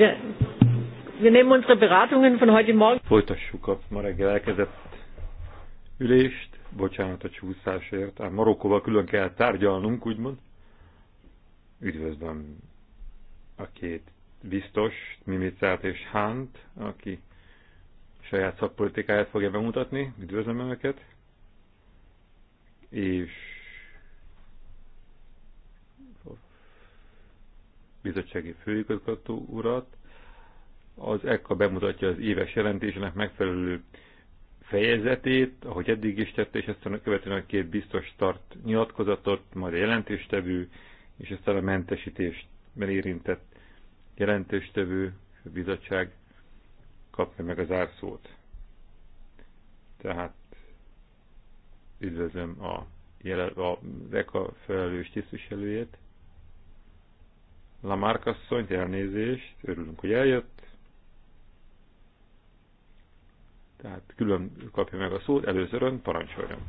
Wir, wir nehmen unsere Beratungen von heute Morgen. Folytassuk a ma reggel elkezdett ülést. Bocsánat a csúszásért. A Marokkóval külön kell tárgyalnunk, úgymond. Üdvözlöm a két biztos, Mimicát és Hánt, aki saját szakpolitikáját fogja bemutatni. Üdvözlöm Önöket! És bizottsági főigazgató urat. Az ECA bemutatja az éves jelentésének megfelelő fejezetét, ahogy eddig is tette, és aztán követően a két biztos tart nyilatkozatot, majd a jelentéstevő, és aztán a mentesítést érintett jelentéstevő bizottság kapja meg az árszót. Tehát üdvözlöm a, jelen, a ECA felelős tisztviselőjét, Lamárk asszony, elnézést, örülünk, hogy eljött. Tehát külön kapja meg a szót, először ön parancsoljon.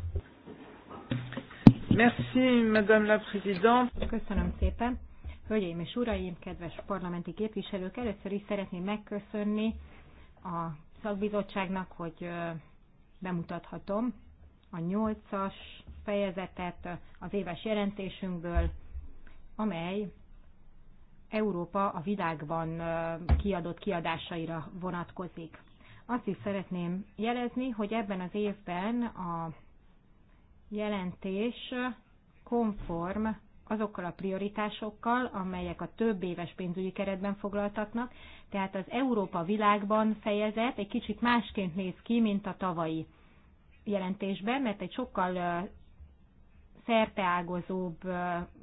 Merci, Madame la Présidente. Köszönöm szépen. Hölgyeim és uraim, kedves parlamenti képviselők, először is szeretném megköszönni a szakbizottságnak, hogy bemutathatom a nyolcas fejezetet az éves jelentésünkből, amely Európa a világban kiadott kiadásaira vonatkozik. Azt is szeretném jelezni, hogy ebben az évben a jelentés konform azokkal a prioritásokkal, amelyek a több éves pénzügyi keretben foglaltatnak, tehát az Európa világban fejezet egy kicsit másként néz ki, mint a tavalyi jelentésben, mert egy sokkal szerteágozóbb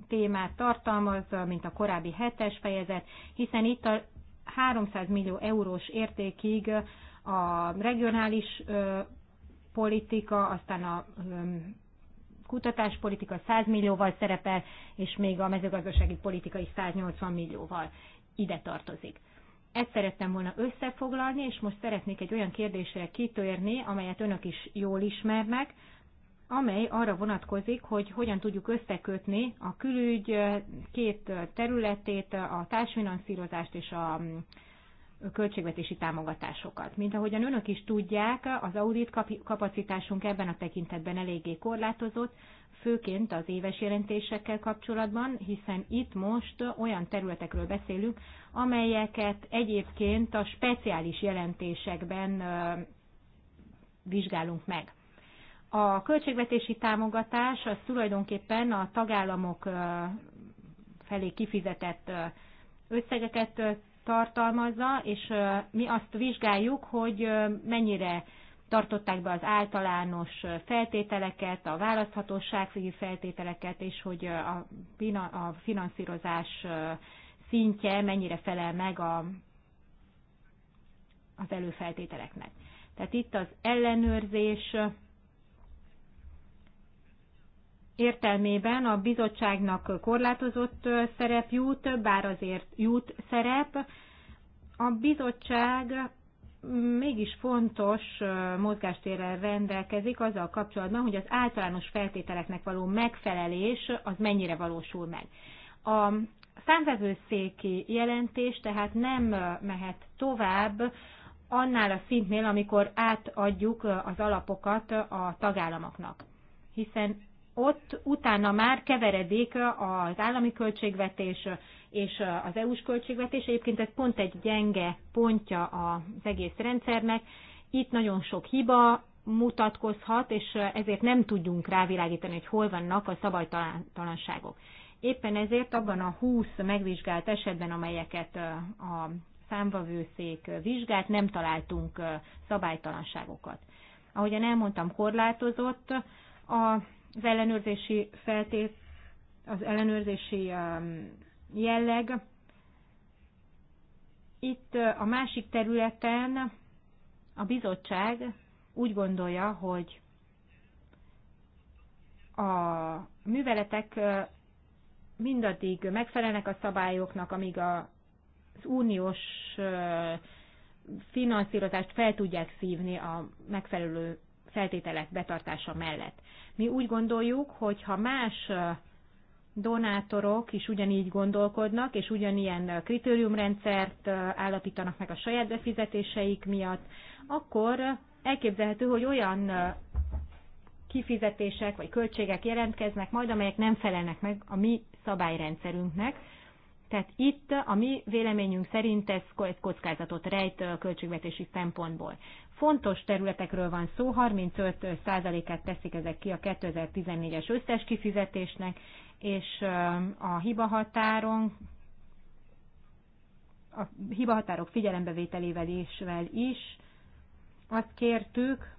témát tartalmaz, mint a korábbi hetes fejezet, hiszen itt a 300 millió eurós értékig a regionális politika, aztán a kutatáspolitika 100 millióval szerepel, és még a mezőgazdasági politika is 180 millióval ide tartozik. Ezt szerettem volna összefoglalni, és most szeretnék egy olyan kérdésre kitörni, amelyet önök is jól ismernek, amely arra vonatkozik, hogy hogyan tudjuk összekötni a külügy két területét, a társfinanszírozást és a mm, költségvetési támogatásokat. Mint ahogyan önök is tudják, az audit kapacitásunk ebben a tekintetben eléggé korlátozott, főként az éves jelentésekkel kapcsolatban, hiszen itt most olyan területekről beszélünk, amelyeket egyébként a speciális jelentésekben vizsgálunk meg. A költségvetési támogatás az tulajdonképpen a tagállamok felé kifizetett összegeket tartalmazza, és mi azt vizsgáljuk, hogy mennyire tartották be az általános feltételeket, a választhatósági feltételeket, és hogy a, a finanszírozás szintje mennyire felel meg a, az előfeltételeknek. Tehát itt az ellenőrzés értelmében a bizottságnak korlátozott szerep jut, bár azért jut szerep. A bizottság mm, mégis fontos mozgástérrel rendelkezik azzal kapcsolatban, hogy az általános feltételeknek való megfelelés az mennyire valósul meg. A számvevőszéki jelentés tehát nem mehet tovább annál a szintnél, amikor átadjuk az alapokat a tagállamoknak, hiszen ott utána már keveredik az állami költségvetés és az EU-s költségvetés. Egyébként ez pont egy gyenge pontja az egész rendszernek. Itt nagyon sok hiba mutatkozhat, és ezért nem tudjunk rávilágítani, hogy hol vannak a szabálytalanságok. Éppen ezért abban a 20 megvizsgált esetben, amelyeket a számvavőszék vizsgált, nem találtunk szabálytalanságokat. Ahogyan elmondtam, korlátozott a az ellenőrzési feltét, az ellenőrzési um, jelleg. Itt uh, a másik területen a bizottság úgy gondolja, hogy a műveletek uh, mindaddig megfelelnek a szabályoknak, amíg az uniós uh, finanszírozást fel tudják szívni a megfelelő feltételek betartása mellett. Mi úgy gondoljuk, hogy ha más donátorok is ugyanígy gondolkodnak, és ugyanilyen kritériumrendszert állapítanak meg a saját befizetéseik miatt, akkor elképzelhető, hogy olyan kifizetések vagy költségek jelentkeznek majd, amelyek nem felelnek meg a mi szabályrendszerünknek, tehát itt a mi véleményünk szerint ez kockázatot rejt költségvetési szempontból. Fontos területekről van szó, 35%-át teszik ezek ki a 2014-es összes kifizetésnek, és a hibahatáron a hibahatárok figyelembevételével isvel is azt kértük,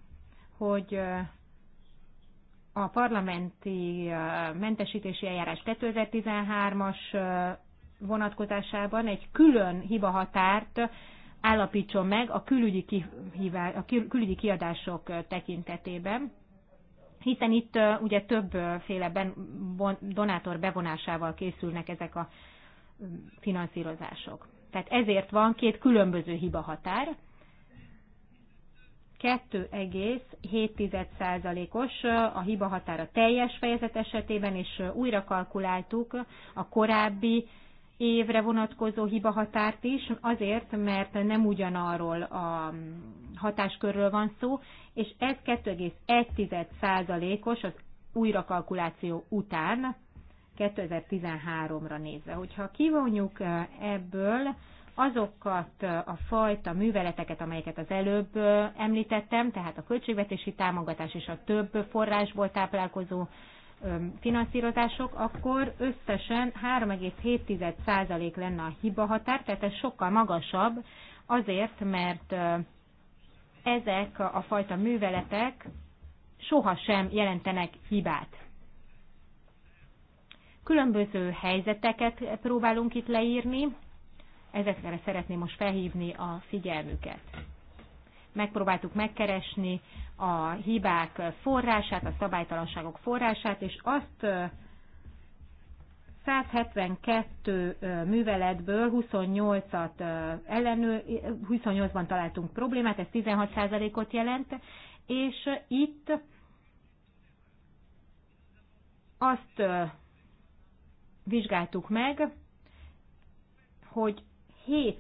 hogy a parlamenti mentesítési eljárás 2013-as vonatkozásában egy külön hibahatárt állapítson meg a külügyi, kihívá, a külügyi kiadások tekintetében, hiszen itt ugye többféle donátor bevonásával készülnek ezek a finanszírozások. Tehát ezért van két különböző hibahatár. 2,7%-os a hibahatár a teljes fejezet esetében, és újra kalkuláltuk a korábbi évre vonatkozó hibahatárt is, azért, mert nem ugyanarról a hatáskörről van szó, és ez 2,1%-os az újrakalkuláció után 2013-ra nézve. Hogyha kivonjuk eh, ebből azokat eh, a fajta műveleteket, amelyeket az előbb eh, említettem, tehát a költségvetési támogatás és a több forrásból táplálkozó finanszírozások, akkor összesen 3,7% lenne a hiba határ, tehát ez sokkal magasabb, azért, mert ezek a fajta műveletek sohasem jelentenek hibát. Különböző helyzeteket próbálunk itt leírni, ezekre szeretném most felhívni a figyelmüket megpróbáltuk megkeresni a hibák forrását, a szabálytalanságok forrását, és azt 172 műveletből 28-at ellenő, 28-ban találtunk problémát, ez 16%-ot jelent, és itt azt vizsgáltuk meg, hogy 7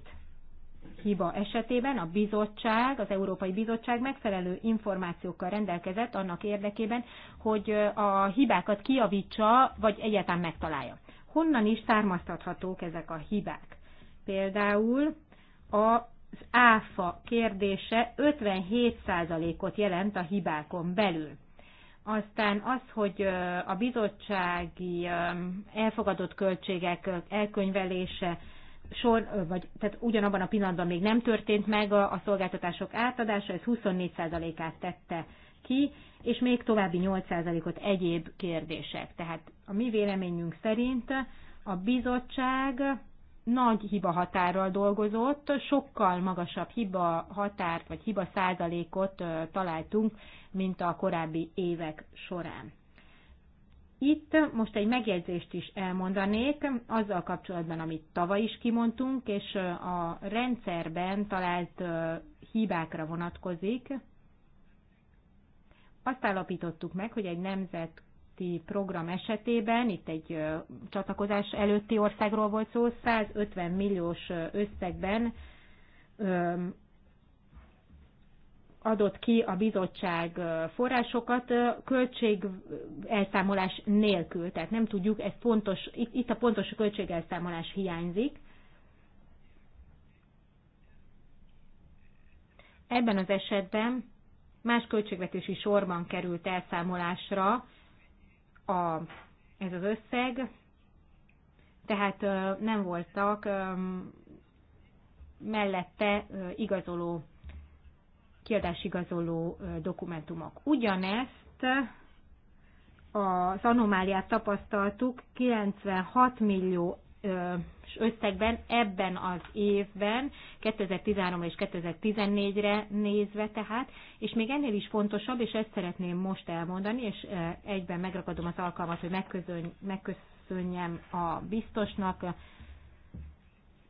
hiba esetében a bizottság, az Európai Bizottság megfelelő információkkal rendelkezett annak érdekében, hogy a hibákat kiavítsa, vagy egyáltalán megtalálja. Honnan is származtathatók ezek a hibák? Például az áfa kérdése 57%-ot jelent a hibákon belül. Aztán az, hogy a bizottsági elfogadott költségek elkönyvelése sor, vagy, tehát ugyanabban a pillanatban még nem történt meg a, a szolgáltatások átadása, ez 24%-át tette ki, és még további 8%-ot egyéb kérdések. Tehát a mi véleményünk szerint a bizottság nagy hiba határral dolgozott, sokkal magasabb hiba határt vagy hiba százalékot találtunk, mint a korábbi évek során. Itt most egy megjegyzést is elmondanék azzal kapcsolatban, amit tavaly is kimondtunk, és a rendszerben talált hibákra vonatkozik. Azt állapítottuk meg, hogy egy nemzeti program esetében, itt egy csatlakozás előtti országról volt szó, 150 milliós összegben adott ki a bizottság forrásokat költségelszámolás nélkül, tehát nem tudjuk, ez pontos, itt, itt a pontos költségelszámolás hiányzik. Ebben az esetben más költségvetési sorban került elszámolásra a, ez az összeg, tehát nem voltak mellette igazoló kiadásigazoló dokumentumok. Ugyanezt az anomáliát tapasztaltuk 96 millió összegben ebben az évben, 2013 és 2014-re nézve tehát, és még ennél is fontosabb, és ezt szeretném most elmondani, és egyben megragadom az alkalmat, hogy megköszönjem a biztosnak,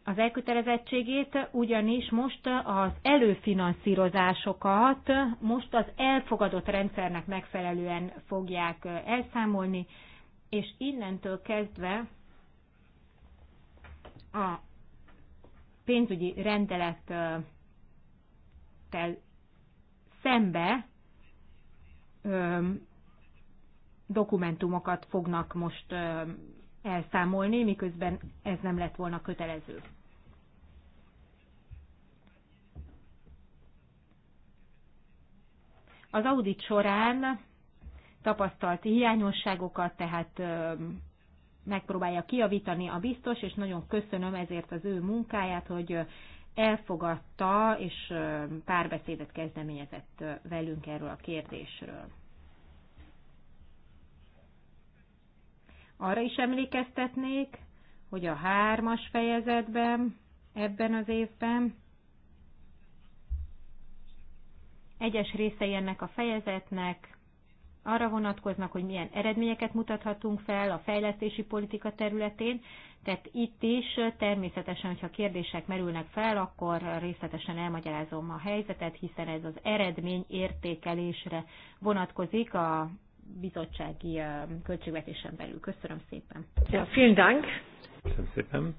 az elkötelezettségét, ugyanis most az előfinanszírozásokat most az elfogadott rendszernek megfelelően fogják elszámolni, és innentől kezdve a pénzügyi rendelettel szembe dokumentumokat fognak most elszámolni, miközben ez nem lett volna kötelező. Az audit során tapasztalt hiányosságokat, tehát megpróbálja kiavítani a biztos, és nagyon köszönöm ezért az ő munkáját, hogy elfogadta és párbeszédet kezdeményezett velünk erről a kérdésről. Arra is emlékeztetnék, hogy a hármas fejezetben ebben az évben Egyes részei ennek a fejezetnek arra vonatkoznak, hogy milyen eredményeket mutathatunk fel a fejlesztési politika területén, tehát itt is természetesen, hogyha kérdések merülnek fel, akkor részletesen elmagyarázom a helyzetet, hiszen ez az eredmény értékelésre vonatkozik a bizottsági költségvetésen belül. Köszönöm szépen. Ja, vielen Dank. Köszönöm szépen.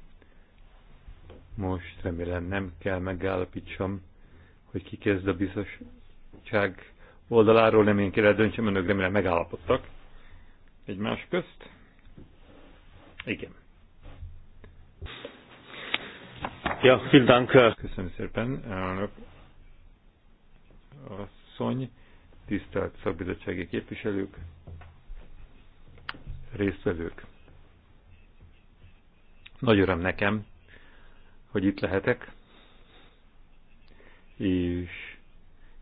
Most remélem nem kell megállapítsam, hogy ki kezd a biztos bizottság oldaláról nem én kéne döntsem, önök remélem megállapodtak egymás közt. Igen. Ja, vielen Dank. Äh. Köszönöm szépen, elnök asszony, tisztelt szakbizottsági képviselők, résztvevők. Nagy öröm nekem, hogy itt lehetek, és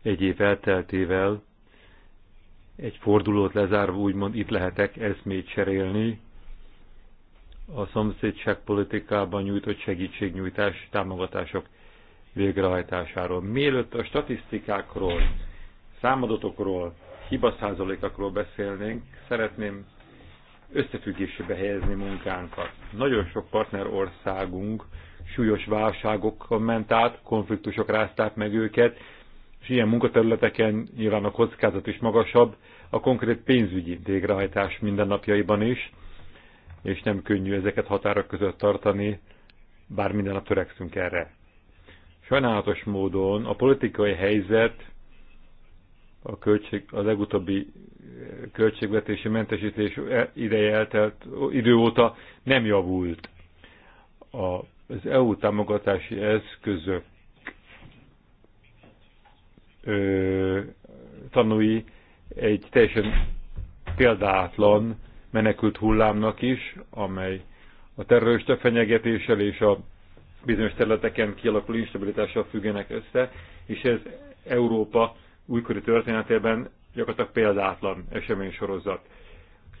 egy év elteltével egy fordulót lezárva úgymond itt lehetek eszmét cserélni a politikában nyújtott segítségnyújtás, támogatások végrehajtásáról. Mielőtt a statisztikákról, számadatokról, hibaszázalékakról beszélnénk, szeretném összefüggésébe helyezni munkánkat. Nagyon sok partner országunk súlyos válságokkal ment át, konfliktusok rázták meg őket, és ilyen munkaterületeken nyilván a kockázat is magasabb, a konkrét pénzügyi végrehajtás mindennapjaiban is, és nem könnyű ezeket határok között tartani, bár minden nap törekszünk erre. Sajnálatos módon a politikai helyzet a költség, a legutóbbi eh, költségvetési mentesítés ideje eltelt idő óta nem javult. A, az EU támogatási eszközök ö, tanúi egy teljesen példátlan menekült hullámnak is, amely a terrorista fenyegetéssel és a bizonyos területeken kialakuló instabilitással függenek össze, és ez Európa újkori történetében gyakorlatilag példátlan esemény sorozat.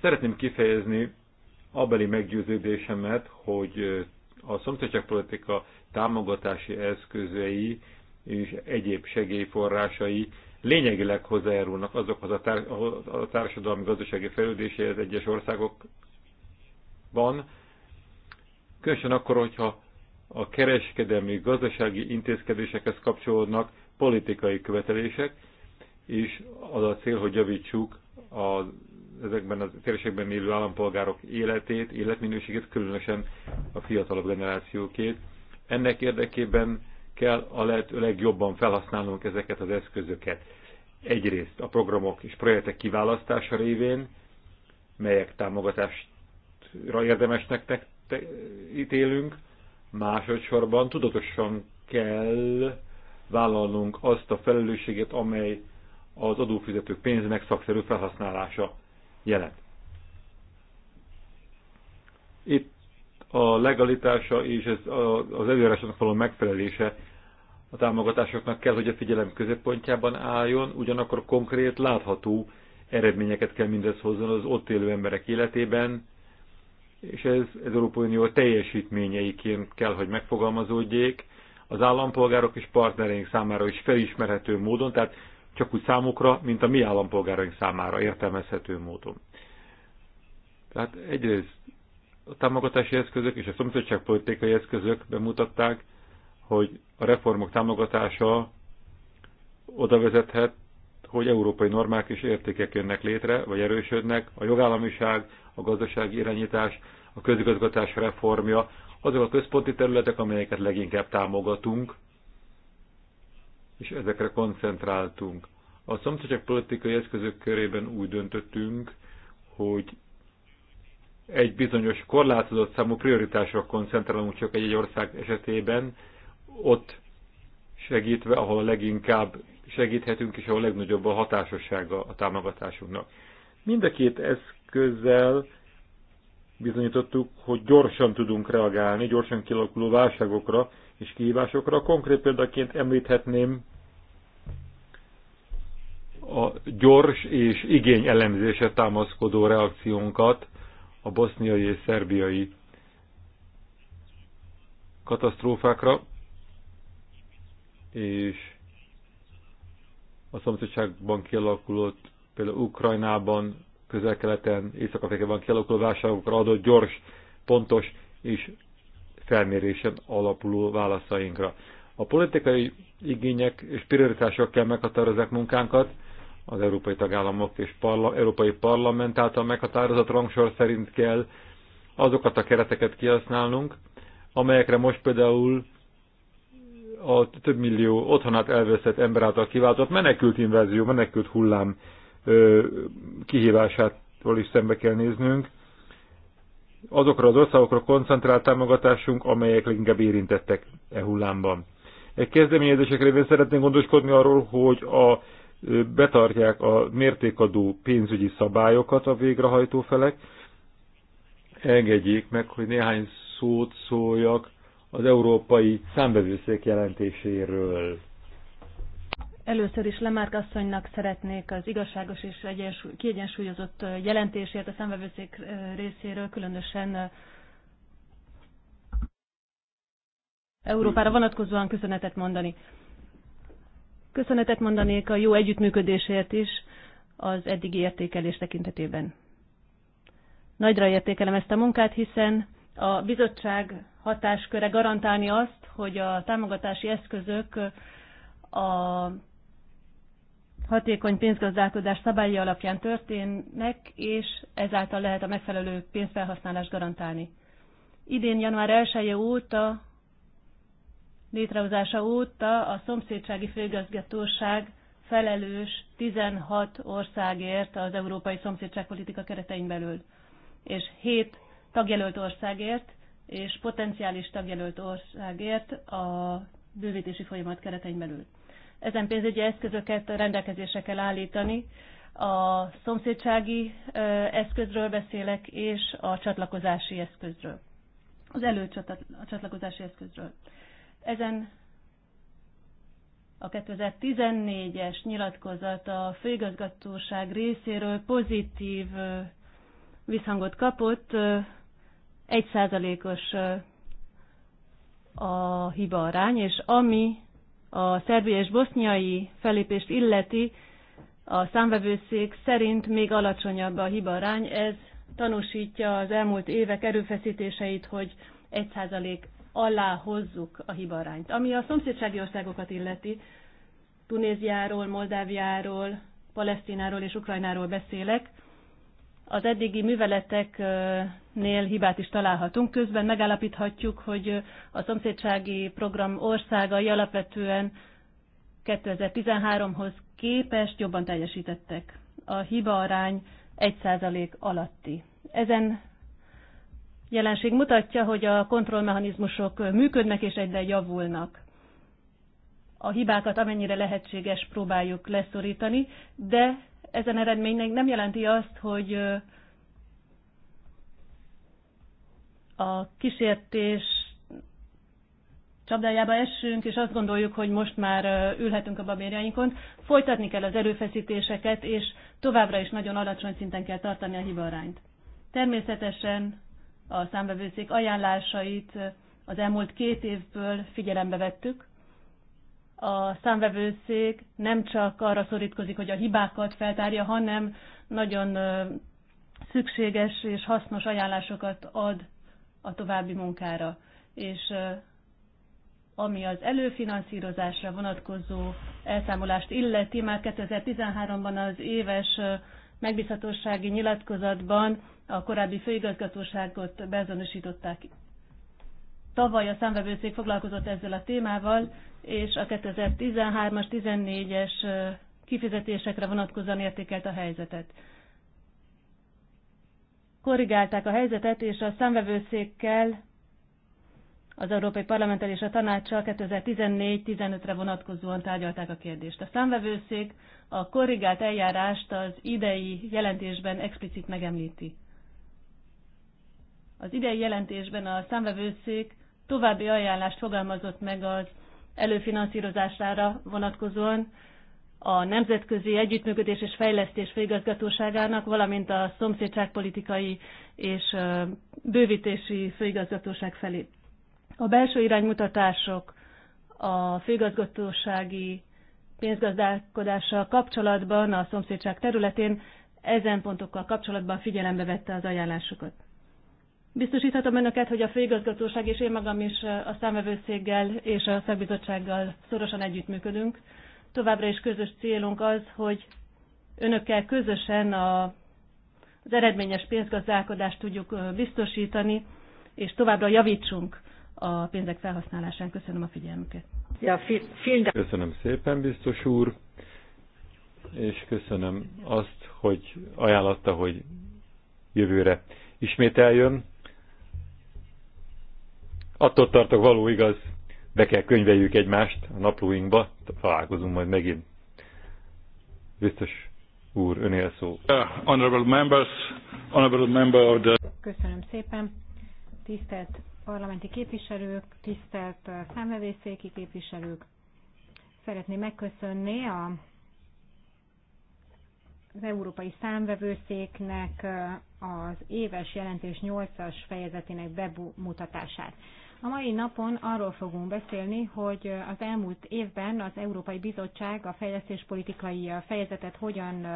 Szeretném kifejezni abeli meggyőződésemet, hogy a szomszédságpolitika támogatási eszközei és egyéb segélyforrásai lényegileg hozzájárulnak azokhoz a, tár a társadalmi gazdasági fejlődéséhez egyes országokban, különösen akkor, hogyha a kereskedelmi gazdasági intézkedésekhez kapcsolódnak politikai követelések, és az a cél, hogy javítsuk a, ezekben a térségben élő állampolgárok életét, életminőségét, különösen a fiatalabb generációkét. Ennek érdekében kell a lehető legjobban felhasználnunk ezeket az eszközöket. Egyrészt a programok és projektek kiválasztása révén, melyek támogatásra érdemesnek ítélünk, másodszorban tudatosan kell vállalnunk azt a felelősséget, amely az adófizetők pénzének szakszerű felhasználása jelent. Itt a legalitása és ez az előírásnak való megfelelése a támogatásoknak kell, hogy a figyelem középpontjában álljon, ugyanakkor konkrét, látható eredményeket kell mindez hozzon az ott élő emberek életében, és ez, ez Európai Unió teljesítményeiként kell, hogy megfogalmazódjék, az állampolgárok és partnereink számára is felismerhető módon, tehát csak úgy számukra, mint a mi állampolgáraink számára értelmezhető módon. Tehát egyrészt a támogatási eszközök és a szomszédságpolitikai eszközök bemutatták, hogy a reformok támogatása oda vezethet, hogy európai normák és értékek jönnek létre, vagy erősödnek, a jogállamiság, a gazdasági irányítás, a közigazgatás reformja, azok a központi területek, amelyeket leginkább támogatunk, és ezekre koncentráltunk. A szomszédság politikai eszközök körében úgy döntöttünk, hogy egy bizonyos korlátozott számú prioritásra koncentrálunk csak egy-egy ország esetében, ott segítve, ahol a leginkább segíthetünk, és ahol a legnagyobb a hatásossága a támogatásunknak. Mind a két eszközzel bizonyítottuk, hogy gyorsan tudunk reagálni, gyorsan kialakuló válságokra és kihívásokra. Konkrét példaként említhetném a gyors és igény elemzése támaszkodó reakciónkat a boszniai és szerbiai katasztrófákra, és a szomszédságban kialakulott, például Ukrajnában, közel-keleten, Észak-Afrikában kialakuló válságokra adott gyors, pontos és felmérésen alapuló válaszainkra. A politikai igények és prioritások kell meghatározzák munkánkat, az európai tagállamok és parla, európai parlament által meghatározott rangsor szerint kell azokat a kereteket kihasználnunk, amelyekre most például a több millió otthonát elveszett ember által kiváltott menekült invázió, menekült hullám kihívásától is szembe kell néznünk. Azokra az országokra koncentrált támogatásunk, amelyek leginkább érintettek e hullámban. Egy kezdeményezések révén szeretnénk gondoskodni arról, hogy a betartják a mértékadó pénzügyi szabályokat a végrehajtó felek. Engedjék meg, hogy néhány szót szóljak az európai számbevőszék jelentéséről. Először is Lemárk asszonynak szeretnék az igazságos és kiegyensúlyozott jelentésért a számbevőszék részéről, különösen Európára vonatkozóan köszönetet mondani. Köszönetet mondanék a jó együttműködésért is az eddigi értékelés tekintetében. Nagyra értékelem ezt a munkát, hiszen a bizottság hatásköre garantálni azt, hogy a támogatási eszközök a hatékony pénzgazdálkodás szabályi alapján történnek, és ezáltal lehet a megfelelő pénzfelhasználást garantálni. Idén január 1 óta, létrehozása óta a szomszédsági főgazgatóság felelős 16 országért az európai szomszédságpolitika keretein belül, és 7 tagjelölt országért és potenciális tagjelölt országért a bővítési folyamat keretein belül. Ezen pénzügyi eszközöket rendelkezésre kell állítani. A szomszédsági eszközről beszélek, és a csatlakozási eszközről. Az előcsatlakozási eszközről. Ezen a 2014-es nyilatkozat a főigazgatóság részéről pozitív visszhangot kapott, egy százalékos a hiba arány, és ami a szerbi és boszniai felépést illeti, a számvevőszék szerint még alacsonyabb a hiba arány. Ez tanúsítja az elmúlt évek erőfeszítéseit, hogy egy százalék alá hozzuk a hibarányt. Ami a szomszédsági országokat illeti, Tunéziáról, Moldáviáról, Palesztináról és Ukrajnáról beszélek, az eddigi műveleteknél hibát is találhatunk. Közben megállapíthatjuk, hogy a szomszédsági program országai alapvetően 2013-hoz képest jobban teljesítettek. A hiba arány 1% alatti. Ezen jelenség mutatja, hogy a kontrollmechanizmusok működnek és egyre javulnak. A hibákat amennyire lehetséges próbáljuk leszorítani, de ezen eredménynek nem jelenti azt, hogy a kísértés csapdájába essünk, és azt gondoljuk, hogy most már ülhetünk a babérjainkon. Folytatni kell az erőfeszítéseket, és továbbra is nagyon alacsony szinten kell tartani a hibarányt. Természetesen a számbevőszék ajánlásait az elmúlt két évből figyelembe vettük, a számvevőszék nem csak arra szorítkozik, hogy a hibákat feltárja, hanem nagyon szükséges és hasznos ajánlásokat ad a további munkára. És ami az előfinanszírozásra vonatkozó elszámolást illeti, már 2013-ban az éves megbízhatósági nyilatkozatban a korábbi főigazgatóságot beazonosították Tavaly a számvevőszék foglalkozott ezzel a témával, és a 2013-as, 14-es kifizetésekre vonatkozóan értékelt a helyzetet. Korrigálták a helyzetet, és a számvevőszékkel, az Európai Parlamenttel és a Tanácssal 2014-15-re vonatkozóan tárgyalták a kérdést. A számvevőszék a korrigált eljárást az idei jelentésben explicit megemlíti. Az idei jelentésben a számvevőszék további ajánlást fogalmazott meg az előfinanszírozására vonatkozóan a Nemzetközi Együttműködés és Fejlesztés Főigazgatóságának, valamint a Szomszédságpolitikai és Bővítési Főigazgatóság felé. A belső iránymutatások a főigazgatósági pénzgazdálkodással kapcsolatban a szomszédság területén ezen pontokkal kapcsolatban figyelembe vette az ajánlásokat. Biztosíthatom önöket, hogy a főigazgatóság és én magam is a számvevőszéggel és a szakbizottsággal szorosan együttműködünk. Továbbra is közös célunk az, hogy önökkel közösen a, az eredményes pénzgazdálkodást tudjuk biztosítani, és továbbra javítsunk a pénzek felhasználásán. Köszönöm a figyelmüket. Ja, köszönöm szépen, biztos úr, és köszönöm azt, hogy ajánlotta, hogy jövőre ismét eljön Attól tartok, való igaz, be kell könyveljük egymást a naplóinkba, találkozunk majd megint. Biztos úr, önél szó. Uh, honorable members, honorable member of the... Köszönöm szépen. Tisztelt parlamenti képviselők, tisztelt uh, számvevészéki képviselők, szeretném megköszönni a, az Európai Számvevőszéknek uh, az éves jelentés 8-as fejezetének bemutatását. A mai napon arról fogunk beszélni, hogy az elmúlt évben az Európai Bizottság a fejlesztéspolitikai fejezetet hogyan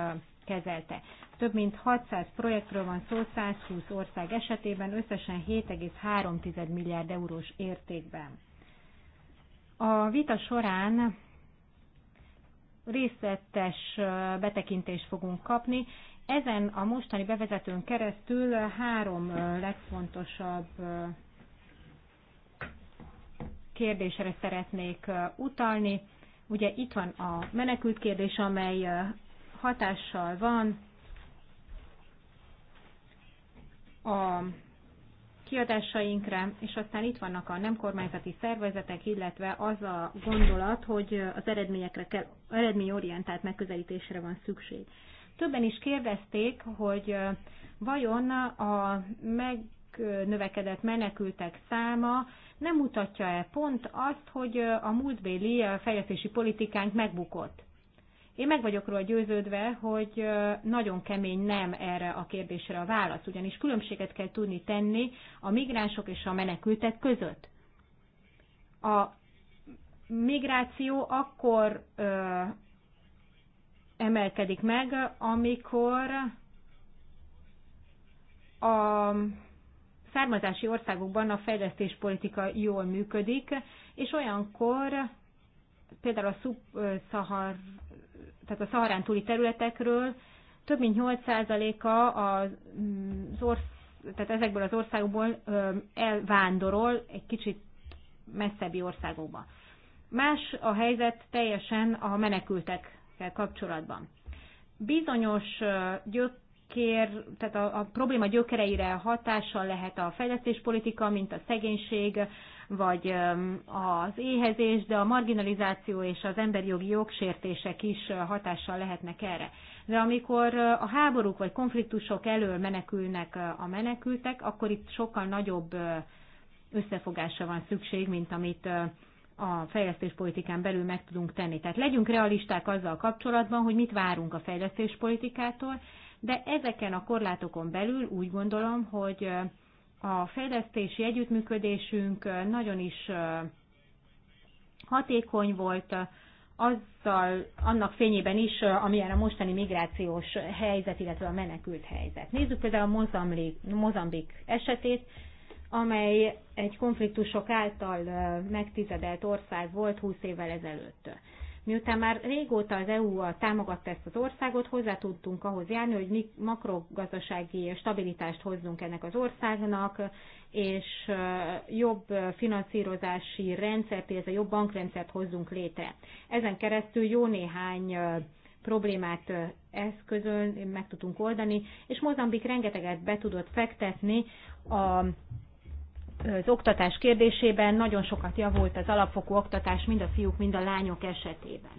kezelte. Több mint 600 projektről van szó 120 ország esetében, összesen 7,3 milliárd eurós értékben. A vita során részletes betekintést fogunk kapni. Ezen a mostani bevezetőn keresztül három legfontosabb kérdésre szeretnék utalni. Ugye itt van a menekült kérdés, amely hatással van a kiadásainkra, és aztán itt vannak a nem kormányzati szervezetek, illetve az a gondolat, hogy az eredményekre kell, eredményorientált megközelítésre van szükség. Többen is kérdezték, hogy vajon a megnövekedett menekültek száma nem mutatja el pont azt, hogy a múltbéli fejlesztési politikánk megbukott. Én meg vagyok róla győződve, hogy nagyon kemény nem erre a kérdésre a válasz, ugyanis különbséget kell tudni tenni a migránsok és a menekültek között. A migráció akkor ö, emelkedik meg, amikor a származási országokban a fejlesztéspolitika jól működik, és olyankor például a, szahar, tehát a szaharán túli területekről több mint 8%-a az ország, tehát ezekből az országokból elvándorol egy kicsit messzebbi országokba. Más a helyzet teljesen a menekültekkel kapcsolatban. Bizonyos gyök, kér, tehát a, a probléma gyökereire hatással lehet a fejlesztéspolitika, mint a szegénység, vagy az éhezés, de a marginalizáció és az emberi jogi jogsértések is hatással lehetnek erre. De amikor a háborúk vagy konfliktusok elől menekülnek a menekültek, akkor itt sokkal nagyobb összefogásra van szükség, mint amit a fejlesztéspolitikán belül meg tudunk tenni. Tehát legyünk realisták azzal kapcsolatban, hogy mit várunk a fejlesztéspolitikától, de ezeken a korlátokon belül úgy gondolom, hogy a fejlesztési együttműködésünk nagyon is hatékony volt, azzal, annak fényében is, amilyen a mostani migrációs helyzet, illetve a menekült helyzet. Nézzük például a Mozambik, Mozambik esetét, amely egy konfliktusok által megtizedelt ország volt 20 évvel ezelőtt. Miután már régóta az EU -a támogatta ezt az országot, hozzá tudtunk ahhoz járni, hogy mi makrogazdasági stabilitást hozzunk ennek az országnak, és jobb finanszírozási rendszert, illetve jobb bankrendszert hozzunk létre. Ezen keresztül jó néhány problémát eszközön meg tudtunk oldani, és Mozambik rengeteget be tudott fektetni a az oktatás kérdésében nagyon sokat javult az alapfokú oktatás mind a fiúk, mind a lányok esetében.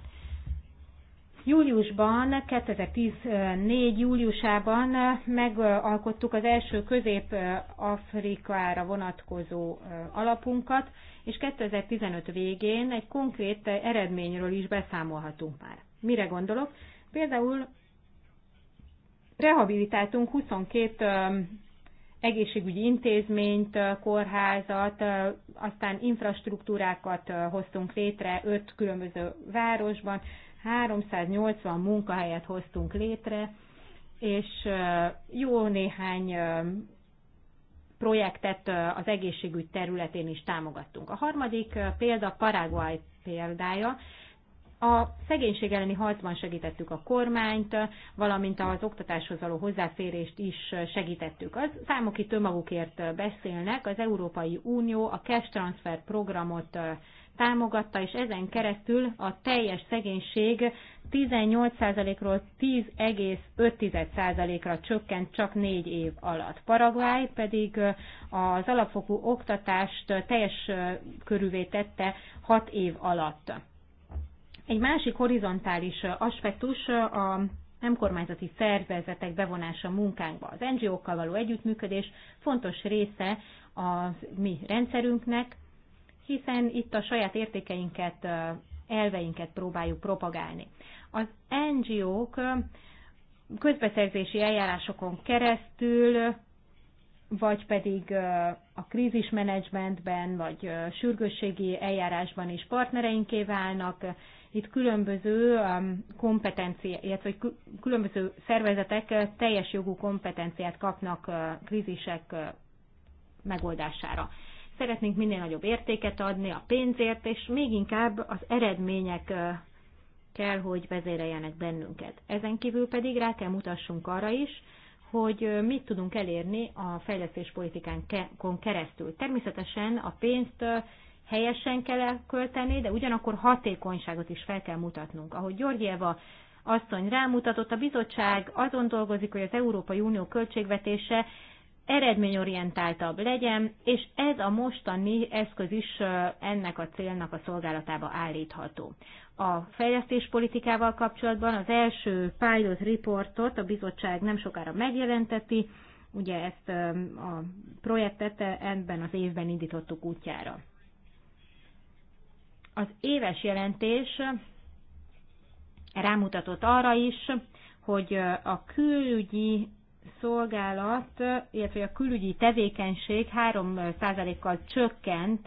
Júliusban, 2014 júliusában megalkottuk az első közép-afrikára vonatkozó alapunkat, és 2015 végén egy konkrét eredményről is beszámolhatunk már. Mire gondolok? Például rehabilitáltunk 22 egészségügyi intézményt, kórházat, aztán infrastruktúrákat hoztunk létre öt különböző városban, 380 munkahelyet hoztunk létre, és jó néhány projektet az egészségügy területén is támogattunk. A harmadik példa Paraguay példája, a szegénység elleni harcban segítettük a kormányt, valamint az oktatáshoz való hozzáférést is segítettük. Az számok itt önmagukért beszélnek. Az Európai Unió a cash transfer programot támogatta, és ezen keresztül a teljes szegénység 18%-ról 10,5%-ra csökkent csak négy év alatt. Paraguay pedig az alapfokú oktatást teljes körülvé tette 6 év alatt. Egy másik horizontális aspektus a nem kormányzati szervezetek bevonása munkánkba. Az NGO-kkal való együttműködés fontos része a mi rendszerünknek, hiszen itt a saját értékeinket, elveinket próbáljuk propagálni. Az NGO-k közbeszerzési eljárásokon keresztül, vagy pedig a krízismenedzsmentben, vagy sürgősségi eljárásban is partnereinké válnak, itt különböző um, kompetenciát, illetve különböző szervezetek uh, teljes jogú kompetenciát kapnak uh, krízisek uh, megoldására. Szeretnénk minél nagyobb értéket adni a pénzért, és még inkább az eredmények kell, hogy vezéreljenek bennünket. Ezen kívül pedig rá kell mutassunk arra is, hogy mit tudunk elérni a fejlesztéspolitikánkon keresztül. Természetesen a pénzt helyesen kell elkölteni, de ugyanakkor hatékonyságot is fel kell mutatnunk. Ahogy Györgyeva asszony rámutatott, a bizottság azon dolgozik, hogy az Európai Unió költségvetése eredményorientáltabb legyen, és ez a mostani eszköz is ennek a célnak a szolgálatába állítható. A fejlesztéspolitikával kapcsolatban az első pilot reportot a bizottság nem sokára megjelenteti, ugye ezt a projektet ebben az évben indítottuk útjára. Az éves jelentés rámutatott arra is, hogy a külügyi szolgálat, illetve a külügyi tevékenység 3%-kal csökkent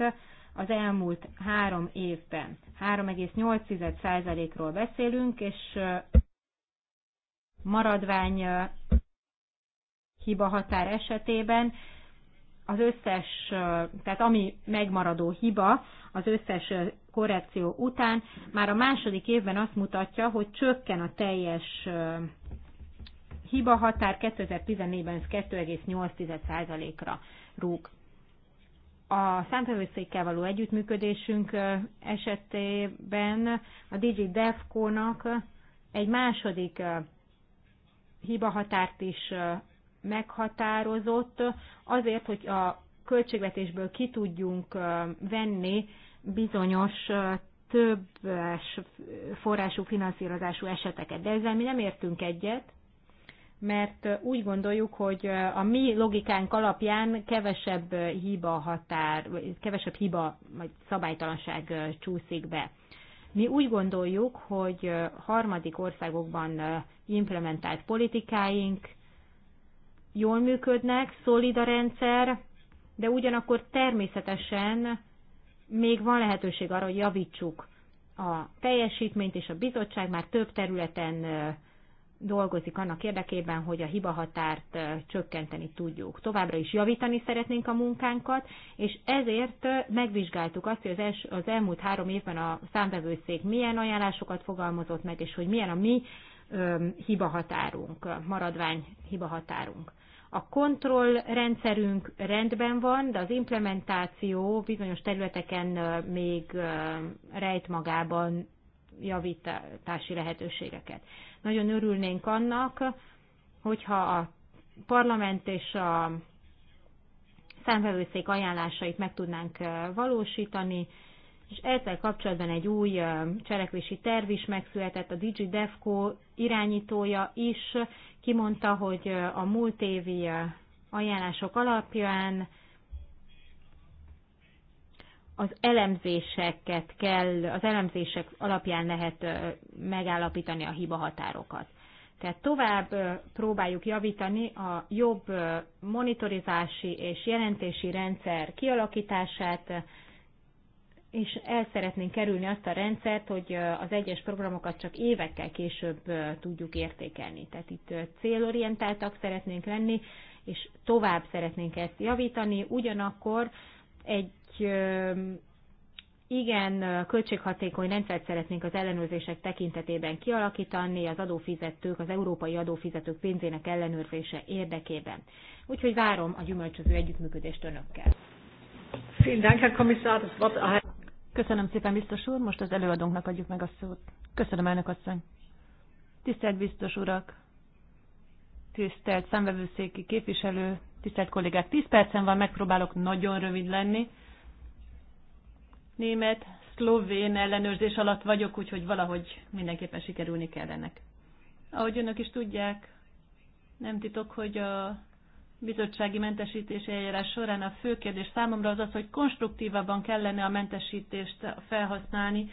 az elmúlt három évben. 3,8%-ról beszélünk, és maradvány hiba határ esetében az összes, tehát ami megmaradó hiba, az összes korrekció után már a második évben azt mutatja, hogy csökken a teljes hiba határ 2014-ben ez 2,8%-ra rúg. A számfevőszékkel való együttműködésünk esetében a DG Defco-nak egy második hiba határt is meghatározott, azért, hogy a költségvetésből ki tudjunk venni bizonyos többes forrású finanszírozású eseteket. De ezzel mi nem értünk egyet, mert úgy gondoljuk, hogy a mi logikánk alapján kevesebb hiba határ, kevesebb hiba vagy szabálytalanság csúszik be. Mi úgy gondoljuk, hogy harmadik országokban implementált politikáink jól működnek, szolid a rendszer, de ugyanakkor természetesen még van lehetőség arra, hogy javítsuk a teljesítményt, és a bizottság már több területen dolgozik annak érdekében, hogy a hibahatárt csökkenteni tudjuk. Továbbra is javítani szeretnénk a munkánkat, és ezért megvizsgáltuk azt, hogy az, els, az elmúlt három évben a számvevőszék milyen ajánlásokat fogalmazott meg, és hogy milyen a mi hibahatárunk, maradvány hibahatárunk a kontrollrendszerünk rendben van, de az implementáció bizonyos területeken még rejt magában javítási lehetőségeket. Nagyon örülnénk annak, hogyha a parlament és a számvevőszék ajánlásait meg tudnánk valósítani, és ezzel kapcsolatban egy új cselekvési terv is megszületett, a Digi Defco irányítója is kimondta, hogy a múlt évi ajánlások alapján az elemzéseket kell, az elemzések alapján lehet megállapítani a hiba határokat. Tehát tovább próbáljuk javítani a jobb monitorizási és jelentési rendszer kialakítását, és el szeretnénk kerülni azt a rendszert, hogy az egyes programokat csak évekkel később tudjuk értékelni. Tehát itt célorientáltak szeretnénk lenni, és tovább szeretnénk ezt javítani, ugyanakkor egy igen, költséghatékony rendszert szeretnénk az ellenőrzések tekintetében kialakítani az adófizetők, az európai adófizetők pénzének ellenőrzése érdekében. Úgyhogy várom a gyümölcsöző együttműködést önökkel. Köszönöm szépen, biztos úr. Most az előadónknak adjuk meg a szót. Köszönöm, elnök asszony. Tisztelt biztos urak, tisztelt számvevőszéki képviselő, tisztelt kollégák, 10 percen van, megpróbálok nagyon rövid lenni. Német, szlovén ellenőrzés alatt vagyok, úgyhogy valahogy mindenképpen sikerülni kellenek. Ahogy önök is tudják, nem titok, hogy a bizottsági mentesítési eljárás során a fő kérdés számomra az az, hogy konstruktívabban kellene a mentesítést felhasználni,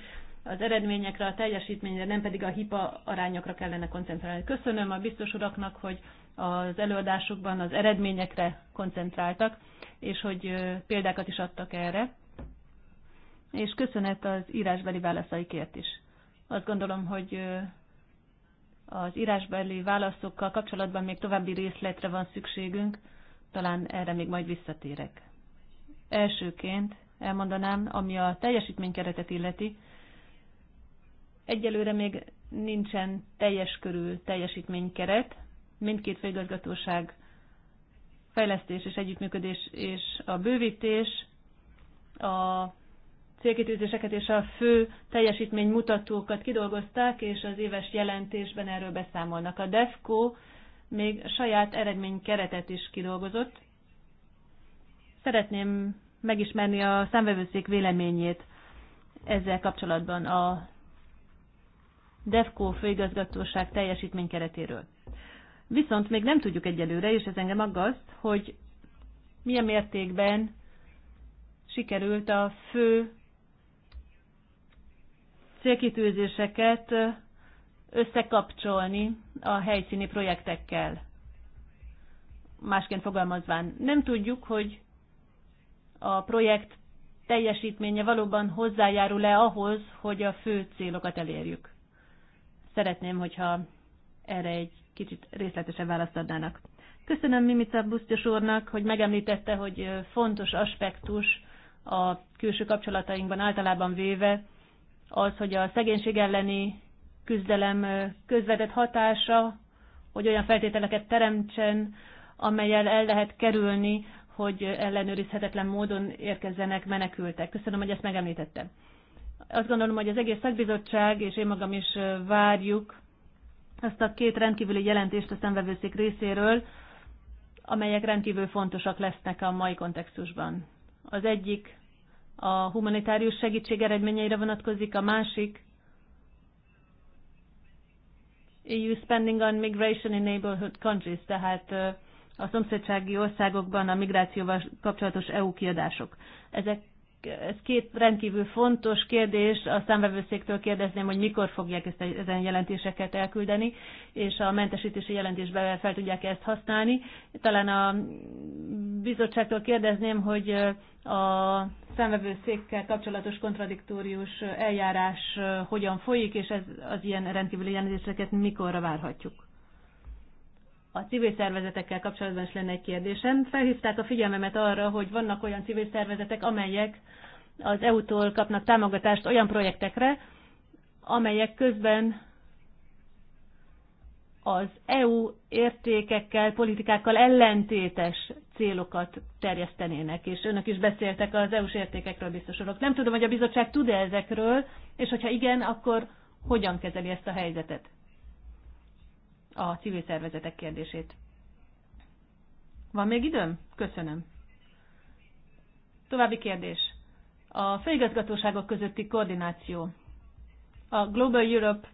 az eredményekre, a teljesítményre, nem pedig a hipa arányokra kellene koncentrálni. Köszönöm a biztos uraknak, hogy az előadásukban az eredményekre koncentráltak, és hogy példákat is adtak erre. És köszönet az írásbeli válaszaikért is. Azt gondolom, hogy az írásbeli válaszokkal kapcsolatban még további részletre van szükségünk, talán erre még majd visszatérek. Elsőként elmondanám, ami a teljesítménykeretet illeti, egyelőre még nincsen teljes körül teljesítménykeret, mindkét főigazgatóság fejlesztés és együttműködés és a bővítés, a célkitűzéseket és a fő teljesítmény mutatókat kidolgozták, és az éves jelentésben erről beszámolnak. A DEFCO még saját eredménykeretet is kidolgozott. Szeretném megismerni a számvevőszék véleményét ezzel kapcsolatban a DEFCO főigazgatóság teljesítménykeretéről. Viszont még nem tudjuk egyelőre, és ez engem aggaszt, hogy milyen mértékben sikerült a fő célkitűzéseket összekapcsolni a helyszíni projektekkel. Másként fogalmazván, nem tudjuk, hogy a projekt teljesítménye valóban hozzájárul-e ahhoz, hogy a fő célokat elérjük. Szeretném, hogyha erre egy kicsit részletesebb választ adnának. Köszönöm Mimica Busztyos úrnak, hogy megemlítette, hogy fontos aspektus a külső kapcsolatainkban általában véve az, hogy a szegénység elleni küzdelem közvetett hatása, hogy olyan feltételeket teremtsen, amelyel el lehet kerülni, hogy ellenőrizhetetlen módon érkezzenek menekültek. Köszönöm, hogy ezt megemlítettem. Azt gondolom, hogy az egész szakbizottság, és én magam is várjuk azt a két rendkívüli jelentést a szemvevőszék részéről, amelyek rendkívül fontosak lesznek a mai kontextusban. Az egyik a humanitárius segítség eredményeire vonatkozik, a másik EU spending on migration in neighborhood countries, tehát a szomszédsági országokban a migrációval kapcsolatos EU kiadások. Ezek ez két rendkívül fontos kérdés. A számvevőszéktől kérdezném, hogy mikor fogják ezt ezen jelentéseket elküldeni, és a mentesítési jelentésbe fel tudják ezt használni. Talán a bizottságtól kérdezném, hogy a számvevőszékkel kapcsolatos kontradiktórius eljárás hogyan folyik, és ez, az ilyen rendkívüli jelentéseket mikorra várhatjuk a civil szervezetekkel kapcsolatban is lenne egy kérdésem. Felhívták a figyelmemet arra, hogy vannak olyan civil szervezetek, amelyek az EU-tól kapnak támogatást olyan projektekre, amelyek közben az EU értékekkel, politikákkal ellentétes célokat terjesztenének, és önök is beszéltek az EU-s értékekről biztos Nem tudom, hogy a bizottság tud-e ezekről, és hogyha igen, akkor hogyan kezeli ezt a helyzetet? a civil szervezetek kérdését. Van még időm? Köszönöm. További kérdés. A főigazgatóságok közötti koordináció. A Global Europe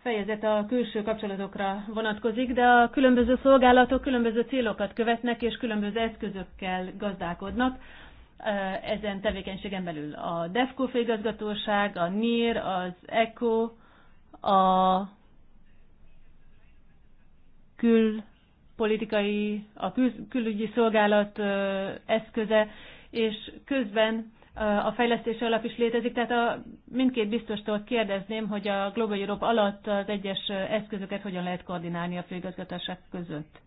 fejezet a külső kapcsolatokra vonatkozik, de a különböző szolgálatok különböző célokat követnek, és különböző eszközökkel gazdálkodnak eh, ezen tevékenységen belül. A DEFCO főigazgatóság, a NIR, az ECO, a külpolitikai, a kül, külügyi szolgálat eszköze, és közben a fejlesztési alap is létezik, tehát a, mindkét biztostól kérdezném, hogy a Global Europe alatt az egyes eszközöket hogyan lehet koordinálni a főigazgatások között.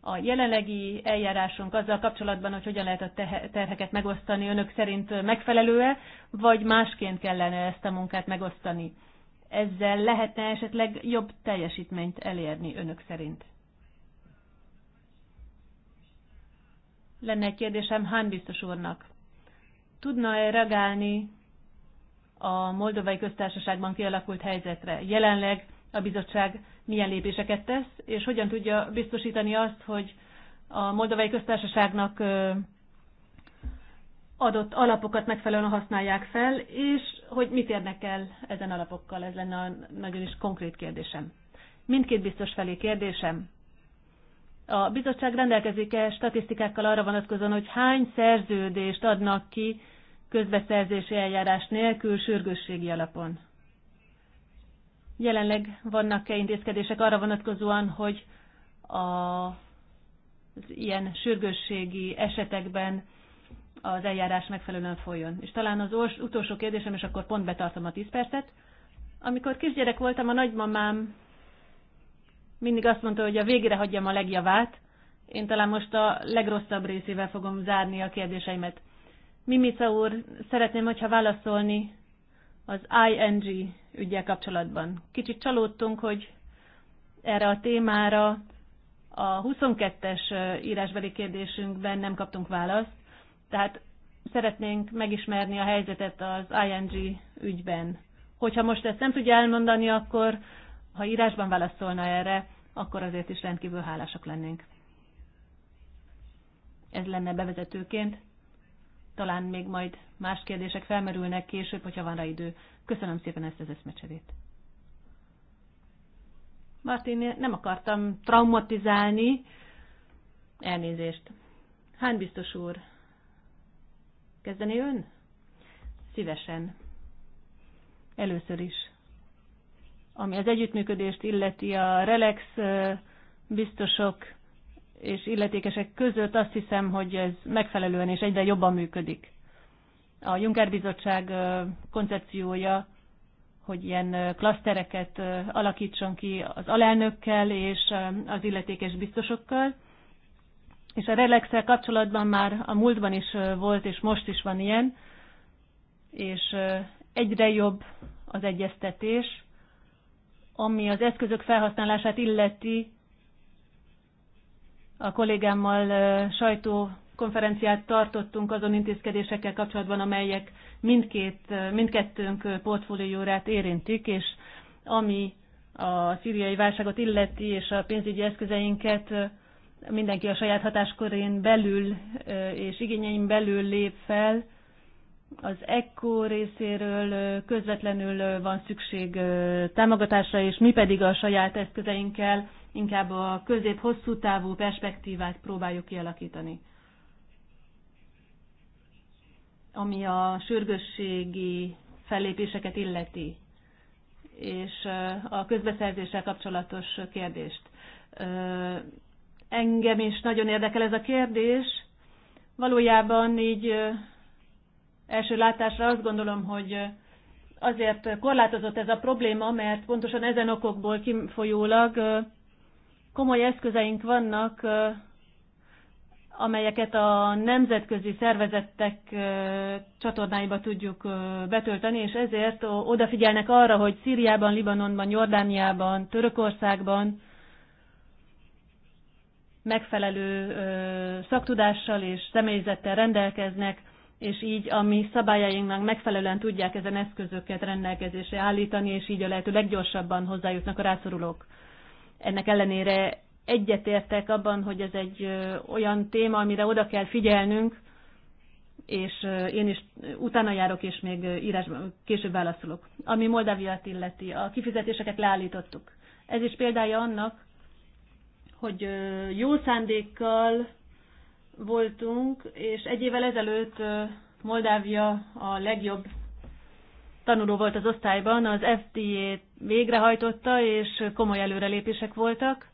A jelenlegi eljárásunk azzal kapcsolatban, hogy hogyan lehet a terheket megosztani, önök szerint megfelelő-e, vagy másként kellene ezt a munkát megosztani? ezzel lehetne esetleg jobb teljesítményt elérni önök szerint? Lenne egy kérdésem Hán biztos úrnak. Tudna-e reagálni a Moldovai Köztársaságban kialakult helyzetre? Jelenleg a bizottság milyen lépéseket tesz, és hogyan tudja biztosítani azt, hogy a Moldovai Köztársaságnak adott alapokat megfelelően használják fel, és hogy mit érnek el ezen alapokkal, ez lenne a nagyon is konkrét kérdésem. Mindkét biztos felé kérdésem. A bizottság rendelkezik-e statisztikákkal arra vonatkozóan, hogy hány szerződést adnak ki közbeszerzési eljárás nélkül sürgősségi alapon? Jelenleg vannak-e intézkedések arra vonatkozóan, hogy a, az ilyen sürgősségi esetekben az eljárás megfelelően folyjon. És talán az utolsó kérdésem, és akkor pont betartom a 10 percet. Amikor kisgyerek voltam, a nagymamám mindig azt mondta, hogy a végére hagyjam a legjavát. Én talán most a legrosszabb részével fogom zárni a kérdéseimet. Mimica úr, szeretném, hogyha válaszolni az ING ügyel kapcsolatban. Kicsit csalódtunk, hogy erre a témára a 22-es írásbeli kérdésünkben nem kaptunk választ, tehát szeretnénk megismerni a helyzetet az ING ügyben. Hogyha most ezt nem tudja elmondani, akkor ha írásban válaszolna erre, akkor azért is rendkívül hálásak lennénk. Ez lenne bevezetőként. Talán még majd más kérdések felmerülnek később, hogyha van rá idő. Köszönöm szépen ezt az eszmecserét. Martin, nem akartam traumatizálni. Elnézést. Hán biztos úr, Kezdeni ön? Szívesen. Először is. Ami az együttműködést illeti a relax biztosok és illetékesek között, azt hiszem, hogy ez megfelelően és egyre jobban működik. A Juncker Bizottság koncepciója, hogy ilyen klasztereket alakítson ki az alelnökkel és az illetékes biztosokkal, és a relax kapcsolatban már a múltban is volt, és most is van ilyen, és egyre jobb az egyeztetés, ami az eszközök felhasználását illeti, a kollégámmal sajtókonferenciát tartottunk azon intézkedésekkel kapcsolatban, amelyek mindkét, mindkettőnk portfóliórát érintik, és ami a szíriai válságot illeti, és a pénzügyi eszközeinket mindenki a saját hatáskörén belül és igényeim belül lép fel, az ECO részéről közvetlenül van szükség támogatásra, és mi pedig a saját eszközeinkkel inkább a közép-hosszú távú perspektívát próbáljuk kialakítani. Ami a sürgősségi fellépéseket illeti, és a közbeszerzéssel kapcsolatos kérdést Engem is nagyon érdekel ez a kérdés. Valójában így első látásra azt gondolom, hogy azért korlátozott ez a probléma, mert pontosan ezen okokból kifolyólag komoly eszközeink vannak, amelyeket a nemzetközi szervezetek csatornáiba tudjuk betölteni, és ezért odafigyelnek arra, hogy Szíriában, Libanonban, Jordániában, Törökországban megfelelő szaktudással és személyzettel rendelkeznek, és így a mi szabályainknak megfelelően tudják ezen eszközöket rendelkezésre állítani, és így a lehető leggyorsabban hozzájutnak a rászorulók. Ennek ellenére egyetértek abban, hogy ez egy olyan téma, amire oda kell figyelnünk, és én is utána járok, és még írásban később válaszolok. Ami Moldáviát illeti, a kifizetéseket leállítottuk. Ez is példája annak, hogy jó szándékkal voltunk, és egy évvel ezelőtt Moldávia a legjobb tanuló volt az osztályban, az FTA végrehajtotta, és komoly előrelépések voltak.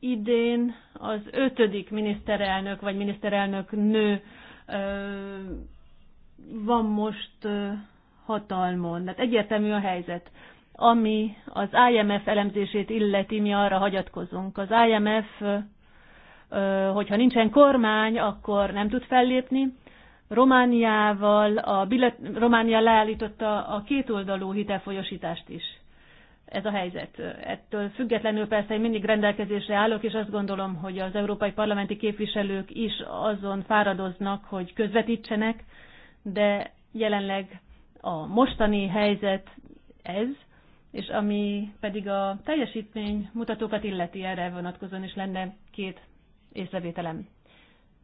Idén az ötödik miniszterelnök vagy miniszterelnök nő van most hatalmon. Tehát egyértelmű a helyzet. Ami az IMF elemzését illeti, mi arra hagyatkozunk. Az IMF, hogyha nincsen kormány, akkor nem tud fellépni. Romániával, a bilet, Románia leállította a kétoldalú hitelfolyosítást is. Ez a helyzet. Ettől függetlenül persze én mindig rendelkezésre állok, és azt gondolom, hogy az európai parlamenti képviselők is azon fáradoznak, hogy közvetítsenek, de jelenleg a mostani helyzet ez, és ami pedig a teljesítmény mutatókat illeti, erre vonatkozóan is lenne két észrevételem.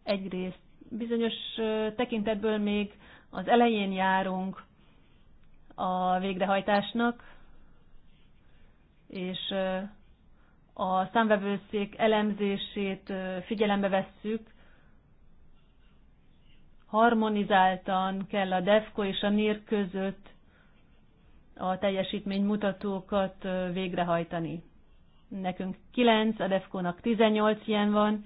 Egyrészt bizonyos tekintetből még az elején járunk a végrehajtásnak, és a számvevőszék elemzését figyelembe vesszük, harmonizáltan kell a DEFCO és a NIR között a teljesítménymutatókat végrehajtani. Nekünk 9, a DEFCO-nak 18 ilyen van.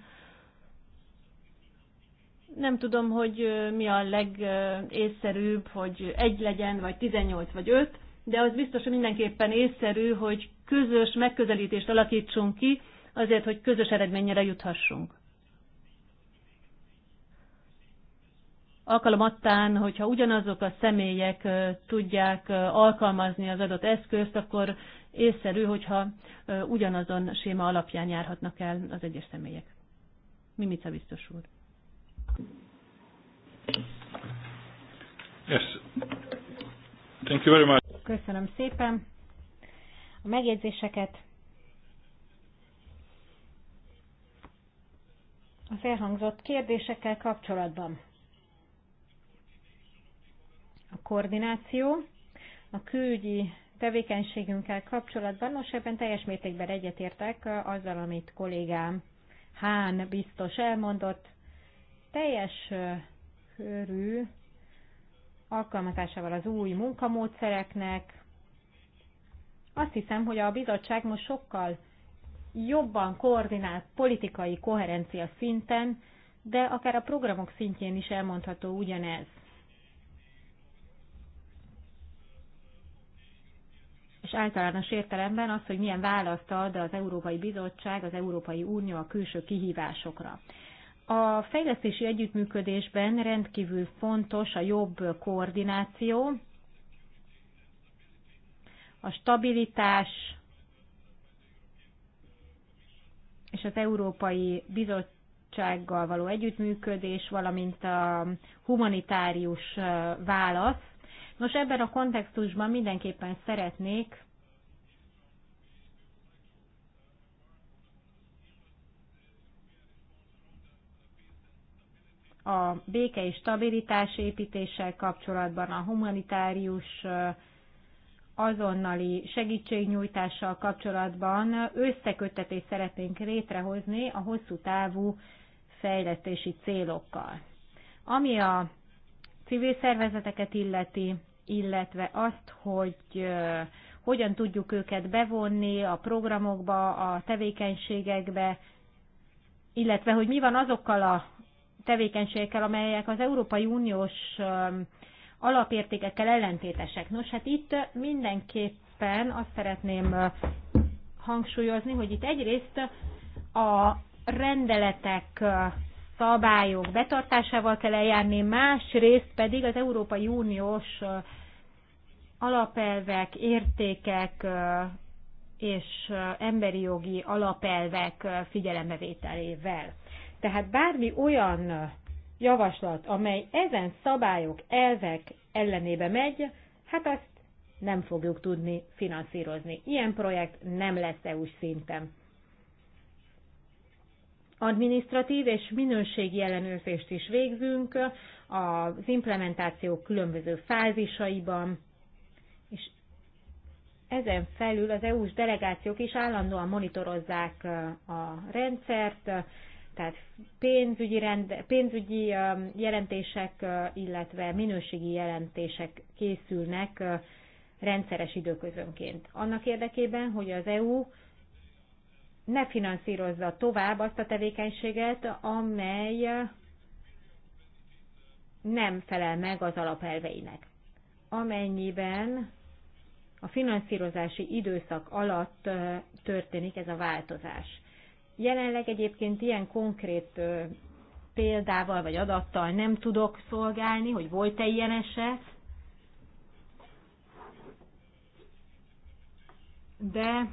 Nem tudom, hogy mi a legészszerűbb, hogy egy legyen, vagy 18, vagy 5, de az biztos, hogy mindenképpen észszerű, hogy közös megközelítést alakítsunk ki, azért, hogy közös eredményre juthassunk. alkalomattán, hogyha ugyanazok a személyek tudják alkalmazni az adott eszközt, akkor észszerű, hogyha ugyanazon séma alapján járhatnak el az egyes személyek. Mimica biztos úr. Yes. Thank you very much. Köszönöm szépen a megjegyzéseket. Az elhangzott kérdésekkel kapcsolatban a koordináció, a külügyi tevékenységünkkel kapcsolatban. Most ebben teljes mértékben egyetértek azzal, amit kollégám Hán biztos elmondott. Teljes körű alkalmazásával az új munkamódszereknek. Azt hiszem, hogy a bizottság most sokkal jobban koordinált politikai koherencia szinten, de akár a programok szintjén is elmondható ugyanez. és általános értelemben az, hogy milyen választ ad az Európai Bizottság, az Európai Unió a külső kihívásokra. A fejlesztési együttműködésben rendkívül fontos a jobb koordináció, a stabilitás és az Európai Bizottsággal való együttműködés, valamint a humanitárius válasz Nos, ebben a kontextusban mindenképpen szeretnék a béke és stabilitás építéssel kapcsolatban, a humanitárius azonnali segítségnyújtással kapcsolatban összeköttetést szeretnénk létrehozni a hosszú távú fejlesztési célokkal. Ami a civil szervezeteket illeti, illetve azt, hogy hogyan tudjuk őket bevonni a programokba, a tevékenységekbe, illetve hogy mi van azokkal a tevékenységekkel, amelyek az Európai Uniós alapértékekkel ellentétesek. Nos, hát itt mindenképpen azt szeretném hangsúlyozni, hogy itt egyrészt a rendeletek szabályok betartásával kell eljárni, másrészt pedig az Európai Uniós alapelvek, értékek és emberi jogi alapelvek figyelembevételével. Tehát bármi olyan javaslat, amely ezen szabályok, elvek ellenébe megy, hát azt nem fogjuk tudni finanszírozni. Ilyen projekt nem lesz EU-s szinten. Administratív és minőségi ellenőrzést is végzünk az implementáció különböző fázisaiban, és ezen felül az EU-s delegációk is állandóan monitorozzák a rendszert, tehát pénzügyi, rend, pénzügyi jelentések, illetve minőségi jelentések készülnek rendszeres időközönként. Annak érdekében, hogy az EU ne finanszírozza tovább azt a tevékenységet, amely nem felel meg az alapelveinek. Amennyiben a finanszírozási időszak alatt történik ez a változás. Jelenleg egyébként ilyen konkrét példával vagy adattal nem tudok szolgálni, hogy volt-e ilyen eset, de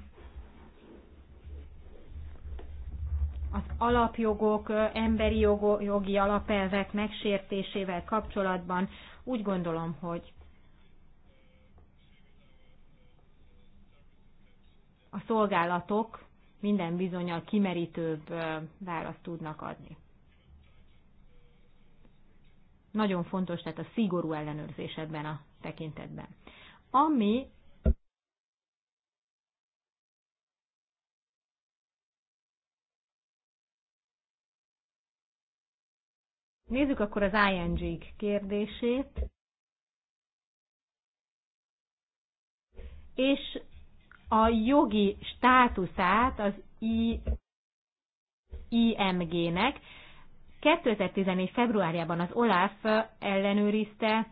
az alapjogok, emberi jogi alapelvek megsértésével kapcsolatban úgy gondolom, hogy a szolgálatok minden bizonyal kimerítőbb választ tudnak adni. Nagyon fontos, tehát a szigorú ellenőrzés ebben a tekintetben. Ami Nézzük akkor az ing kérdését. És a jogi státuszát az I, IMG-nek 2014. februárjában az OLAF ellenőrizte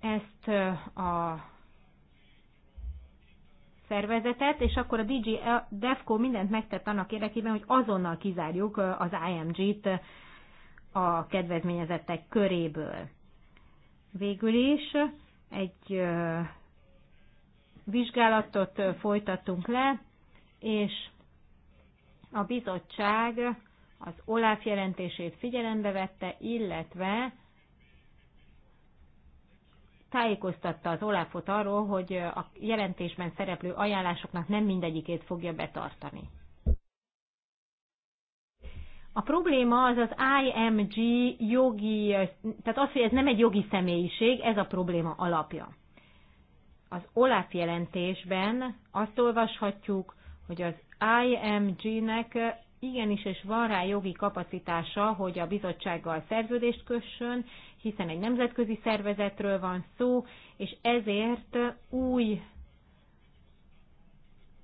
ezt a szervezetet, és akkor a DG e- Defco mindent megtett annak érdekében, hogy azonnal kizárjuk az IMG-t a kedvezményezettek köréből. Végül is egy vizsgálatot folytattunk le, és a bizottság az OLAF jelentését figyelembe vette, illetve tájékoztatta az OLAF-ot arról, hogy a jelentésben szereplő ajánlásoknak nem mindegyikét fogja betartani. A probléma az az IMG jogi, tehát az, hogy ez nem egy jogi személyiség, ez a probléma alapja. Az OLAF jelentésben azt olvashatjuk, hogy az IMG-nek igenis, és van rá jogi kapacitása, hogy a bizottsággal szerződést kössön, hiszen egy nemzetközi szervezetről van szó, és ezért új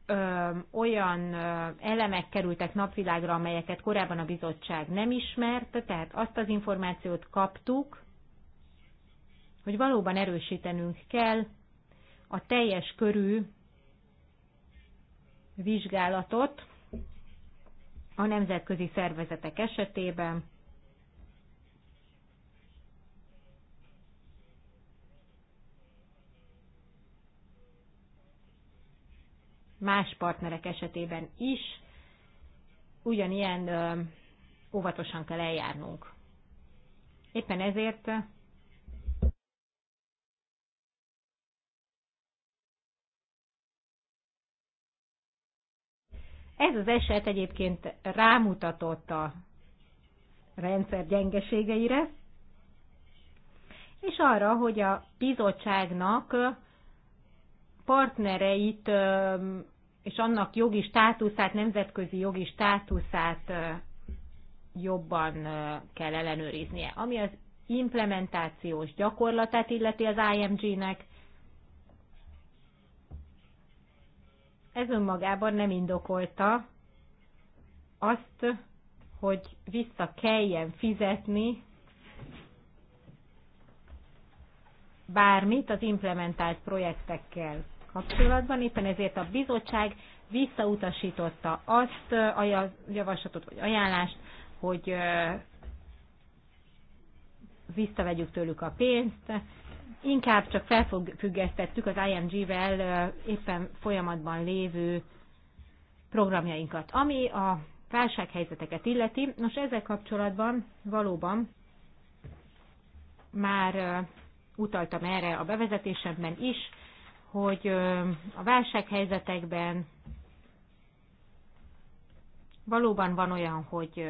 ö, olyan ö, elemek kerültek napvilágra, amelyeket korábban a bizottság nem ismert, tehát azt az információt kaptuk, hogy valóban erősítenünk kell a teljes körű vizsgálatot a nemzetközi szervezetek esetében, más partnerek esetében is ugyanilyen óvatosan kell eljárnunk. Éppen ezért Ez az eset egyébként rámutatott a rendszer gyengeségeire, és arra, hogy a bizottságnak partnereit és annak jogi státuszát, nemzetközi jogi státuszát jobban kell ellenőriznie. Ami az implementációs gyakorlatát illeti az IMG-nek, ez önmagában nem indokolta azt, hogy vissza kelljen fizetni bármit az implementált projektekkel kapcsolatban. Éppen ezért a bizottság visszautasította azt a javaslatot vagy ajánlást, hogy visszavegyük tőlük a pénzt, inkább csak felfüggesztettük az IMG-vel éppen folyamatban lévő programjainkat. Ami a válsághelyzeteket illeti, nos ezzel kapcsolatban valóban már utaltam erre a bevezetésemben is, hogy a válsághelyzetekben valóban van olyan, hogy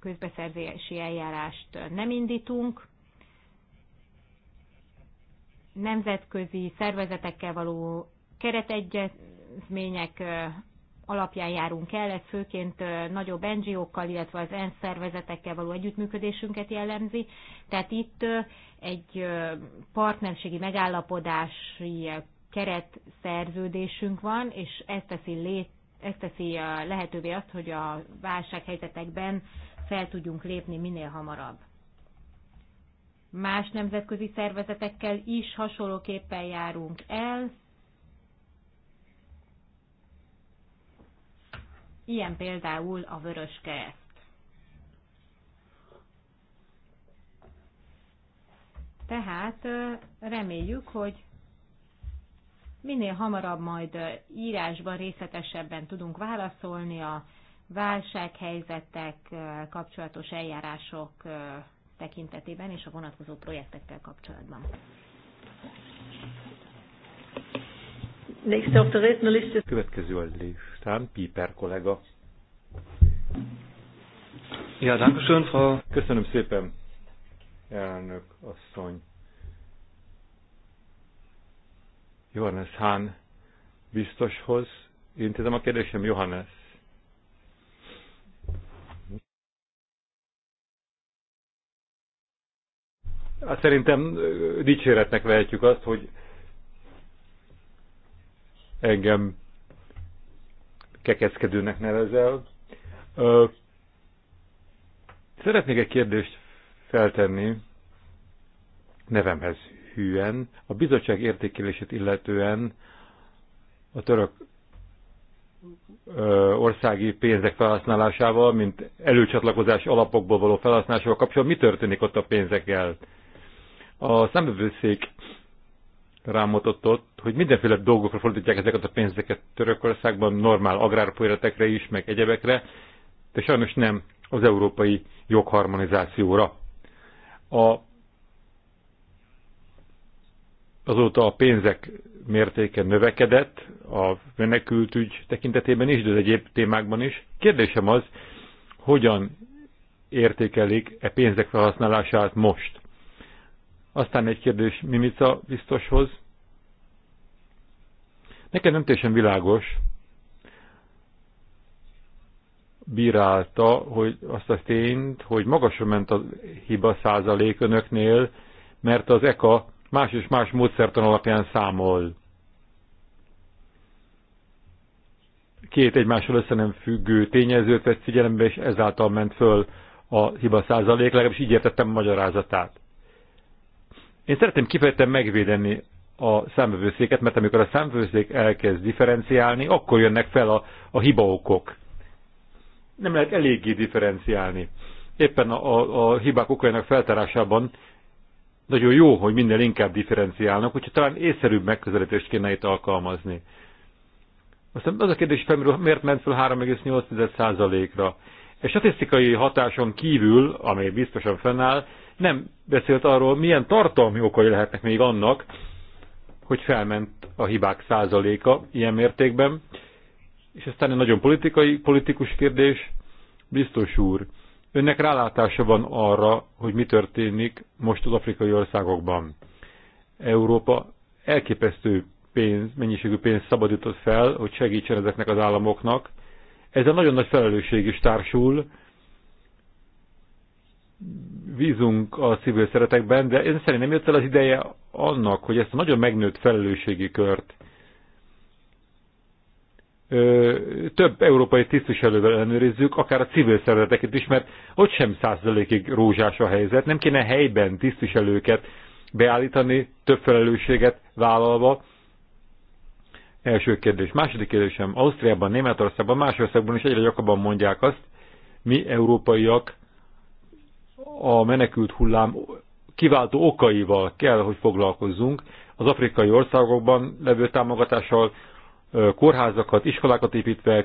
közbeszerzési eljárást nem indítunk, nemzetközi szervezetekkel való keretegyezmények alapján járunk el, ez főként nagyobb NGO-kkal, illetve az ENSZ szervezetekkel való együttműködésünket jellemzi. Tehát itt egy partnerségi megállapodási keret szerződésünk van, és ez teszi, lét, ez teszi uh, lehetővé azt, hogy a válsághelyzetekben fel tudjunk lépni minél hamarabb. Más nemzetközi szervezetekkel is hasonlóképpen járunk el. Ilyen például a Vörös Kereszt. Tehát uh, reméljük, hogy Minél hamarabb majd írásban részletesebben tudunk válaszolni a válsághelyzetek kapcsolatos eljárások tekintetében és a vonatkozó projektekkel kapcsolatban. Következő a listán Piper kollega. Ja, dankeschön, Frau. Köszönöm szépen, elnök asszony. Johannes Hahn biztoshoz intézem a kérdésem, Johannes. Hát szerintem dicséretnek vehetjük azt, hogy engem kekeckedőnek nevezel. Szeretnék egy kérdést feltenni nevemhez hűen, a bizottság értékelését illetően a török országi pénzek felhasználásával, mint előcsatlakozás alapokból való felhasználásával kapcsolatban, mi történik ott a pénzekkel? A számbevőszék rámutatott, hogy mindenféle dolgokra fordítják ezeket a pénzeket Törökországban, normál agrárprojektekre is, meg egyebekre, de sajnos nem az európai jogharmonizációra. A Azóta a pénzek mértéke növekedett, a menekültügy tekintetében is, de az egyéb témákban is. Kérdésem az, hogyan értékelik e pénzek felhasználását most? Aztán egy kérdés Mimica biztoshoz. Nekem nem teljesen világos, bírálta hogy azt a tényt, hogy magasra ment a hiba százalék önöknél, mert az ECA más és más módszertan alapján számol. Két egymással össze nem függő tényezőt vett figyelembe, és ezáltal ment föl a hiba százalék, legalábbis így értettem a magyarázatát. Én szeretném kifejezetten megvédeni a számvevőszéket, mert amikor a számvevőszék elkezd differenciálni, akkor jönnek fel a, a hibaokok. Nem lehet eléggé differenciálni. Éppen a, a, a hibák okainak feltárásában nagyon jó, hogy minden inkább differenciálnak, úgyhogy talán észszerűbb megközelítést kéne itt alkalmazni. Aztán az a kérdés felmerül, miért ment fel 3,8%-ra? A e statisztikai hatáson kívül, amely biztosan fennáll, nem beszélt arról, milyen tartalmi okai lehetnek még annak, hogy felment a hibák százaléka ilyen mértékben, és aztán egy nagyon politikai, politikus kérdés, biztos úr, Önnek rálátása van arra, hogy mi történik most az afrikai országokban. Európa elképesztő pénz, mennyiségű pénz szabadított fel, hogy segítsen ezeknek az államoknak. Ezzel nagyon nagy felelősség is társul. Vízunk a civil szeretekben, de én szerintem jött el az ideje annak, hogy ezt a nagyon megnőtt felelősségi kört több európai tisztviselővel ellenőrizzük, akár a civil szervezeteket is, mert ott sem százalékig rózsás a helyzet. Nem kéne helyben tisztviselőket beállítani, több felelősséget vállalva. Első kérdés. Második kérdésem. Ausztriában, Németországban, más országban is egyre gyakrabban mondják azt, mi európaiak a menekült hullám kiváltó okaival kell, hogy foglalkozzunk, az afrikai országokban levő támogatással, kórházakat, iskolákat építve,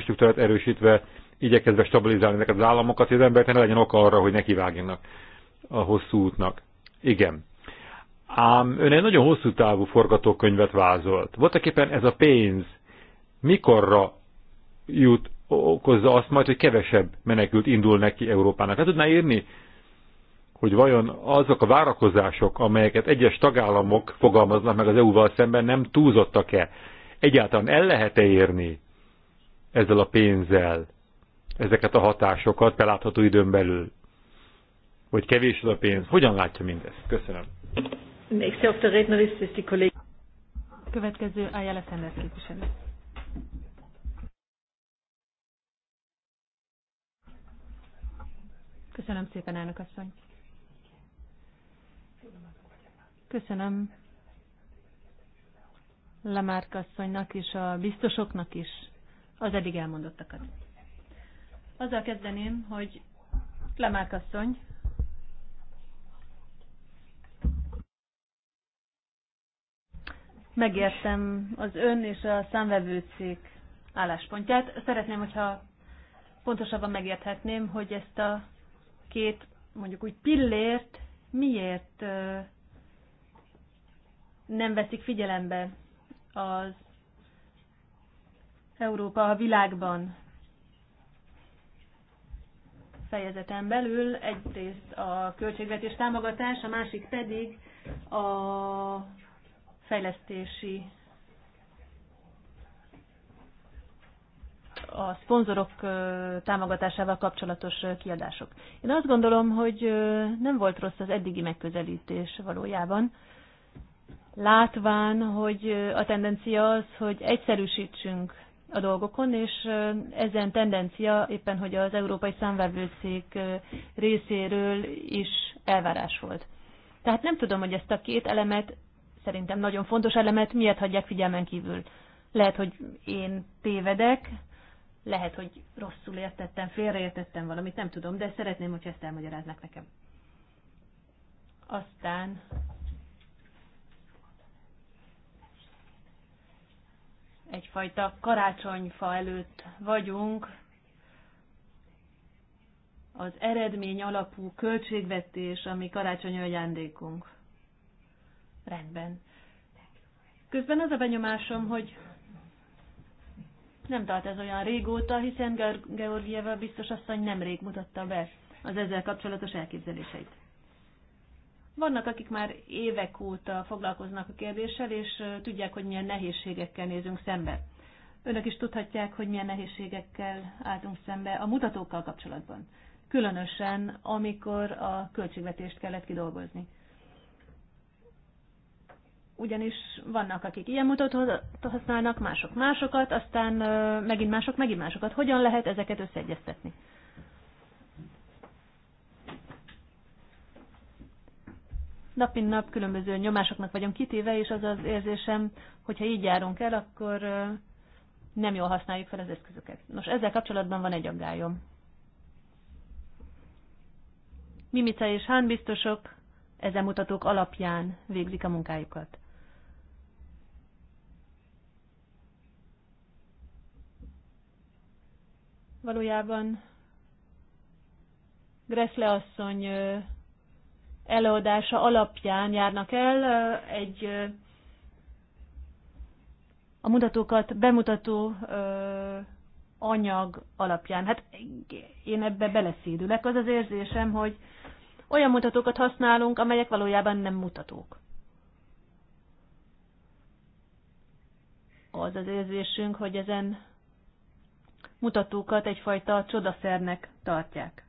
struktúrát erősítve, igyekezve stabilizálni ezeket az államokat, hogy az embernek ne legyen oka arra, hogy nekivágjanak a hosszú útnak. Igen. Ám ön egy nagyon hosszú távú forgatókönyvet vázolt. Voltak éppen ez a pénz mikorra jut, okozza azt majd, hogy kevesebb menekült indul neki Európának. Hát tudná írni, hogy vajon azok a várakozások, amelyeket egyes tagállamok fogalmaznak meg az EU-val szemben, nem túlzottak-e? Egyáltalán el lehet-e érni ezzel a pénzzel ezeket a hatásokat belátható időn belül? Vagy kevés az a pénz? Hogyan látja mindezt? Köszönöm. Következő Ayala Sanders képviselő. Köszönöm szépen, elnök asszony. Köszönöm Lamárk asszonynak és a biztosoknak is az eddig elmondottakat. Azzal kezdeném, hogy Lamárk asszony megértem az ön és a számvevőcék álláspontját. Szeretném, hogyha pontosabban megérthetném, hogy ezt a két, mondjuk úgy pillért miért nem veszik figyelembe az Európa a világban fejezeten belül. Egyrészt a költségvetés támogatás, a másik pedig a fejlesztési a szponzorok támogatásával kapcsolatos kiadások. Én azt gondolom, hogy nem volt rossz az eddigi megközelítés valójában látván, hogy a tendencia az, hogy egyszerűsítsünk a dolgokon, és ezen tendencia éppen, hogy az Európai Számvevőszék részéről is elvárás volt. Tehát nem tudom, hogy ezt a két elemet, szerintem nagyon fontos elemet miért hagyják figyelmen kívül. Lehet, hogy én tévedek, lehet, hogy rosszul értettem, félreértettem valamit, nem tudom, de szeretném, hogy ezt elmagyaráznak nekem. Aztán egyfajta karácsonyfa előtt vagyunk, az eredmény alapú költségvetés, ami karácsonyi ajándékunk. Rendben. Közben az a benyomásom, hogy nem tart ez olyan régóta, hiszen Georgieva biztos asszony nemrég mutatta be az ezzel kapcsolatos elképzeléseit. Vannak, akik már évek óta foglalkoznak a kérdéssel, és tudják, hogy milyen nehézségekkel nézünk szembe. Önök is tudhatják, hogy milyen nehézségekkel álltunk szembe a mutatókkal kapcsolatban. Különösen, amikor a költségvetést kellett kidolgozni. Ugyanis vannak, akik ilyen mutatót használnak, mások másokat, aztán megint mások, megint másokat. Hogyan lehet ezeket összeegyeztetni? Nap mint nap különböző nyomásoknak vagyunk kitéve, és az az érzésem, hogyha így járunk el, akkor nem jól használjuk fel az eszközöket. Nos, ezzel kapcsolatban van egy aggályom. Mimica és Hán biztosok ezen mutatók alapján végzik a munkájukat. Valójában Gressle asszony előadása alapján járnak el egy a mutatókat bemutató anyag alapján. Hát én ebbe beleszédülek, az az érzésem, hogy olyan mutatókat használunk, amelyek valójában nem mutatók. Az az érzésünk, hogy ezen mutatókat egyfajta csodaszernek tartják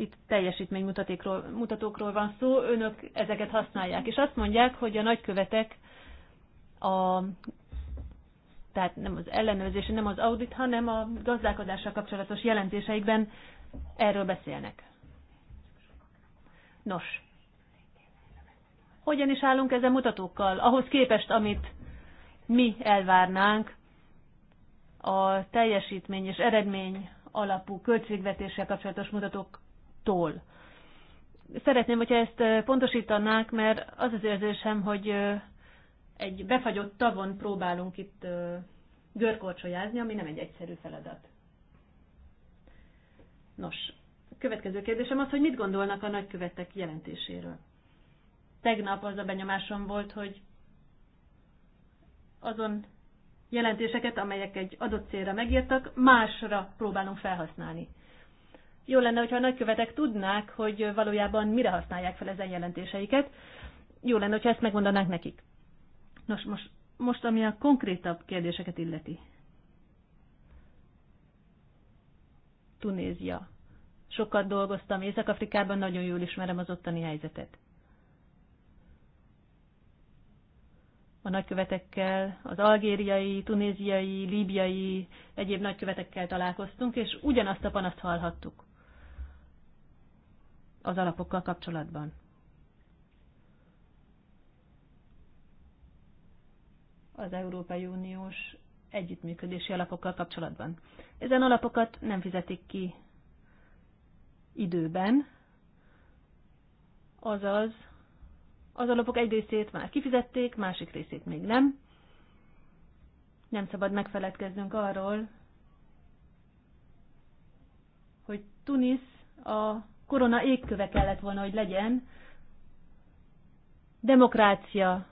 itt teljesítménymutatókról mutatókról van szó, önök ezeket használják, és azt mondják, hogy a nagykövetek a tehát nem az ellenőrzés, nem az audit, hanem a gazdálkodással kapcsolatos jelentéseikben erről beszélnek. Nos, hogyan is állunk ezen mutatókkal, ahhoz képest, amit mi elvárnánk a teljesítmény és eredmény alapú költségvetéssel kapcsolatos mutatók tól. Szeretném, hogyha ezt pontosítanák, mert az az érzésem, hogy egy befagyott tavon próbálunk itt görkorcsolyázni, ami nem egy egyszerű feladat. Nos, következő kérdésem az, hogy mit gondolnak a nagykövetek jelentéséről. Tegnap az a benyomásom volt, hogy azon jelentéseket, amelyek egy adott célra megírtak, másra próbálunk felhasználni. Jó lenne, hogyha a nagykövetek tudnák, hogy valójában mire használják fel ezen jelentéseiket. Jó lenne, hogyha ezt megmondanánk nekik. Nos, most, most ami a konkrétabb kérdéseket illeti. Tunézia. Sokat dolgoztam Észak-Afrikában, nagyon jól ismerem az ottani helyzetet. A nagykövetekkel, az algériai, tunéziai, líbiai, egyéb nagykövetekkel találkoztunk, és ugyanazt a panaszt hallhattuk az alapokkal kapcsolatban. Az Európai Uniós együttműködési alapokkal kapcsolatban. Ezen alapokat nem fizetik ki időben, azaz az alapok egy részét már kifizették, másik részét még nem. Nem szabad megfeledkeznünk arról, hogy Tunis a korona égköve kellett volna, hogy legyen. Demokrácia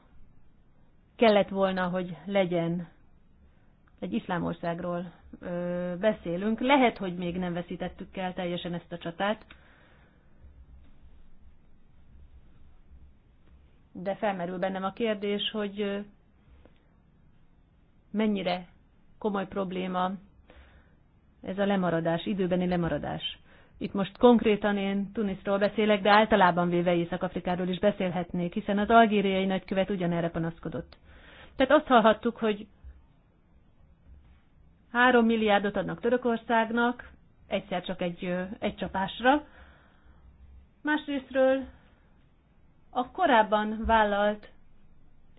kellett volna, hogy legyen. Egy iszlámországról ö, beszélünk. Lehet, hogy még nem veszítettük el teljesen ezt a csatát, de felmerül bennem a kérdés, hogy mennyire komoly probléma ez a lemaradás, időbeni lemaradás. Itt most konkrétan én Tunisztról beszélek, de általában véve Észak-Afrikáról is beszélhetnék, hiszen az algériai nagykövet ugyanerre panaszkodott. Tehát azt hallhattuk, hogy 3 milliárdot adnak Törökországnak, egyszer csak egy, egy csapásra. Másrésztről a korábban vállalt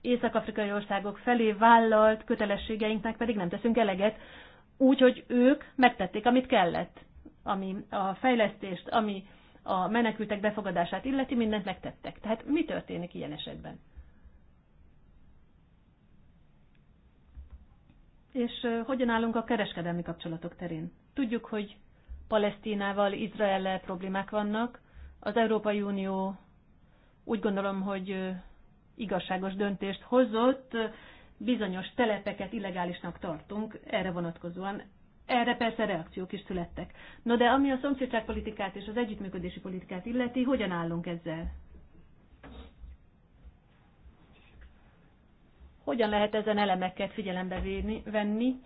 észak-afrikai országok felé vállalt kötelességeinknek pedig nem teszünk eleget, úgy, hogy ők megtették, amit kellett ami a fejlesztést, ami a menekültek befogadását illeti, mindent megtettek. Tehát mi történik ilyen esetben? És hogyan állunk a kereskedelmi kapcsolatok terén? Tudjuk, hogy Palesztinával, izrael problémák vannak. Az Európai Unió úgy gondolom, hogy igazságos döntést hozott, bizonyos telepeket illegálisnak tartunk erre vonatkozóan. Erre persze reakciók is születtek. No de ami a szomszédságpolitikát és az együttműködési politikát illeti, hogyan állunk ezzel? Hogyan lehet ezen elemeket figyelembe venni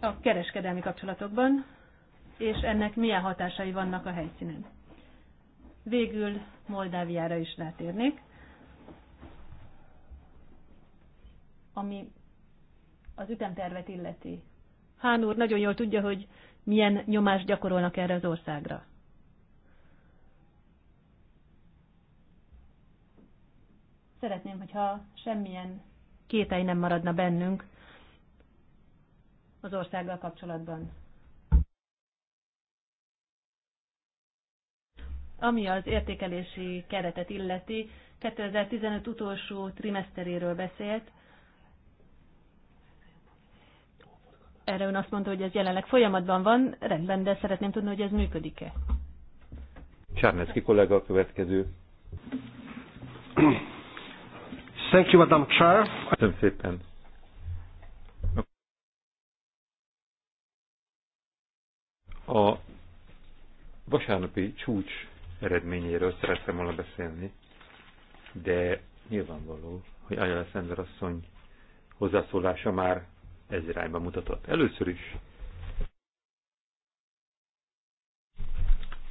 a kereskedelmi kapcsolatokban, és ennek milyen hatásai vannak a helyszínen? Végül Moldáviára is rátérnék, ami az ütemtervet illeti. Hán úr nagyon jól tudja, hogy milyen nyomást gyakorolnak erre az országra. Szeretném, hogyha semmilyen kétely nem maradna bennünk az országgal kapcsolatban. Ami az értékelési keretet illeti, 2015 utolsó trimeszteréről beszélt, erre ön azt mondta, hogy ez jelenleg folyamatban van, rendben, de szeretném tudni, hogy ez működik-e. Csárneszki kollega a következő. Thank you, Madam Chair. Köszönöm szépen. A vasárnapi csúcs eredményéről szerettem volna beszélni, de nyilvánvaló, hogy Ayala Szender asszony hozzászólása már ez irányba mutatott. Először is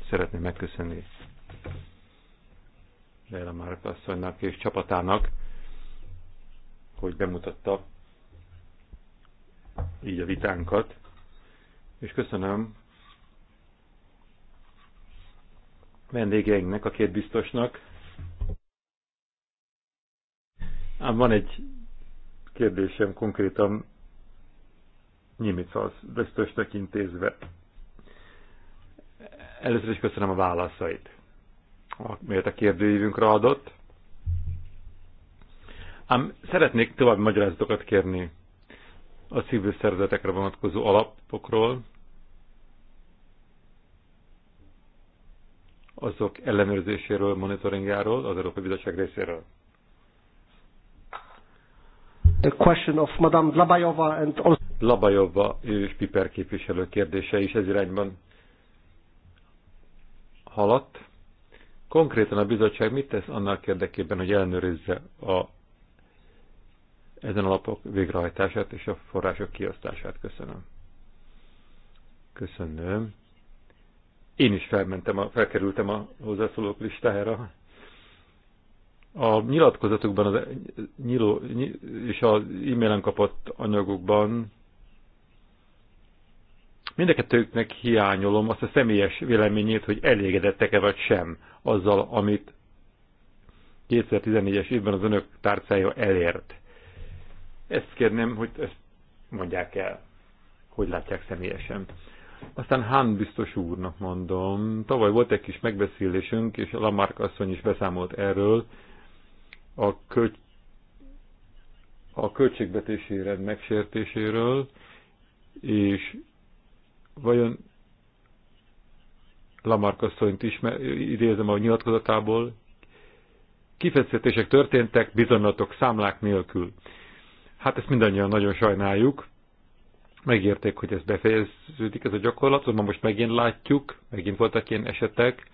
szeretném megköszönni Leila Márk asszonynak és csapatának, hogy bemutatta így a vitánkat, és köszönöm vendégeinknek, a két biztosnak. Ám van egy kérdésem konkrétan Nyimicasz biztos tekintézve. Először is köszönöm a válaszait, amelyet a kérdőívünkre adott. Ám szeretnék további magyarázatokat kérni a civil szervezetekre vonatkozó alapokról, azok ellenőrzéséről, monitoringjáról, az Európai Bizottság részéről. The question of Madame Labajova and also Labajova és Piper képviselő kérdése is ez irányban haladt. Konkrétan a bizottság mit tesz annak érdekében, hogy ellenőrizze a, ezen alapok végrehajtását és a források kiosztását? Köszönöm. Köszönöm. Én is felmentem, a, felkerültem a hozzászólók listájára. A nyilatkozatokban az, nyiló, ny, és az e-mailen kapott anyagokban Mindeket hiányolom azt a személyes véleményét, hogy elégedettek-e vagy sem azzal, amit 2014-es évben az önök tárcája elért. Ezt kérném, hogy ezt mondják el, hogy látják személyesen. Aztán Hán biztos úrnak mondom, tavaly volt egy kis megbeszélésünk, és a Lamarck asszony is beszámolt erről, a, kö... a költségvetési rend megsértéséről, és vajon Lamarck asszonyt ismer, idézem a nyilatkozatából, kifejezetések történtek bizonyatok számlák nélkül. Hát ezt mindannyian nagyon sajnáljuk. Megérték, hogy ez befejeződik ez a gyakorlat, ma most megint látjuk, megint voltak ilyen esetek.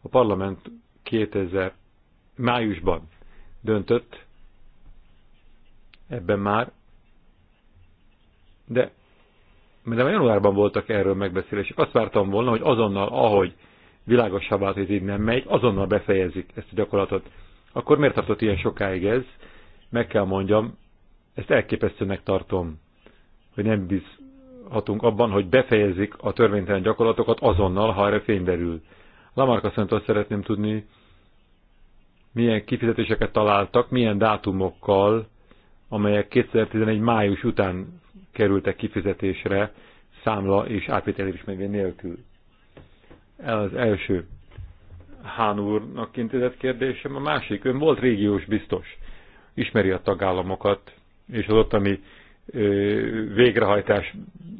A parlament 2000 májusban döntött ebben már, de mert nem januárban voltak erről megbeszélések. Azt vártam volna, hogy azonnal, ahogy világosá vált, hogy így nem megy, azonnal befejezik ezt a gyakorlatot. Akkor miért tartott ilyen sokáig ez? Meg kell mondjam, ezt elképesztőnek tartom, hogy nem bízhatunk abban, hogy befejezik a törvénytelen gyakorlatokat azonnal, ha erre fény derül. Lamarka Szentől szeretném tudni, milyen kifizetéseket találtak, milyen dátumokkal, amelyek 2011 május után kerültek kifizetésre számla és átvételérismervény nélkül. El az első Hán úrnak intézett kérdésem, a másik, ön volt régiós biztos, ismeri a tagállamokat, és az ottani végrehajtás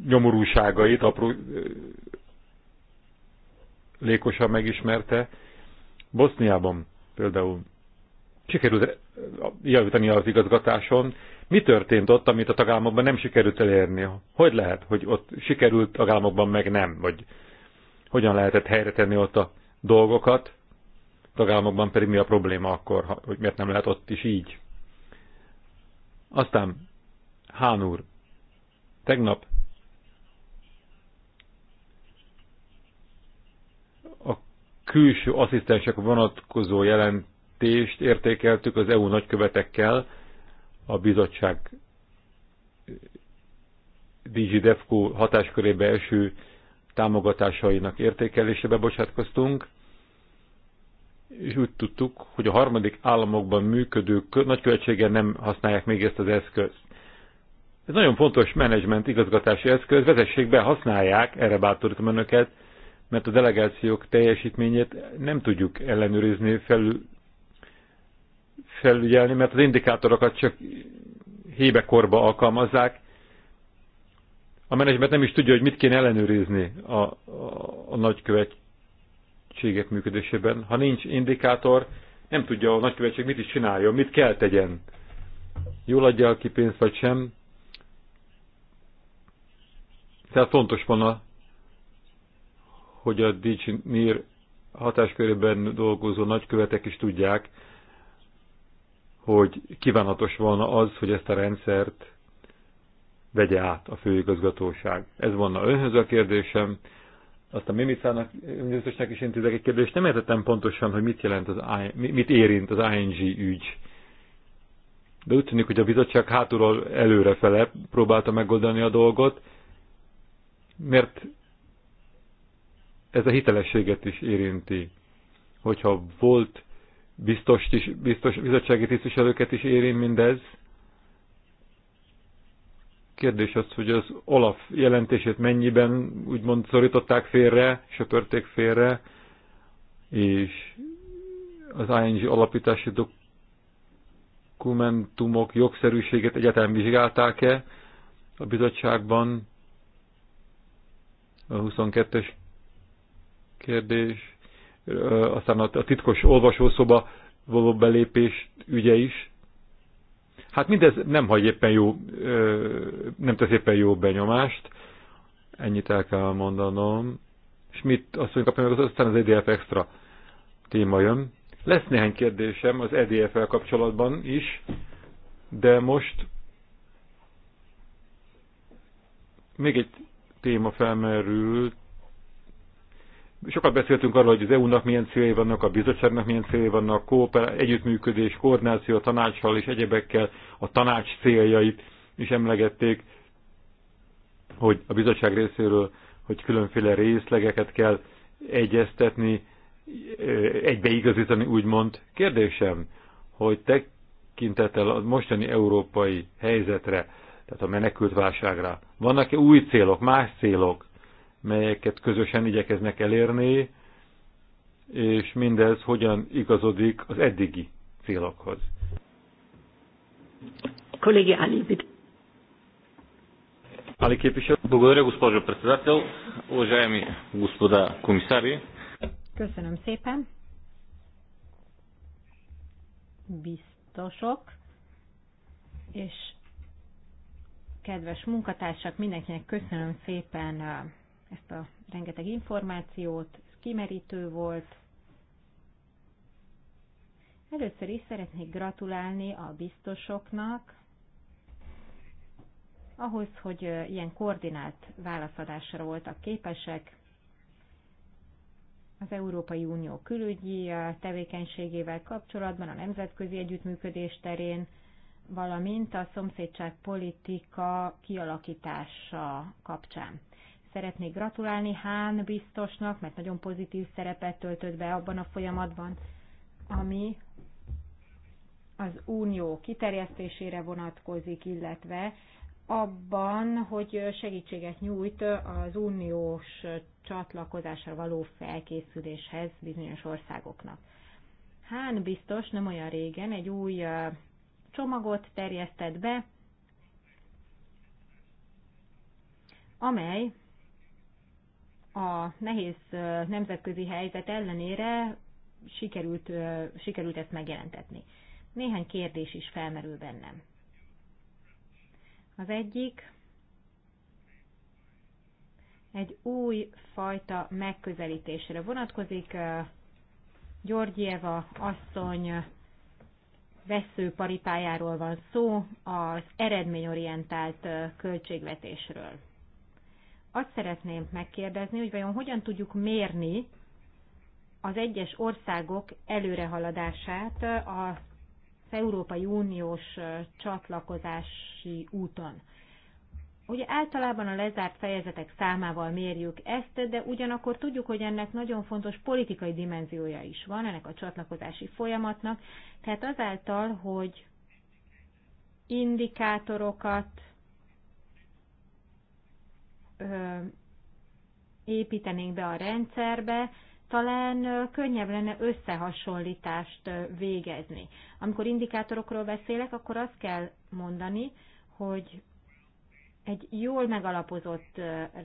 nyomorúságait apró lékosan megismerte. Boszniában például sikerült javítani az igazgatáson. Mi történt ott, amit a tagállamokban nem sikerült elérni? Hogy lehet, hogy ott sikerült tagállamokban meg nem? Vagy hogyan lehetett helyre tenni ott a dolgokat? Tagállamokban pedig mi a probléma akkor, hogy miért nem lehet ott is így? Aztán Hán úr, tegnap a külső asszisztensek vonatkozó jelent jelentést értékeltük az EU nagykövetekkel, a bizottság DG DEFCO hatáskörébe eső támogatásainak értékelésebe bocsátkoztunk, és úgy tudtuk, hogy a harmadik államokban működő nagykövetséggel nem használják még ezt az eszközt. Ez nagyon fontos menedzsment igazgatási eszköz, vezessék be, használják, erre bátorítom önöket, mert a delegációk teljesítményét nem tudjuk ellenőrizni, felül felügyelni, mert az indikátorokat csak hébekorba alkalmazzák. A menedzsment nem is tudja, hogy mit kéne ellenőrizni a, a, a nagykövetségek működésében. Ha nincs indikátor, nem tudja a nagykövetség mit is csináljon, mit kell tegyen. Jól adja ki pénzt, vagy sem. Tehát fontos volna, hogy a Dicsinir hatáskörében dolgozó nagykövetek is tudják, hogy kívánatos volna az, hogy ezt a rendszert vegye át a főigazgatóság. Ez volna önhöz a kérdésem. Azt a Mimicának, Mimicának is intézek egy kérdést. Nem értettem pontosan, hogy mit, jelent az, mit érint az ING ügy. De úgy tűnik, hogy a bizottság hátulról előrefele próbálta megoldani a dolgot, mert ez a hitelességet is érinti. Hogyha volt biztos, biztos bizottsági tisztviselőket is éri mindez. Kérdés az, hogy az Olaf jelentését mennyiben úgymond szorították félre, söpörték félre, és az ING alapítási dokumentumok jogszerűségét egyáltalán vizsgálták-e a bizottságban? A 22-es kérdés aztán a titkos olvasószoba való belépés ügye is. Hát mindez nem hagy éppen jó, nem tesz éppen jó benyomást, ennyit el kell mondanom. mit azt mondjuk, hogy meg, aztán az EDF extra téma jön. Lesz néhány kérdésem az EDF-el kapcsolatban is, de most még egy téma felmerült, Sokat beszéltünk arról, hogy az EU-nak milyen céljai vannak, a bizottságnak milyen céljai vannak, kooper együttműködés, koordináció a tanácssal és egyebekkel a tanács céljait is emlegették, hogy a bizottság részéről, hogy különféle részlegeket kell egyeztetni, egybeigazítani, úgymond. Kérdésem, hogy tekintettel a mostani európai helyzetre, tehát a menekültválságra vannak-e új célok, más célok, melyeket közösen igyekeznek elérni, és mindez hogyan igazodik az eddigi célokhoz. Kollégi Ali, Ali képviselő. Благодаря, госпожо председател. Уважаеми господа комисари. Köszönöm szépen. Biztosok. És kedves munkatársak, mindenkinek köszönöm szépen uh, ezt a rengeteg információt, ez kimerítő volt. Először is szeretnék gratulálni a biztosoknak, ahhoz, hogy ilyen koordinált válaszadásra voltak képesek, az Európai Unió külügyi tevékenységével kapcsolatban, a nemzetközi együttműködés terén, valamint a politika kialakítása kapcsán szeretnék gratulálni Hán biztosnak, mert nagyon pozitív szerepet töltött be abban a folyamatban, ami az unió kiterjesztésére vonatkozik, illetve abban, hogy segítséget nyújt az uniós csatlakozásra való felkészüléshez bizonyos országoknak. Hán biztos nem olyan régen egy új csomagot terjesztett be, amely a nehéz nemzetközi helyzet ellenére sikerült, sikerült ezt megjelentetni. Néhány kérdés is felmerül bennem. Az egyik egy új fajta megközelítésre vonatkozik. Györgyeva asszony veszőparipájáról van szó, az eredményorientált költségvetésről. Azt szeretném megkérdezni, hogy vajon hogyan tudjuk mérni az egyes országok előrehaladását az Európai Uniós csatlakozási úton. Ugye általában a lezárt fejezetek számával mérjük ezt, de ugyanakkor tudjuk, hogy ennek nagyon fontos politikai dimenziója is van, ennek a csatlakozási folyamatnak. Tehát azáltal, hogy indikátorokat építenénk be a rendszerbe, talán könnyebb lenne összehasonlítást végezni. Amikor indikátorokról beszélek, akkor azt kell mondani, hogy egy jól megalapozott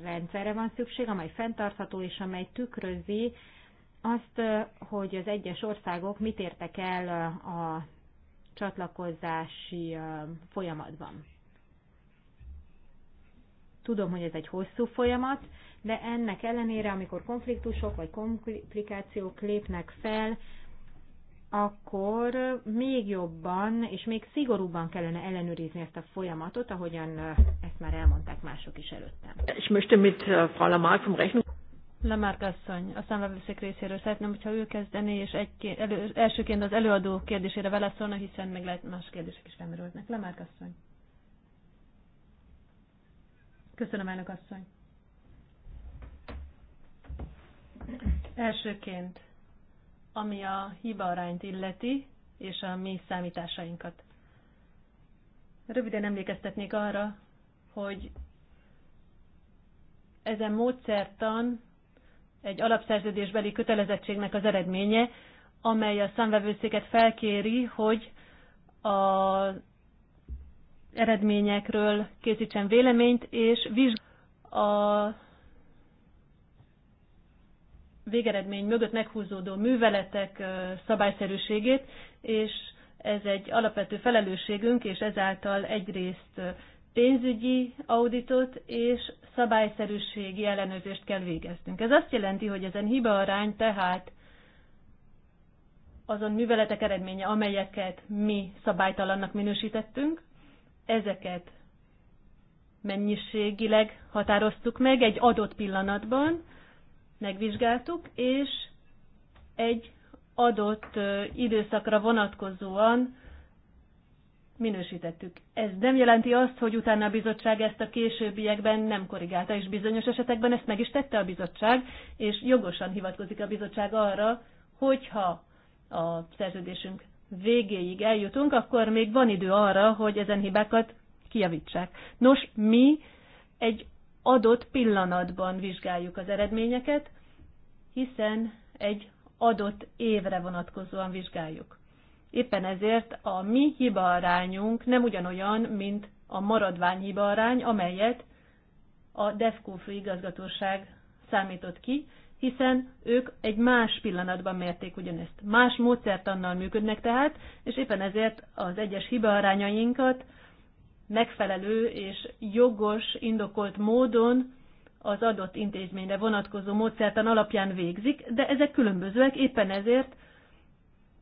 rendszerre van szükség, amely fenntartható és amely tükrözi azt, hogy az egyes országok mit értek el a csatlakozási folyamatban. Tudom, hogy ez egy hosszú folyamat, de ennek ellenére, amikor konfliktusok vagy komplikációk lépnek fel, akkor még jobban és még szigorúbban kellene ellenőrizni ezt a folyamatot, ahogyan ezt már elmondták mások is előttem. Ich möchte mit äh, Frau Lamarck vom Rechnung Lamarck asszony, a számvevőszék részéről szeretném, hogyha ő kezdené, és egy, elő, elsőként az előadó kérdésére válaszolna, hiszen meg lehet más kérdések is felmerülnek. Lamarck asszony. Köszönöm, elnök asszony. Elsőként, ami a hiba arányt illeti, és a mi számításainkat. Röviden emlékeztetnék arra, hogy ezen módszertan egy alapszerződésbeli kötelezettségnek az eredménye, amely a számvevőszéket felkéri, hogy a eredményekről készítsen véleményt, és vizsgálja a végeredmény mögött meghúzódó műveletek szabályszerűségét, és ez egy alapvető felelősségünk, és ezáltal egyrészt pénzügyi auditot és szabályszerűségi ellenőrzést kell végeznünk. Ez azt jelenti, hogy ezen hiba arány tehát azon műveletek eredménye, amelyeket mi szabálytalannak minősítettünk, ezeket mennyiségileg határoztuk meg egy adott pillanatban, megvizsgáltuk, és egy adott időszakra vonatkozóan minősítettük. Ez nem jelenti azt, hogy utána a bizottság ezt a későbbiekben nem korrigálta, és bizonyos esetekben ezt meg is tette a bizottság, és jogosan hivatkozik a bizottság arra, hogyha a szerződésünk végéig eljutunk, akkor még van idő arra, hogy ezen hibákat kijavítsák. Nos, mi egy adott pillanatban vizsgáljuk az eredményeket, hiszen egy adott évre vonatkozóan vizsgáljuk. Éppen ezért a mi hibaarányunk nem ugyanolyan, mint a maradvány hibaarány, amelyet a DEFCO főigazgatóság számított ki, hiszen ők egy más pillanatban mérték ugyanezt. Más módszertannal működnek tehát, és éppen ezért az egyes hibaarányainkat megfelelő és jogos, indokolt módon az adott intézményre vonatkozó módszertan alapján végzik, de ezek különbözőek, éppen ezért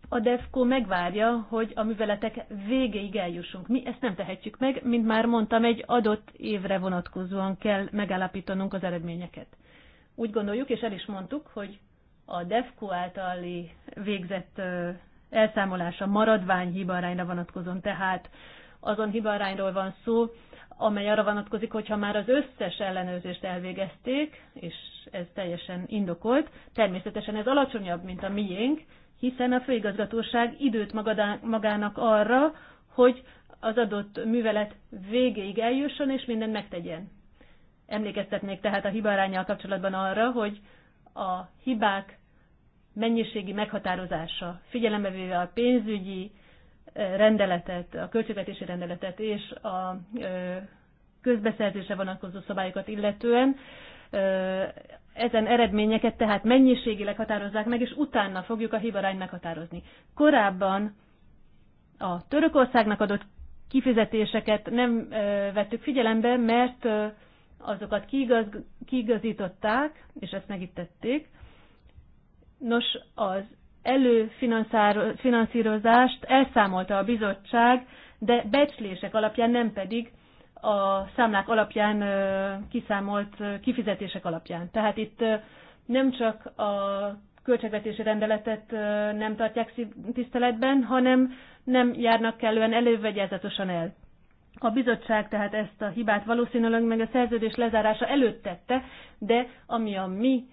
a DEFCO megvárja, hogy a műveletek végéig eljussunk. Mi ezt nem tehetjük meg, mint már mondtam, egy adott évre vonatkozóan kell megállapítanunk az eredményeket. Úgy gondoljuk, és el is mondtuk, hogy a DEFCO általi végzett elszámolása maradvány hibarányra vonatkozom, tehát azon hibarányról van szó, amely arra vonatkozik, hogyha már az összes ellenőrzést elvégezték, és ez teljesen indokolt, természetesen ez alacsonyabb, mint a miénk, hiszen a főigazgatóság időt magának arra, hogy az adott művelet végéig eljusson és mindent megtegyen. Emlékeztetnék tehát a hibarányjal kapcsolatban arra, hogy a hibák mennyiségi meghatározása, figyelembe véve a pénzügyi rendeletet, a költségvetési rendeletet és a közbeszerzése vonatkozó szabályokat illetően, ezen eredményeket tehát mennyiségileg határozzák meg, és utána fogjuk a hibarányt meghatározni. Korábban a Törökországnak adott kifizetéseket nem vettük figyelembe, mert azokat kiigaz, kiigazították, és ezt megítették. Nos, az előfinanszírozást elszámolta a bizottság, de becslések alapján, nem pedig a számlák alapján kiszámolt kifizetések alapján. Tehát itt nem csak a költségvetési rendeletet nem tartják tiszteletben, hanem nem járnak kellően elővegyázatosan el. A bizottság tehát ezt a hibát valószínűleg meg a szerződés lezárása előtt tette, de ami a mi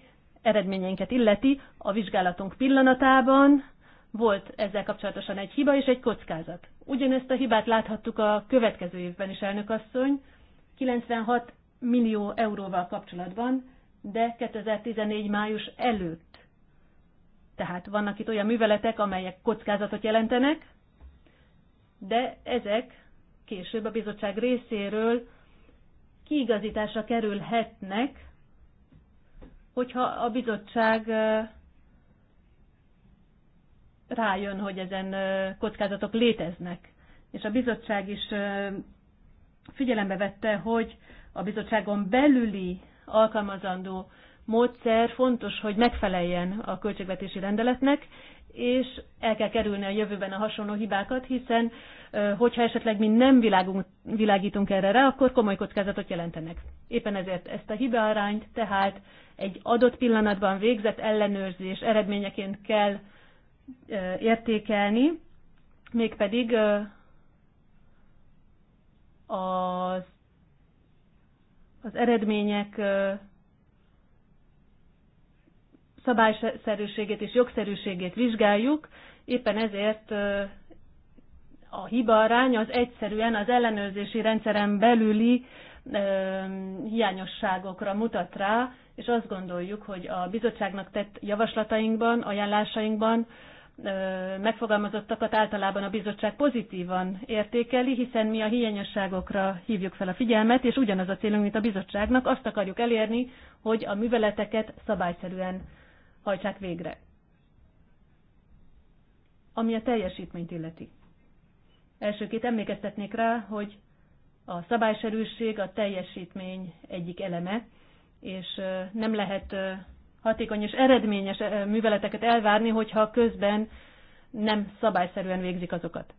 eredményeinket illeti, a vizsgálatunk pillanatában volt ezzel kapcsolatosan egy hiba és egy kockázat. Ugyanezt a hibát láthattuk a következő évben is, elnökasszony, 96 millió euróval kapcsolatban, de 2014 május előtt. Tehát vannak itt olyan műveletek, amelyek kockázatot jelentenek, de ezek később a bizottság részéről kiigazításra kerülhetnek, hogyha a bizottság rájön, hogy ezen kockázatok léteznek. És a bizottság is figyelembe vette, hogy a bizottságon belüli alkalmazandó módszer fontos, hogy megfeleljen a költségvetési rendeletnek, és el kell kerülni a jövőben a hasonló hibákat, hiszen hogyha esetleg mi nem világunk, világítunk erre rá, akkor komoly kockázatot jelentenek. Éppen ezért ezt a hibaarányt, tehát egy adott pillanatban végzett ellenőrzés eredményeként kell értékelni, mégpedig az, az eredmények szabályszerűségét és jogszerűségét vizsgáljuk, éppen ezért a hiba arány az egyszerűen az ellenőrzési rendszeren belüli hiányosságokra mutat rá, és azt gondoljuk, hogy a bizottságnak tett javaslatainkban, ajánlásainkban megfogalmazottakat általában a bizottság pozitívan értékeli, hiszen mi a hiányosságokra hívjuk fel a figyelmet, és ugyanaz a célunk, mint a bizottságnak, azt akarjuk elérni, hogy a műveleteket szabályszerűen hajtsák végre. Ami a teljesítményt illeti. Elsőként emlékeztetnék rá, hogy a szabályszerűség a teljesítmény egyik eleme, és nem lehet hatékony és eredményes műveleteket elvárni, hogyha közben nem szabályszerűen végzik azokat.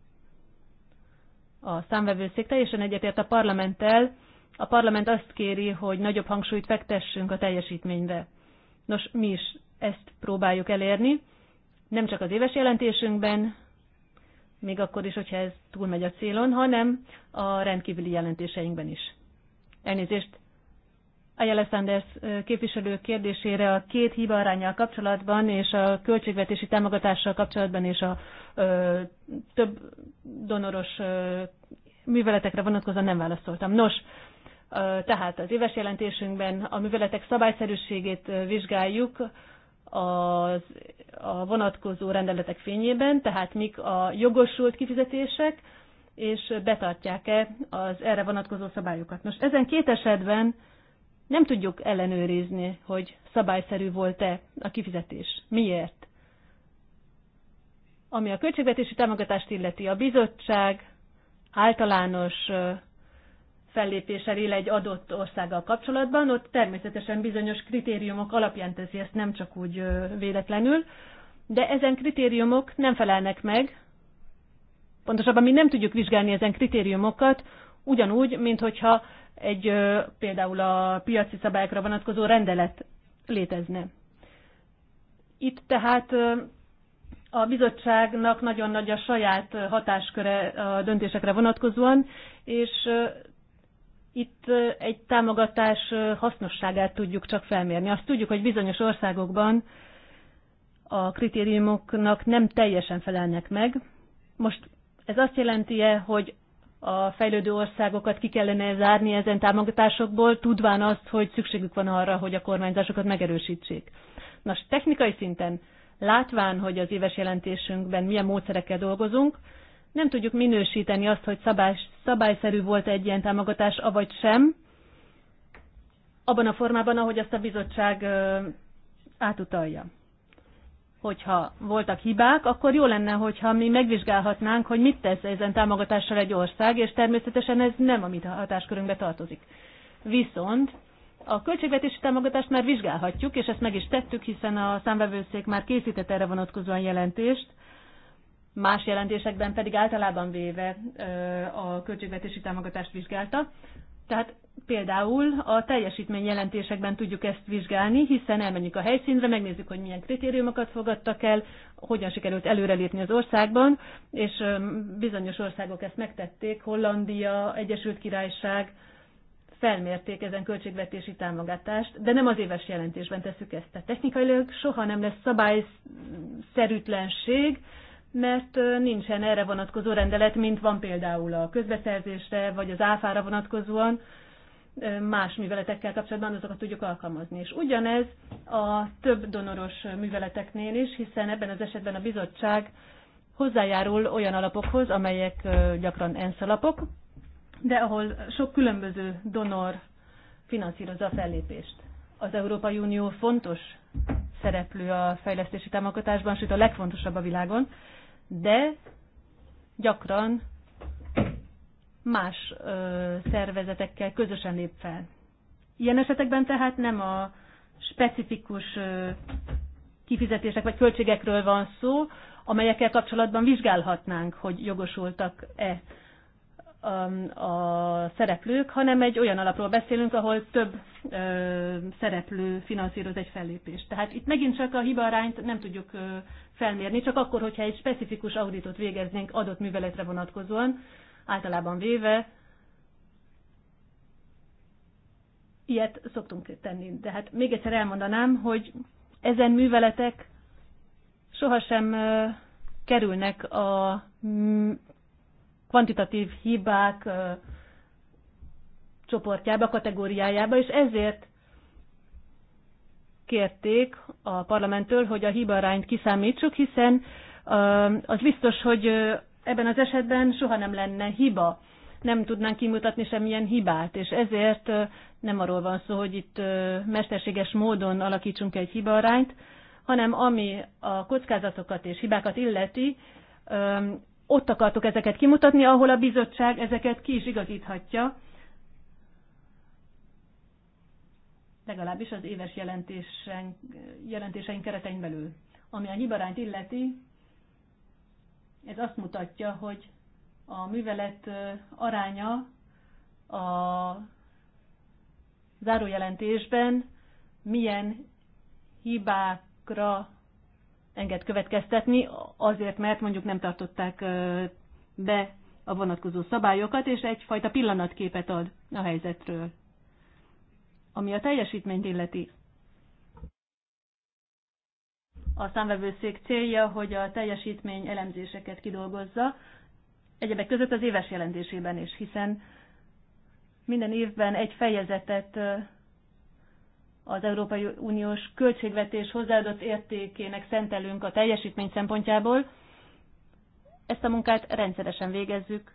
A számvevőszék teljesen egyetért a parlamenttel. A parlament azt kéri, hogy nagyobb hangsúlyt fektessünk a teljesítményre. Nos, mi is ezt próbáljuk elérni, nem csak az éves jelentésünkben, még akkor is, hogyha ez túlmegy a célon, hanem a rendkívüli jelentéseinkben is. Elnézést, Ayala Sanders képviselő kérdésére a két hiba arányjal kapcsolatban és a költségvetési támogatással kapcsolatban és a ö, több donoros ö, műveletekre vonatkozóan nem válaszoltam. Nos, ö, tehát az éves jelentésünkben a műveletek szabályszerűségét vizsgáljuk, az, a vonatkozó rendeletek fényében, tehát mik a jogosult kifizetések, és betartják-e az erre vonatkozó szabályokat. Most ezen két esetben nem tudjuk ellenőrizni, hogy szabályszerű volt-e a kifizetés. Miért? Ami a költségvetési támogatást illeti, a bizottság általános fellépéssel él egy adott országgal kapcsolatban, ott természetesen bizonyos kritériumok alapján teszi ezt nem csak úgy véletlenül, de ezen kritériumok nem felelnek meg, pontosabban mi nem tudjuk vizsgálni ezen kritériumokat, ugyanúgy, mint hogyha egy például a piaci szabályokra vonatkozó rendelet létezne. Itt tehát a bizottságnak nagyon nagy a saját hatásköre a döntésekre vonatkozóan, és itt egy támogatás hasznosságát tudjuk csak felmérni. Azt tudjuk, hogy bizonyos országokban a kritériumoknak nem teljesen felelnek meg. Most ez azt jelenti-e, hogy a fejlődő országokat ki kellene zárni ezen támogatásokból, tudván azt, hogy szükségük van arra, hogy a kormányzásokat megerősítsék. Nos, technikai szinten, látván, hogy az éves jelentésünkben milyen módszerekkel dolgozunk, nem tudjuk minősíteni azt, hogy szabás, szabályszerű volt egy ilyen támogatás, avagy sem, abban a formában, ahogy azt a bizottság átutalja. Hogyha voltak hibák, akkor jó lenne, hogyha mi megvizsgálhatnánk, hogy mit tesz ezen támogatással egy ország, és természetesen ez nem a mi hatáskörünkbe tartozik. Viszont a költségvetési támogatást már vizsgálhatjuk, és ezt meg is tettük, hiszen a számvevőszék már készített erre vonatkozóan jelentést, más jelentésekben pedig általában véve a költségvetési támogatást vizsgálta. Tehát például a teljesítmény jelentésekben tudjuk ezt vizsgálni, hiszen elmenjük a helyszínre, megnézzük, hogy milyen kritériumokat fogadtak el, hogyan sikerült előrelépni az országban, és bizonyos országok ezt megtették, Hollandia, Egyesült Királyság, felmérték ezen költségvetési támogatást, de nem az éves jelentésben tesszük ezt. Tehát technikailag soha nem lesz szabályszerűtlenség, mert nincsen erre vonatkozó rendelet, mint van például a közbeszerzésre, vagy az áfára vonatkozóan, más műveletekkel kapcsolatban azokat tudjuk alkalmazni. És ugyanez a több donoros műveleteknél is, hiszen ebben az esetben a bizottság hozzájárul olyan alapokhoz, amelyek gyakran ENSZ alapok, de ahol sok különböző donor finanszírozza a fellépést. Az Európai Unió fontos szereplő a fejlesztési támogatásban, sőt a legfontosabb a világon, de gyakran más ö, szervezetekkel közösen lép fel. Ilyen esetekben tehát nem a specifikus ö, kifizetések vagy költségekről van szó, amelyekkel kapcsolatban vizsgálhatnánk, hogy jogosultak-e Um, a szereplők, hanem egy olyan alapról beszélünk, ahol több ö, szereplő finanszíroz egy fellépést. Tehát itt megint csak a hibarányt nem tudjuk ö, felmérni, csak akkor, hogyha egy specifikus auditot végeznénk adott műveletre vonatkozóan, általában véve, ilyet szoktunk tenni. De hát még egyszer elmondanám, hogy ezen műveletek sohasem kerülnek a kvantitatív hibák csoportjába, kategóriájába, és ezért kérték a parlamenttől, hogy a hibarányt kiszámítsuk, hiszen az biztos, hogy ebben az esetben soha nem lenne hiba. Nem tudnánk kimutatni semmilyen hibát, és ezért nem arról van szó, hogy itt mesterséges módon alakítsunk egy hibarányt, hanem ami a kockázatokat és hibákat illeti, ott akartok ezeket kimutatni, ahol a bizottság ezeket ki is igazíthatja, legalábbis az éves jelentésen, jelentéseink keretein belül. Ami a nyibarányt illeti, ez azt mutatja, hogy a művelet aránya a zárójelentésben milyen hibákra enged következtetni, azért mert mondjuk nem tartották be a vonatkozó szabályokat, és egyfajta pillanatképet ad a helyzetről. Ami a teljesítményt illeti, a számvevőszék célja, hogy a teljesítmény elemzéseket kidolgozza, egyebek között az éves jelentésében is, hiszen minden évben egy fejezetet az Európai Uniós költségvetés hozzáadott értékének szentelünk a teljesítmény szempontjából. Ezt a munkát rendszeresen végezzük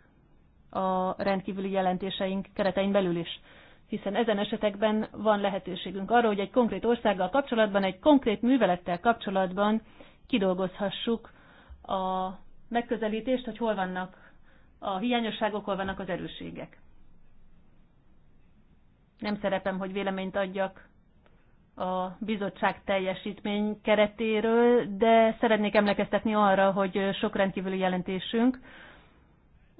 a rendkívüli jelentéseink keretein belül is hiszen ezen esetekben van lehetőségünk arra, hogy egy konkrét országgal kapcsolatban, egy konkrét művelettel kapcsolatban kidolgozhassuk a megközelítést, hogy hol vannak a hiányosságok, hol vannak az erősségek. Nem szerepem, hogy véleményt adjak a bizottság teljesítmény keretéről, de szeretnék emlékeztetni arra, hogy sok rendkívüli jelentésünk,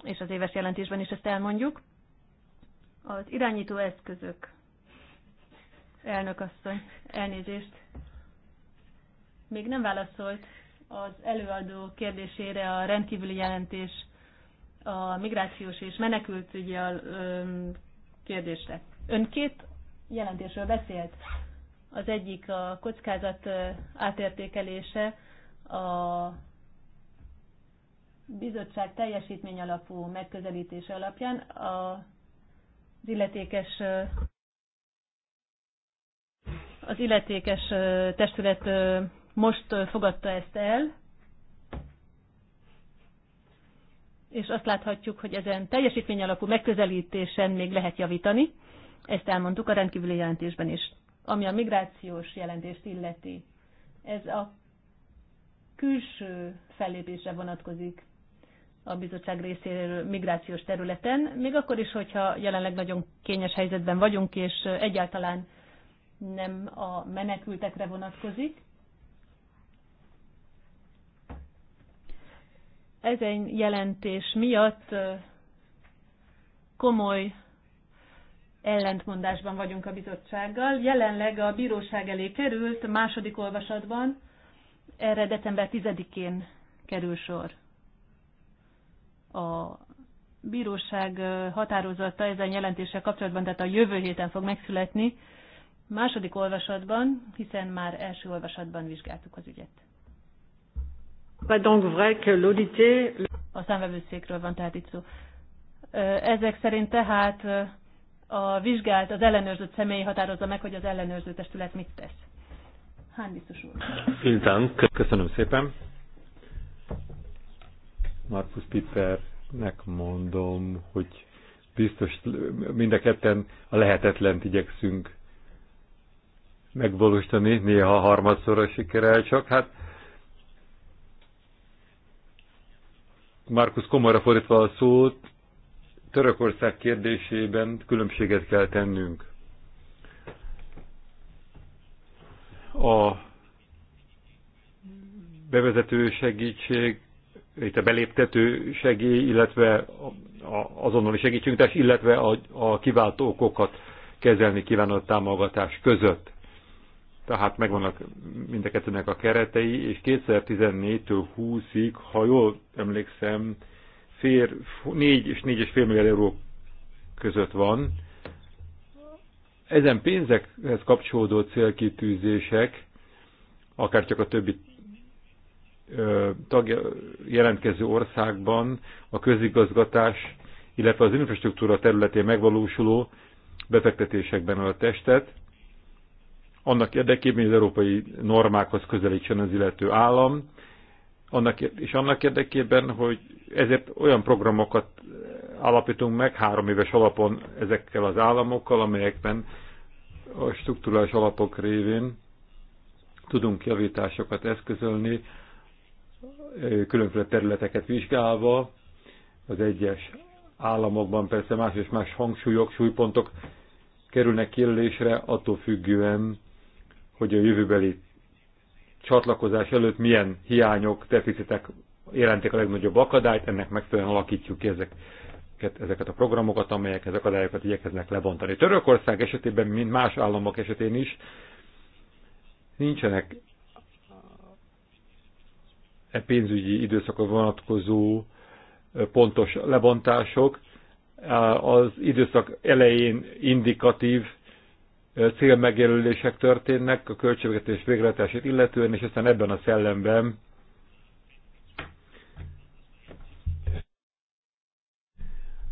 és az éves jelentésben is ezt elmondjuk. Az irányító eszközök. Elnök asszony, elnézést. Még nem válaszolt az előadó kérdésére a rendkívüli jelentés a migrációs és menekültügyi kérdésre. Ön két jelentésről beszélt. Az egyik a kockázat átértékelése, a bizottság teljesítmény alapú megközelítése alapján az illetékes az illetékes testület most fogadta ezt el, és azt láthatjuk, hogy ezen teljesítmény alapú megközelítésen még lehet javítani. Ezt elmondtuk a rendkívüli jelentésben is ami a migrációs jelentést illeti. Ez a külső fellépésre vonatkozik a bizottság részéről migrációs területen, még akkor is, hogyha jelenleg nagyon kényes helyzetben vagyunk, és egyáltalán nem a menekültekre vonatkozik. Ezen jelentés miatt komoly ellentmondásban vagyunk a bizottsággal. Jelenleg a bíróság elé került második olvasatban, erre december 10-én kerül sor. A bíróság határozata ezen jelentéssel kapcsolatban, tehát a jövő héten fog megszületni, második olvasatban, hiszen már első olvasatban vizsgáltuk az ügyet. A számvevőszékről van tehát itt szó. Ezek szerint tehát a vizsgált, az ellenőrzött személy határozza meg, hogy az ellenőrző testület mit tesz. Hány biztos úr. Köszönöm szépen. Markus Pipernek mondom, hogy biztos mind a ketten a lehetetlent igyekszünk megvalósítani, néha a sikerel csak. Hát Markus komolyra fordítva a szót, Törökország kérdésében különbséget kell tennünk. A bevezető segítség, itt a beléptető segély, illetve azonnali segítségnyújtás, illetve a, a kiváltó okokat kezelni kívánó támogatás között. Tehát megvannak mind a kettőnek a keretei, és 2014-től 20-ig, ha jól emlékszem, fér, 4 és fél milliárd euró között van. Ezen pénzekhez kapcsolódó célkitűzések, akár csak a többi tagja, jelentkező országban a közigazgatás, illetve az infrastruktúra területén megvalósuló befektetésekben a testet, annak érdekében, hogy az európai normákhoz közelítsen az illető állam, annak, és annak érdekében, hogy ezért olyan programokat alapítunk meg három éves alapon ezekkel az államokkal, amelyekben a struktúrás alapok révén tudunk javításokat eszközölni, különféle területeket vizsgálva, az egyes államokban persze más és más hangsúlyok, súlypontok kerülnek kérdésre, attól függően, hogy a jövőbeli csatlakozás előtt milyen hiányok, deficitek jelentik a legnagyobb akadályt, ennek megfelelően alakítjuk ki ezek, ezeket a programokat, amelyek ezek akadályokat igyekeznek lebontani. Törökország esetében, mint más államok esetén is, nincsenek e pénzügyi időszakra vonatkozó pontos lebontások. Az időszak elején indikatív célmegjelölések történnek a költségvetés végrehajtását illetően, és aztán ebben a szellemben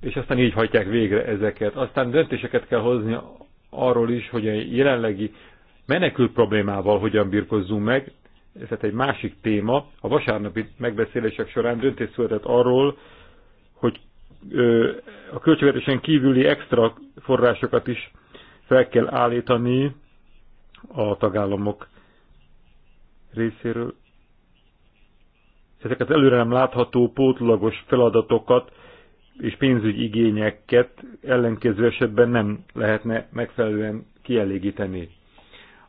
és aztán így hajtják végre ezeket. Aztán döntéseket kell hozni arról is, hogy a jelenlegi menekült problémával hogyan birkozzunk meg, ez hát egy másik téma. A vasárnapi megbeszélések során döntés született arról, hogy a költségvetésen kívüli extra forrásokat is fel kell állítani a tagállamok részéről. Ezeket előre nem látható pótlagos feladatokat és pénzügyi igényeket ellenkező esetben nem lehetne megfelelően kielégíteni.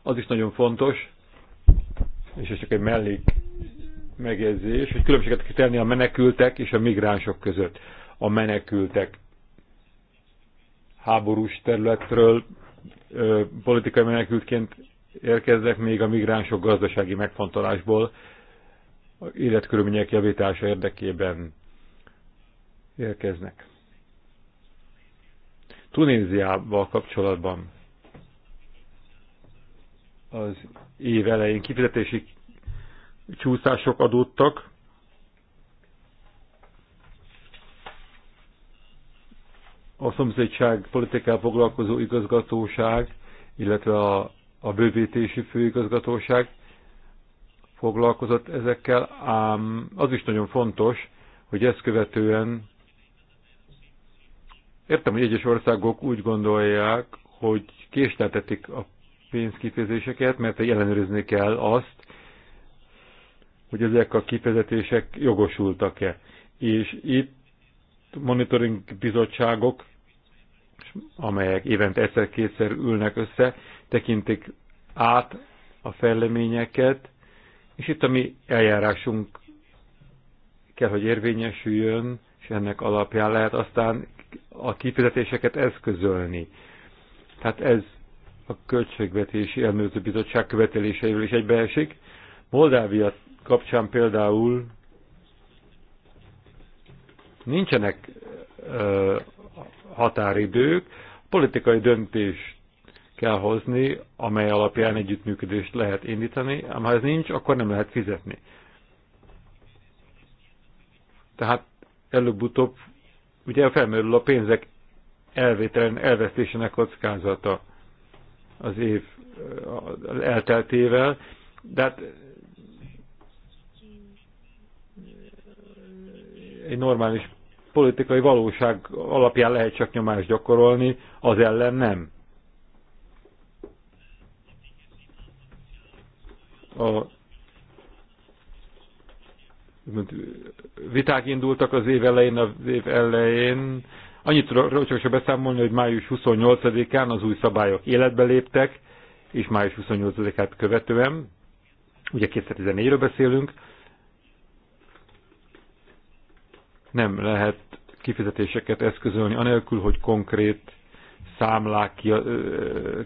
Az is nagyon fontos, és ez csak egy mellék megjegyzés, hogy különbséget kell tenni a menekültek és a migránsok között. A menekültek háborús területről ö, politikai menekültként érkeznek, még a migránsok gazdasági megfontolásból életkörülmények javítása érdekében érkeznek. Tunéziával kapcsolatban az év elején kifizetési csúszások adódtak, a szomszédság politikával foglalkozó igazgatóság, illetve a, a bővítési főigazgatóság foglalkozott ezekkel, ám az is nagyon fontos, hogy ezt követően Értem, hogy egyes országok úgy gondolják, hogy késleltetik a pénzkifejezéseket, mert ellenőrizni kell azt, hogy ezek a kifizetések jogosultak-e. És itt monitoring bizottságok, amelyek évente egyszer-kétszer ülnek össze, tekintik át a fejleményeket, és itt a mi eljárásunk kell, hogy érvényesüljön, és ennek alapján lehet aztán a kifizetéseket eszközölni. Tehát ez a Költségvetési elműző Bizottság követeléseivel is egybeesik. Moldávia kapcsán például nincsenek ö, határidők, politikai döntést kell hozni, amely alapján együttműködést lehet indítani, ám ha ez nincs, akkor nem lehet fizetni. Tehát előbb-utóbb ugye felmerül a pénzek elvételen elvesztésének kockázata az év elteltével, de hát egy normális politikai valóság alapján lehet csak nyomást gyakorolni, az ellen nem. A viták indultak az év elején, az év elején. Annyit tudok csak beszámolni, hogy május 28-án az új szabályok életbe léptek, és május 28-át követően, ugye 2014-ről beszélünk, nem lehet kifizetéseket eszközölni, anélkül, hogy konkrét számlák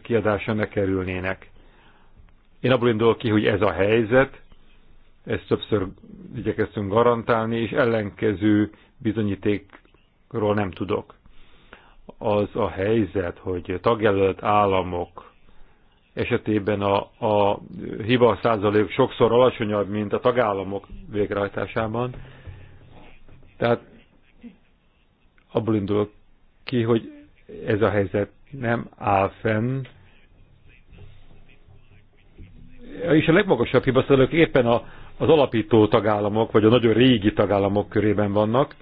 kiadása ne kerülnének. Én abból indulok ki, hogy ez a helyzet, ezt többször igyekeztünk garantálni, és ellenkező bizonyítékról nem tudok. Az a helyzet, hogy tagjelölt államok esetében a, a hiba százalék sokszor alacsonyabb, mint a tagállamok végrehajtásában. Tehát abból indulok ki, hogy ez a helyzet nem áll fenn, és a legmagasabb hibaszadalók éppen a az alapító tagállamok, vagy a nagyon régi tagállamok körében vannak,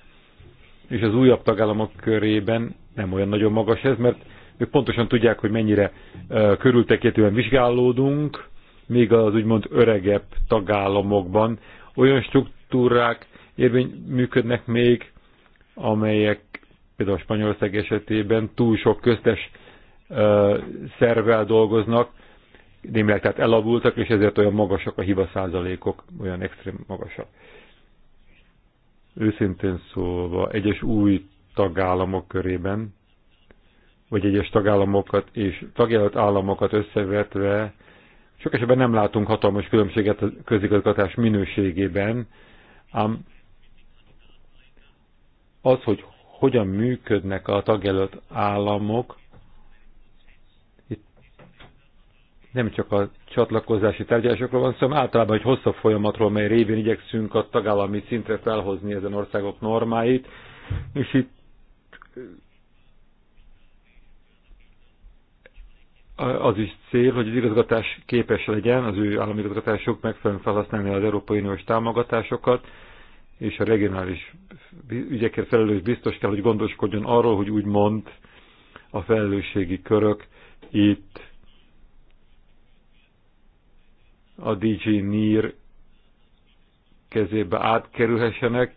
és az újabb tagállamok körében nem olyan nagyon magas ez, mert ők pontosan tudják, hogy mennyire körültekintően vizsgálódunk, még az úgymond öregebb tagállamokban olyan struktúrák érvény működnek még, amelyek például a Spanyolország esetében túl sok köztes ö, szervvel dolgoznak, némileg tehát elavultak, és ezért olyan magasak a hiba százalékok, olyan extrém magasak. Őszintén szólva, egyes új tagállamok körében, vagy egyes tagállamokat és tagjelölt államokat összevetve, sok esetben nem látunk hatalmas különbséget a közigazgatás minőségében, ám az, hogy hogyan működnek a tagjelölt államok, nem csak a csatlakozási tárgyalásokról van szó, szóval általában egy hosszabb folyamatról, mely révén igyekszünk a tagállami szintre felhozni ezen országok normáit, és itt eh, az is cél, hogy az igazgatás képes legyen, az ő állami igazgatások megfelelően felhasználni az Európai Uniós támogatásokat, és a regionális ügyekért felelős biztos kell, hogy gondoskodjon arról, hogy úgymond a felelősségi körök itt a DJ NIR kezébe átkerülhessenek,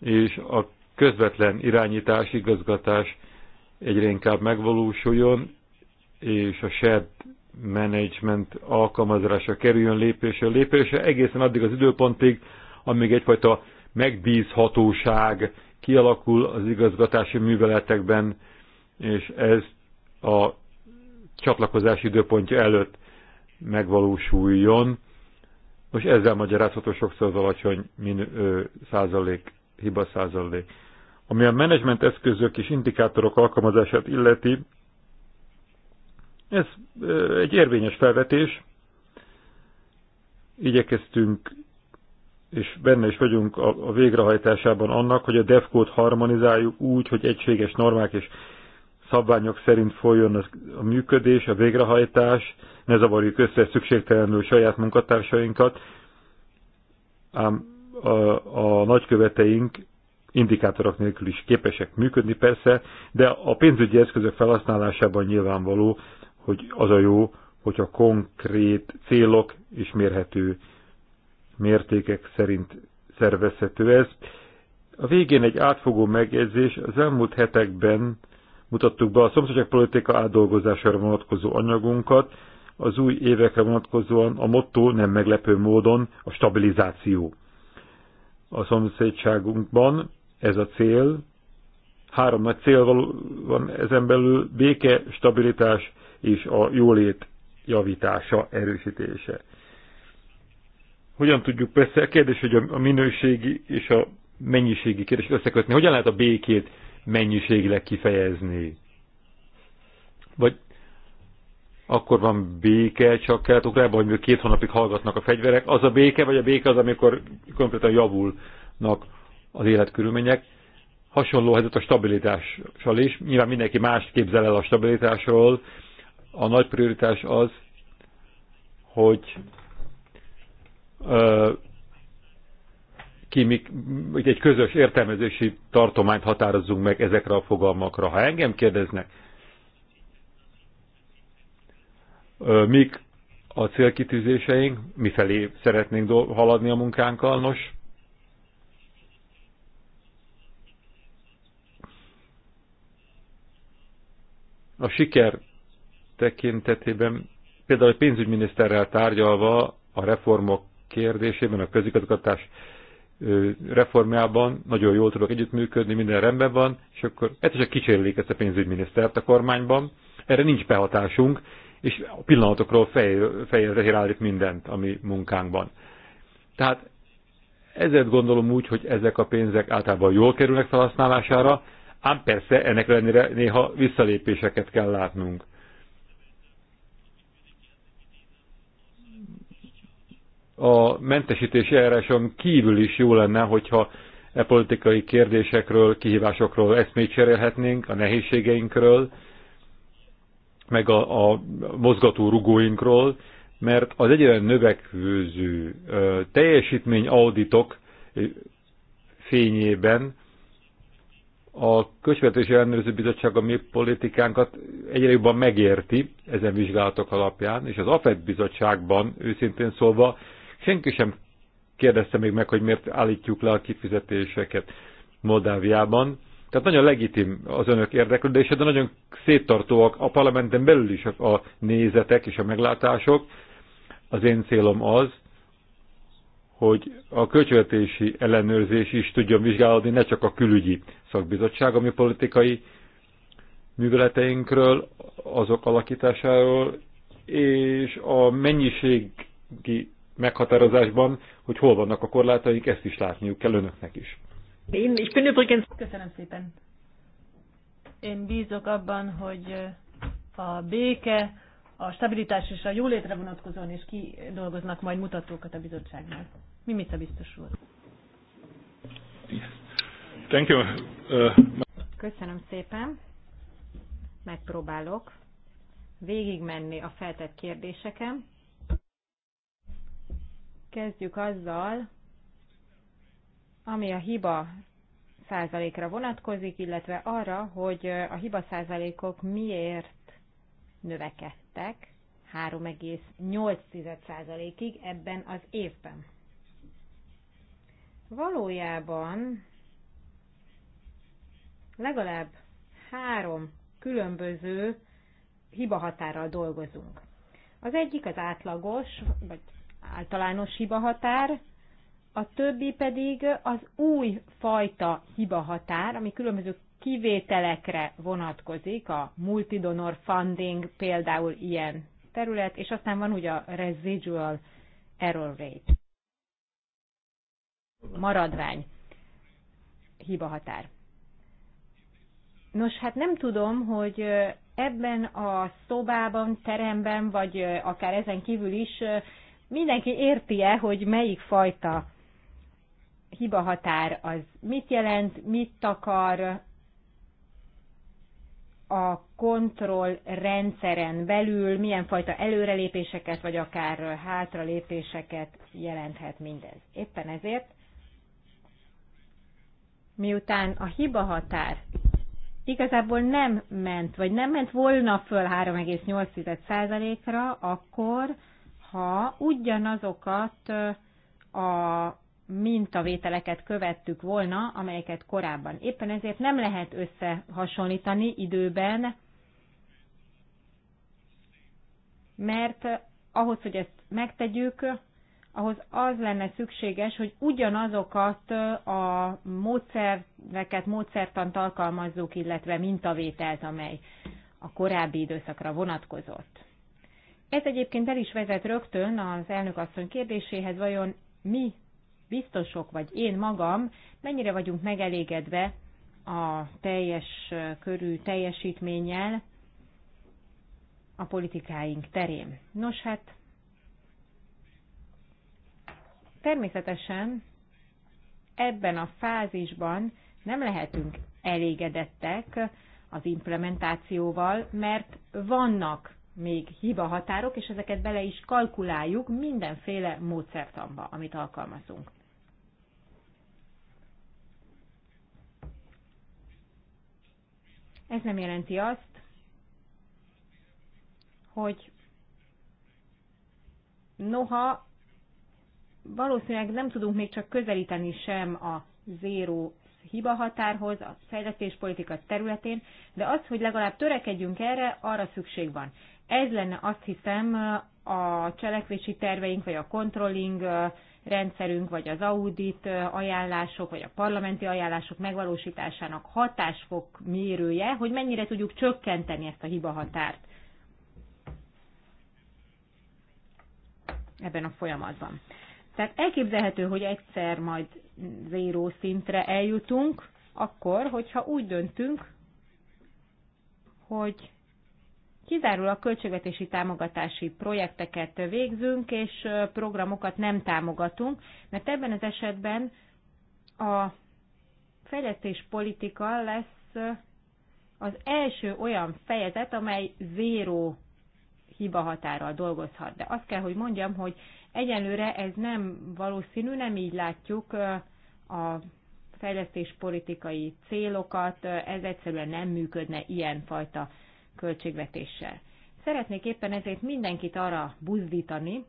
és a közvetlen irányítás, igazgatás egyre inkább megvalósuljon, és a shared management alkalmazása kerüljön lépésről lépésre, egészen addig az időpontig, amíg egyfajta megbízhatóság kialakul az igazgatási műveletekben, és ez a csatlakozási időpontja előtt megvalósuljon. Most ezzel magyarázható sokszor az alacsony min, ö, százalék, hiba százalék. Ami a menedzsment eszközök és indikátorok alkalmazását illeti, ez ö, egy érvényes felvetés. Igyekeztünk, és benne is vagyunk a, a végrehajtásában annak, hogy a DEFCO-t harmonizáljuk úgy, hogy egységes normák és szabványok szerint folyjon a működés, a végrehajtás, ne zavarjuk össze szükségtelenül saját munkatársainkat, ám a, a nagyköveteink indikátorok nélkül is képesek működni persze, de a pénzügyi eszközök felhasználásában nyilvánvaló, hogy az a jó, hogy a konkrét célok és mérhető mértékek szerint szervezhető ez. A végén egy átfogó megjegyzés, az elmúlt hetekben mutattuk be a szomszédságpolitika átdolgozására vonatkozó anyagunkat, az új évekre vonatkozóan a motto nem meglepő módon a stabilizáció. A szomszédságunkban ez a cél, három nagy cél van ezen belül, béke, stabilitás és a jólét javítása, erősítése. Hogyan tudjuk, persze a kérdés, hogy a minőségi és a mennyiségi kérdés összekötni. Hogyan lehet a békét mennyiségileg kifejezni? Vagy akkor van béke, csak Kelet-Ukrajában, hogy két hónapig hallgatnak a fegyverek. Az a béke, vagy a béke az, amikor konkrétan javulnak az életkörülmények. Hasonló helyzet a stabilitással is. Nyilván mindenki mást képzel el a stabilitásról. A nagy prioritás az, hogy ö, ki, mi, hogy egy közös értelmezési tartományt határozzunk meg ezekre a fogalmakra. Ha engem kérdeznek, Mik a célkitűzéseink, mifelé szeretnénk haladni a munkánkkal, nos, a siker tekintetében például a pénzügyminiszterrel tárgyalva a reformok kérdésében, a közigazgatás reformjában nagyon jól tudok együttműködni, minden rendben van, és akkor ez hát csak kicsérlik ezt a pénzügyminisztert a kormányban. Erre nincs behatásunk, és a pillanatokról fej, fejre állít mindent, ami munkánkban. Tehát ezért gondolom úgy, hogy ezek a pénzek általában jól kerülnek felhasználására, ám persze ennek ellenére néha visszalépéseket kell látnunk. A mentesítési eljáráson kívül is jó lenne, hogyha e politikai kérdésekről, kihívásokról eszmét cserélhetnénk, a nehézségeinkről, meg a, a mozgató rugóinkról, mert az egyre növekvő teljesítmény auditok fényében a Közvetési Ellenőrző Bizottság a mi politikánkat egyre jobban megérti ezen vizsgálatok alapján, és az AFED bizottságban őszintén szólva senki sem kérdezte még meg, hogy miért állítjuk le a kifizetéseket Moldáviában. Tehát nagyon legitim az önök érdeklődése, de nagyon széttartóak a parlamenten belül is a nézetek és a meglátások. Az én célom az, hogy a költségvetési ellenőrzés is tudjon vizsgálódni, ne csak a külügyi szakbizottság, ami politikai műveleteinkről, azok alakításáról, és a mennyiségi meghatározásban, hogy hol vannak a korlátaink, ezt is látniuk kell önöknek is. Én, ich bin übrigens... Köszönöm szépen. Én bízok abban, hogy a béke, a stabilitás és a jólétre vonatkozóan is kidolgoznak majd mutatókat a bizottságnál. a biztos úr. Thank you. Uh, Köszönöm szépen. Megpróbálok végigmenni a feltett kérdéseken. Kezdjük azzal, ami a hiba százalékra vonatkozik, illetve arra, hogy a hiba százalékok miért növekedtek 3,8 százalékig ebben az évben. Valójában legalább három különböző hibahatárral dolgozunk. Az egyik az átlagos, vagy általános hibahatár, a többi pedig az új fajta hibahatár, ami különböző kivételekre vonatkozik, a multidonor funding például ilyen terület, és aztán van ugye a residual error rate, maradvány hibahatár. Nos, hát nem tudom, hogy ebben a szobában, teremben, vagy akár ezen kívül is mindenki érti-e, hogy melyik fajta hiba határ az mit jelent, mit takar a kontroll rendszeren belül, milyen fajta előrelépéseket, vagy akár hátralépéseket jelenthet mindez. Éppen ezért, miután a hiba határ igazából nem ment, vagy nem ment volna föl 3,8%-ra, akkor ha ugyanazokat a mintavételeket követtük volna, amelyeket korábban. Éppen ezért nem lehet összehasonlítani időben, mert ahhoz, hogy ezt megtegyük, ahhoz az lenne szükséges, hogy ugyanazokat a módszereket, módszertant alkalmazzuk, illetve mintavételt, amely a korábbi időszakra vonatkozott. Ez egyébként el is vezet rögtön az elnök asszony kérdéséhez, vajon mi biztosok, vagy én magam, mennyire vagyunk megelégedve a teljes körű teljesítménnyel a politikáink terén. Nos hát, természetesen ebben a fázisban nem lehetünk elégedettek az implementációval, mert vannak még hibahatárok, és ezeket bele is kalkuláljuk mindenféle módszertamba, amit alkalmazunk. Ez nem jelenti azt, hogy noha valószínűleg nem tudunk még csak közelíteni sem a zéró hiba határhoz a fejlesztéspolitika területén, de az, hogy legalább törekedjünk erre, arra szükség van. Ez lenne azt hiszem a cselekvési terveink, vagy a controlling rendszerünk, vagy az audit ajánlások, vagy a parlamenti ajánlások megvalósításának hatásfok mérője, hogy mennyire tudjuk csökkenteni ezt a hiba határt ebben a folyamatban. Tehát elképzelhető, hogy egyszer majd zéró szintre eljutunk, akkor, hogyha úgy döntünk, hogy Kizárólag költségvetési támogatási projekteket végzünk, és programokat nem támogatunk, mert ebben az esetben a fejlesztéspolitika lesz az első olyan fejezet, amely zéró hiba határral dolgozhat. De azt kell, hogy mondjam, hogy egyenlőre ez nem valószínű, nem így látjuk a fejlesztéspolitikai célokat, ez egyszerűen nem működne ilyenfajta költségvetéssel. Szeretnék éppen ezért mindenkit arra buzdítani,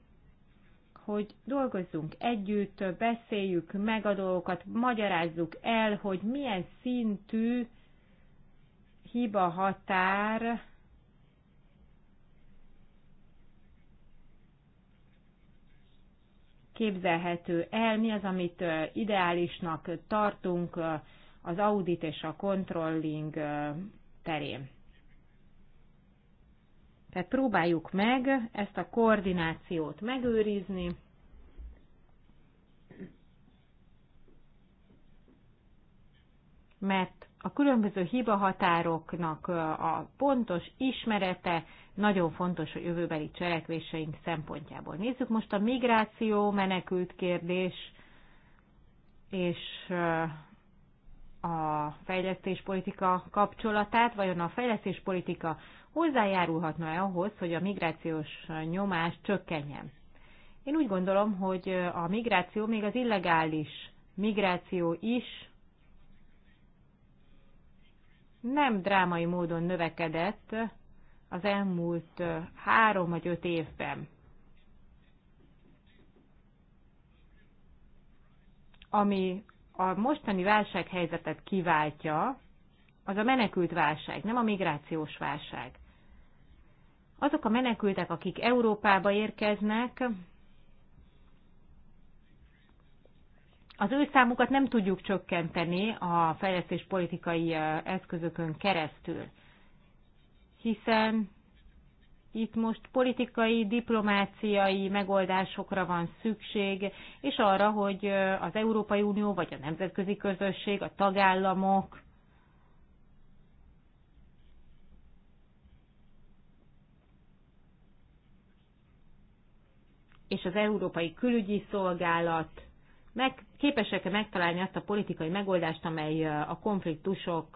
hogy dolgozzunk együtt, beszéljük meg a dolgokat, magyarázzuk el, hogy milyen szintű hiba határ képzelhető el, mi az, amit ideálisnak tartunk az audit és a controlling terén. Tehát próbáljuk meg ezt a koordinációt megőrizni, mert a különböző hibahatároknak a pontos ismerete nagyon fontos a jövőbeli cselekvéseink szempontjából. Nézzük most a migráció, menekült kérdés és uh, a fejlesztéspolitika kapcsolatát, vajon a fejlesztéspolitika hozzájárulhatna-e ahhoz, hogy a migrációs nyomás csökkenjen. Én úgy gondolom, hogy a migráció, még az illegális migráció is nem drámai módon növekedett az elmúlt három vagy öt évben. Ami a mostani válsághelyzetet kiváltja, az a menekült válság, nem a migrációs válság. Azok a menekültek, akik Európába érkeznek, az ő számukat nem tudjuk csökkenteni a fejlesztéspolitikai eszközökön keresztül, hiszen itt most politikai, diplomáciai megoldásokra van szükség, és arra, hogy az Európai Unió vagy a nemzetközi közösség, a tagállamok és az Európai Külügyi Szolgálat meg, képesek-e megtalálni azt a politikai megoldást, amely a konfliktusok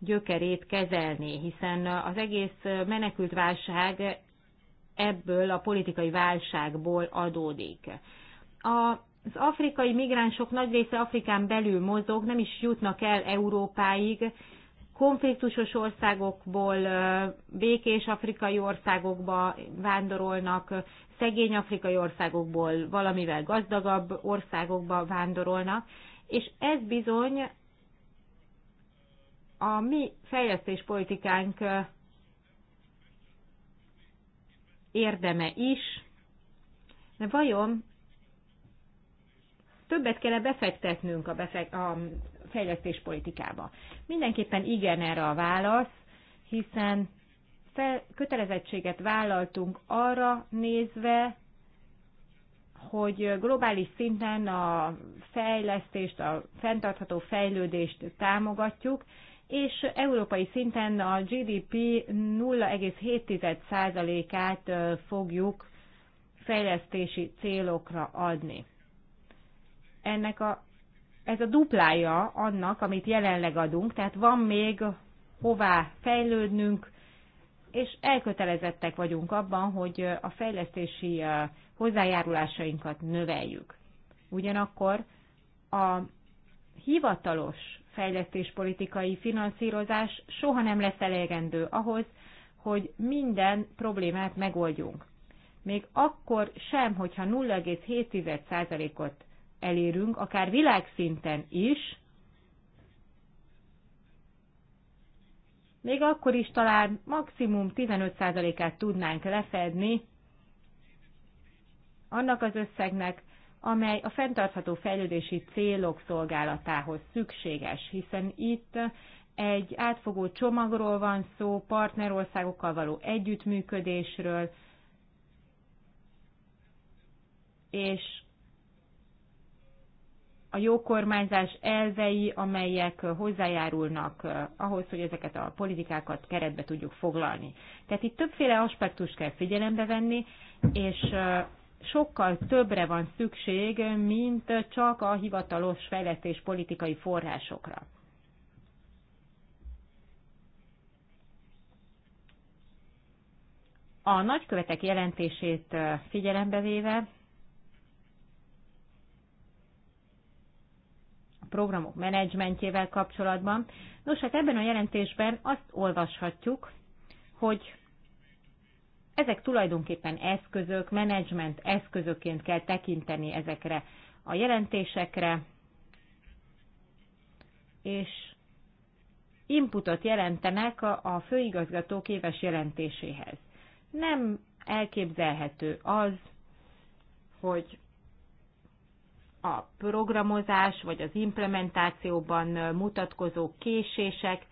gyökerét kezelni, hiszen az egész menekült válság ebből a politikai válságból adódik. A az afrikai migránsok nagy része Afrikán belül mozog, nem is jutnak el Európáig, konfliktusos országokból békés afrikai országokba vándorolnak, szegény afrikai országokból valamivel gazdagabb országokba vándorolnak, és ez bizony a mi fejlesztéspolitikánk érdeme is, de vajon többet kell befektetnünk a, befe- a fejlesztéspolitikába. Mindenképpen igen erre a válasz, hiszen fel, kötelezettséget vállaltunk arra nézve, hogy globális szinten a fejlesztést, a fenntartható fejlődést támogatjuk, és európai szinten a GDP 0,7%-át fogjuk fejlesztési célokra adni. Ennek a ez a duplája annak, amit jelenleg adunk, tehát van még hová fejlődnünk, és elkötelezettek vagyunk abban, hogy a fejlesztési hozzájárulásainkat növeljük. Ugyanakkor a hivatalos fejlesztéspolitikai finanszírozás soha nem lesz elegendő ahhoz, hogy minden problémát megoldjunk. Még akkor sem, hogyha 0,7%-ot elérünk, akár világszinten is, még akkor is talán maximum 15%-át tudnánk lefedni annak az összegnek, amely a fenntartható fejlődési célok szolgálatához szükséges, hiszen itt egy átfogó csomagról van szó, partnerországokkal való együttműködésről, és a jó kormányzás elvei, amelyek hozzájárulnak eh, ahhoz, hogy ezeket a politikákat keretbe tudjuk foglalni. Tehát itt többféle aspektust kell figyelembe venni, és eh, sokkal többre van szükség, mint csak a hivatalos fejlesztés politikai forrásokra. A nagykövetek jelentését eh, figyelembe véve programok menedzsmentjével kapcsolatban. Nos, hát ebben a jelentésben azt olvashatjuk, hogy ezek tulajdonképpen eszközök, menedzsment eszközöként kell tekinteni ezekre a jelentésekre, és inputot jelentenek a főigazgatók éves jelentéséhez. Nem elképzelhető az, hogy a programozás vagy az implementációban mutatkozó késések,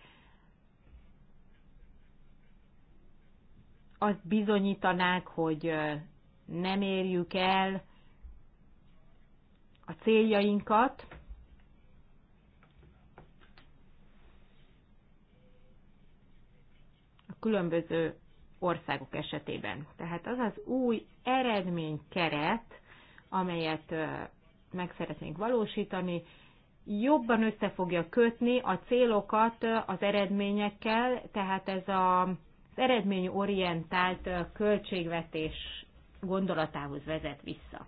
azt bizonyítanák, hogy nem érjük el a céljainkat, a különböző országok esetében. Tehát az az új eredménykeret, amelyet meg szeretnénk valósítani, jobban össze fogja kötni a célokat az eredményekkel, tehát ez a, az eredményorientált költségvetés gondolatához vezet vissza.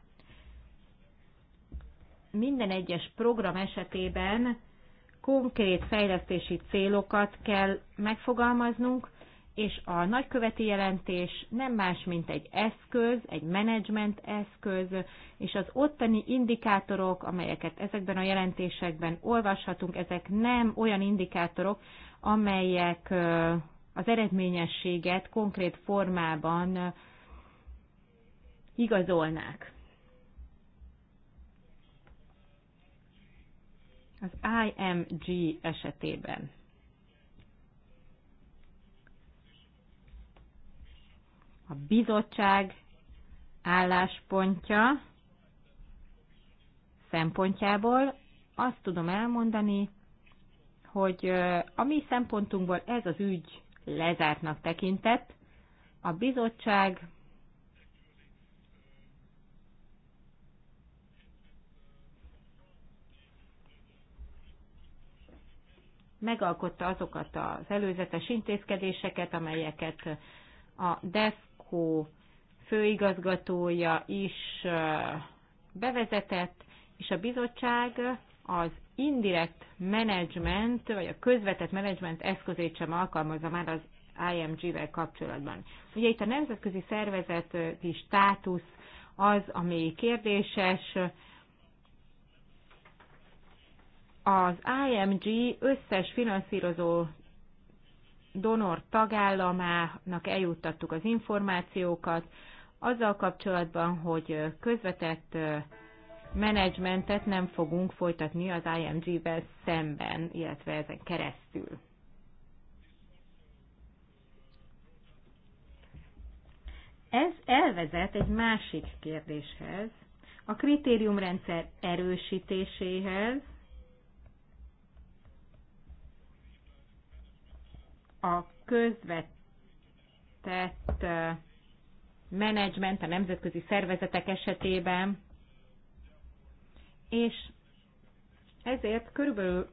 Minden egyes program esetében konkrét fejlesztési célokat kell megfogalmaznunk, és a nagyköveti jelentés nem más, mint egy eszköz, egy menedzsment eszköz, és az ottani indikátorok, amelyeket ezekben a jelentésekben olvashatunk, ezek nem olyan indikátorok, amelyek az eredményességet konkrét formában igazolnák. Az IMG esetében. a bizottság álláspontja szempontjából azt tudom elmondani, hogy a mi szempontunkból ez az ügy lezártnak tekintett. A bizottság megalkotta azokat az előzetes intézkedéseket, amelyeket a DEF DEFCO főigazgatója is bevezetett, és a bizottság az indirekt management, vagy a közvetett management eszközét sem alkalmazza már az IMG-vel kapcsolatban. Ugye itt a nemzetközi szervezeti státusz az, ami kérdéses, az IMG összes finanszírozó donor tagállamának eljuttattuk az információkat, azzal kapcsolatban, hogy közvetett menedzsmentet nem fogunk folytatni az IMG-vel szemben, illetve ezen keresztül. Ez elvezet egy másik kérdéshez, a kritériumrendszer erősítéséhez, a közvetett menedzsment a nemzetközi szervezetek esetében, és ezért körülbelül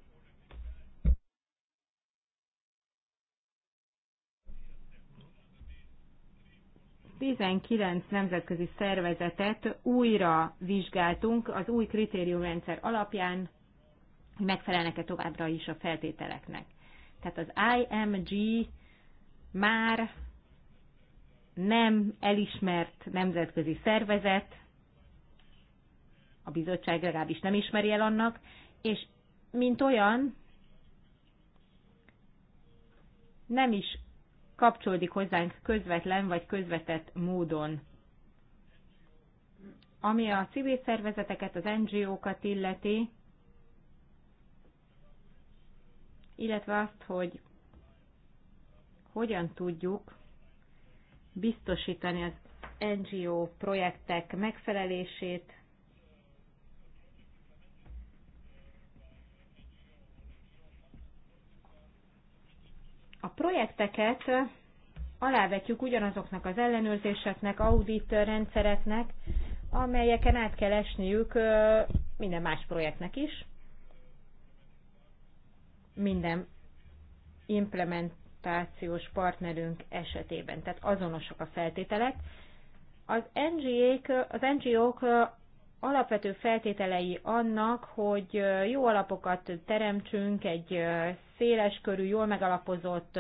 Tizenkilenc nemzetközi szervezetet újra vizsgáltunk az új kritériumrendszer alapján, hogy megfelelnek-e továbbra is a feltételeknek. Tehát az IMG már nem elismert nemzetközi szervezet, a bizottság legalábbis nem ismeri el annak, és mint olyan nem is kapcsolódik hozzánk közvetlen vagy közvetett módon. Ami a civil szervezeteket, az NGO-kat illeti, illetve azt, hogy hogyan tudjuk biztosítani az NGO projektek megfelelését, A projekteket alávetjük ugyanazoknak az ellenőrzéseknek, audit rendszereknek, amelyeken át kell esniük minden más projektnek is minden implementációs partnerünk esetében. Tehát azonosak a feltételek. Az NGO-k, az NGO-k alapvető feltételei annak, hogy jó alapokat teremtsünk, egy körű, jól megalapozott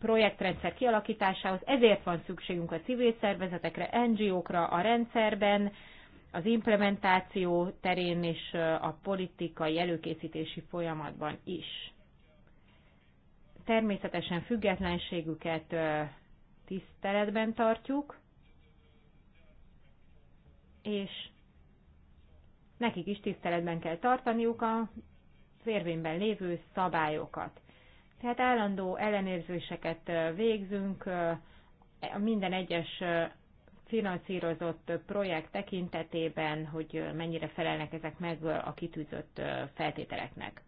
projektrendszer kialakításához, ezért van szükségünk a civil szervezetekre, NGO-kra a rendszerben, az implementáció terén és a politikai előkészítési folyamatban is. Természetesen függetlenségüket tiszteletben tartjuk, és nekik is tiszteletben kell tartaniuk a érvényben lévő szabályokat. Tehát állandó ellenőrzéseket végzünk minden egyes finanszírozott projekt tekintetében, hogy mennyire felelnek ezek meg a kitűzött feltételeknek.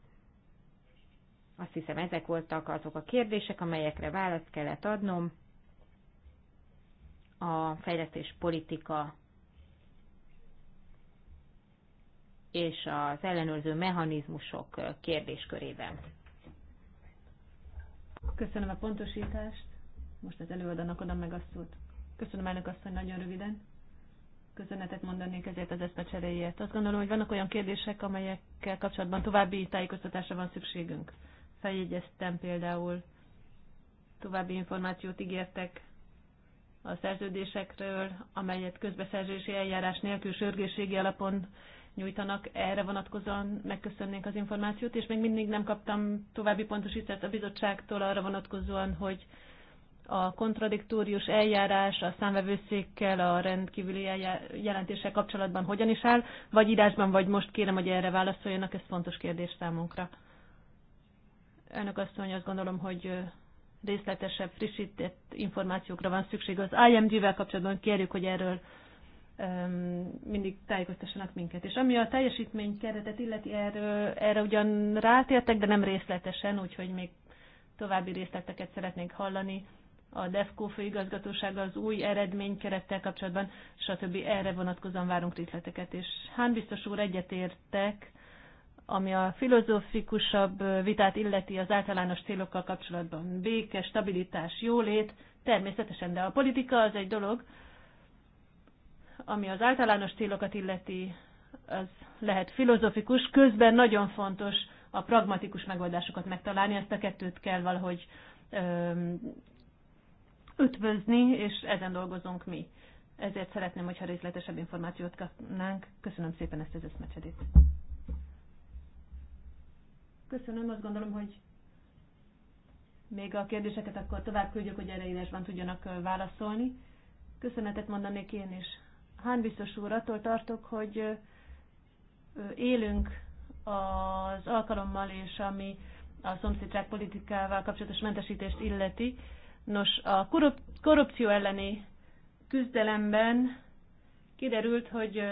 Azt hiszem, ezek voltak azok a kérdések, amelyekre választ kellett adnom a fejlesztés politika és az ellenőrző mechanizmusok kérdéskörében. Köszönöm a pontosítást. Most az előadónak adom meg a szót. Köszönöm elnök asszony, nagyon röviden. Köszönetet mondanék ezért az ezt a cseréjét. Azt gondolom, hogy vannak olyan kérdések, amelyekkel kapcsolatban további tájékoztatásra van szükségünk. Feljegyeztem például, további információt ígértek a szerződésekről, amelyet közbeszerzési eljárás nélkül sürgősségi alapon nyújtanak, erre vonatkozóan Megköszönnék az információt, és még mindig nem kaptam további pontosítást a bizottságtól arra vonatkozóan, hogy a kontradiktórius eljárás a számvevőszékkel, a rendkívüli jelentéssel kapcsolatban hogyan is áll, vagy írásban, vagy most kérem, hogy erre válaszoljanak, ez fontos kérdés számunkra. azt mondja, azt gondolom, hogy részletesebb, frissített információkra van szükség. Az IMG-vel kapcsolatban kérjük, hogy erről mindig tájékoztassanak minket. És ami a teljesítmény keretet illeti, erről, erre ugyan rátértek, de nem részletesen, úgyhogy még további részleteket szeretnénk hallani a DEFCO főigazgatósága az új eredménykerettel kapcsolatban, stb. Erre vonatkozóan várunk részleteket. És Hán biztos úr egyetértek, ami a filozófikusabb vitát illeti az általános célokkal kapcsolatban. Béke, stabilitás, jólét, természetesen, de a politika az egy dolog, ami az általános célokat illeti, az lehet filozofikus, közben nagyon fontos a pragmatikus megoldásokat megtalálni, ezt a kettőt kell valahogy ötvözni, és ezen dolgozunk mi. Ezért szeretném, hogyha részletesebb információt kapnánk. Köszönöm szépen ezt az eszmecsedét. Köszönöm, azt gondolom, hogy még a kérdéseket akkor tovább küldjük, hogy erre írásban tudjanak válaszolni. Köszönetet mondanék én is. Hán biztos úr, attól tartok, hogy élünk az alkalommal, és ami a szomszédság politikával kapcsolatos mentesítést illeti, Nos, a korrupció elleni küzdelemben kiderült, hogy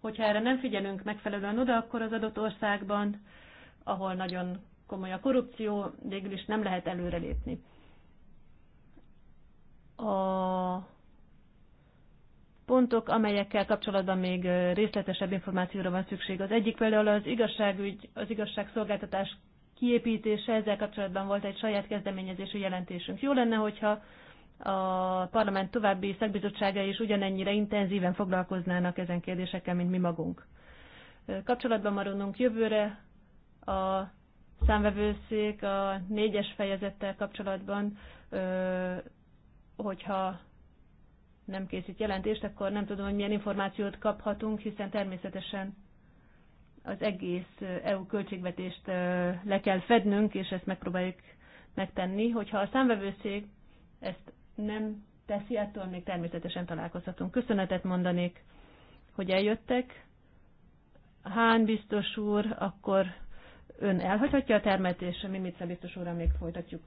hogyha erre nem figyelünk megfelelően oda, akkor az adott országban, ahol nagyon komoly a korrupció, végül is nem lehet előrelépni. A pontok, amelyekkel kapcsolatban még részletesebb információra van szükség. Az egyik például az igazságügy, az igazságszolgáltatás kiépítése, ezzel kapcsolatban volt egy saját kezdeményezésű jelentésünk. Jó lenne, hogyha a parlament további szakbizottságai is ugyanennyire intenzíven foglalkoznának ezen kérdésekkel, mint mi magunk. Kapcsolatban maradunk jövőre a számvevőszék a négyes fejezettel kapcsolatban, hogyha nem készít jelentést, akkor nem tudom, hogy milyen információt kaphatunk, hiszen természetesen az egész EU költségvetést le kell fednünk, és ezt megpróbáljuk megtenni. Hogyha a számvevőszék ezt nem teszi, attól még természetesen találkozhatunk. Köszönetet mondanék, hogy eljöttek. Hán biztos úr, akkor ön elhagyhatja a termet, és Mimica biztos úrral még folytatjuk.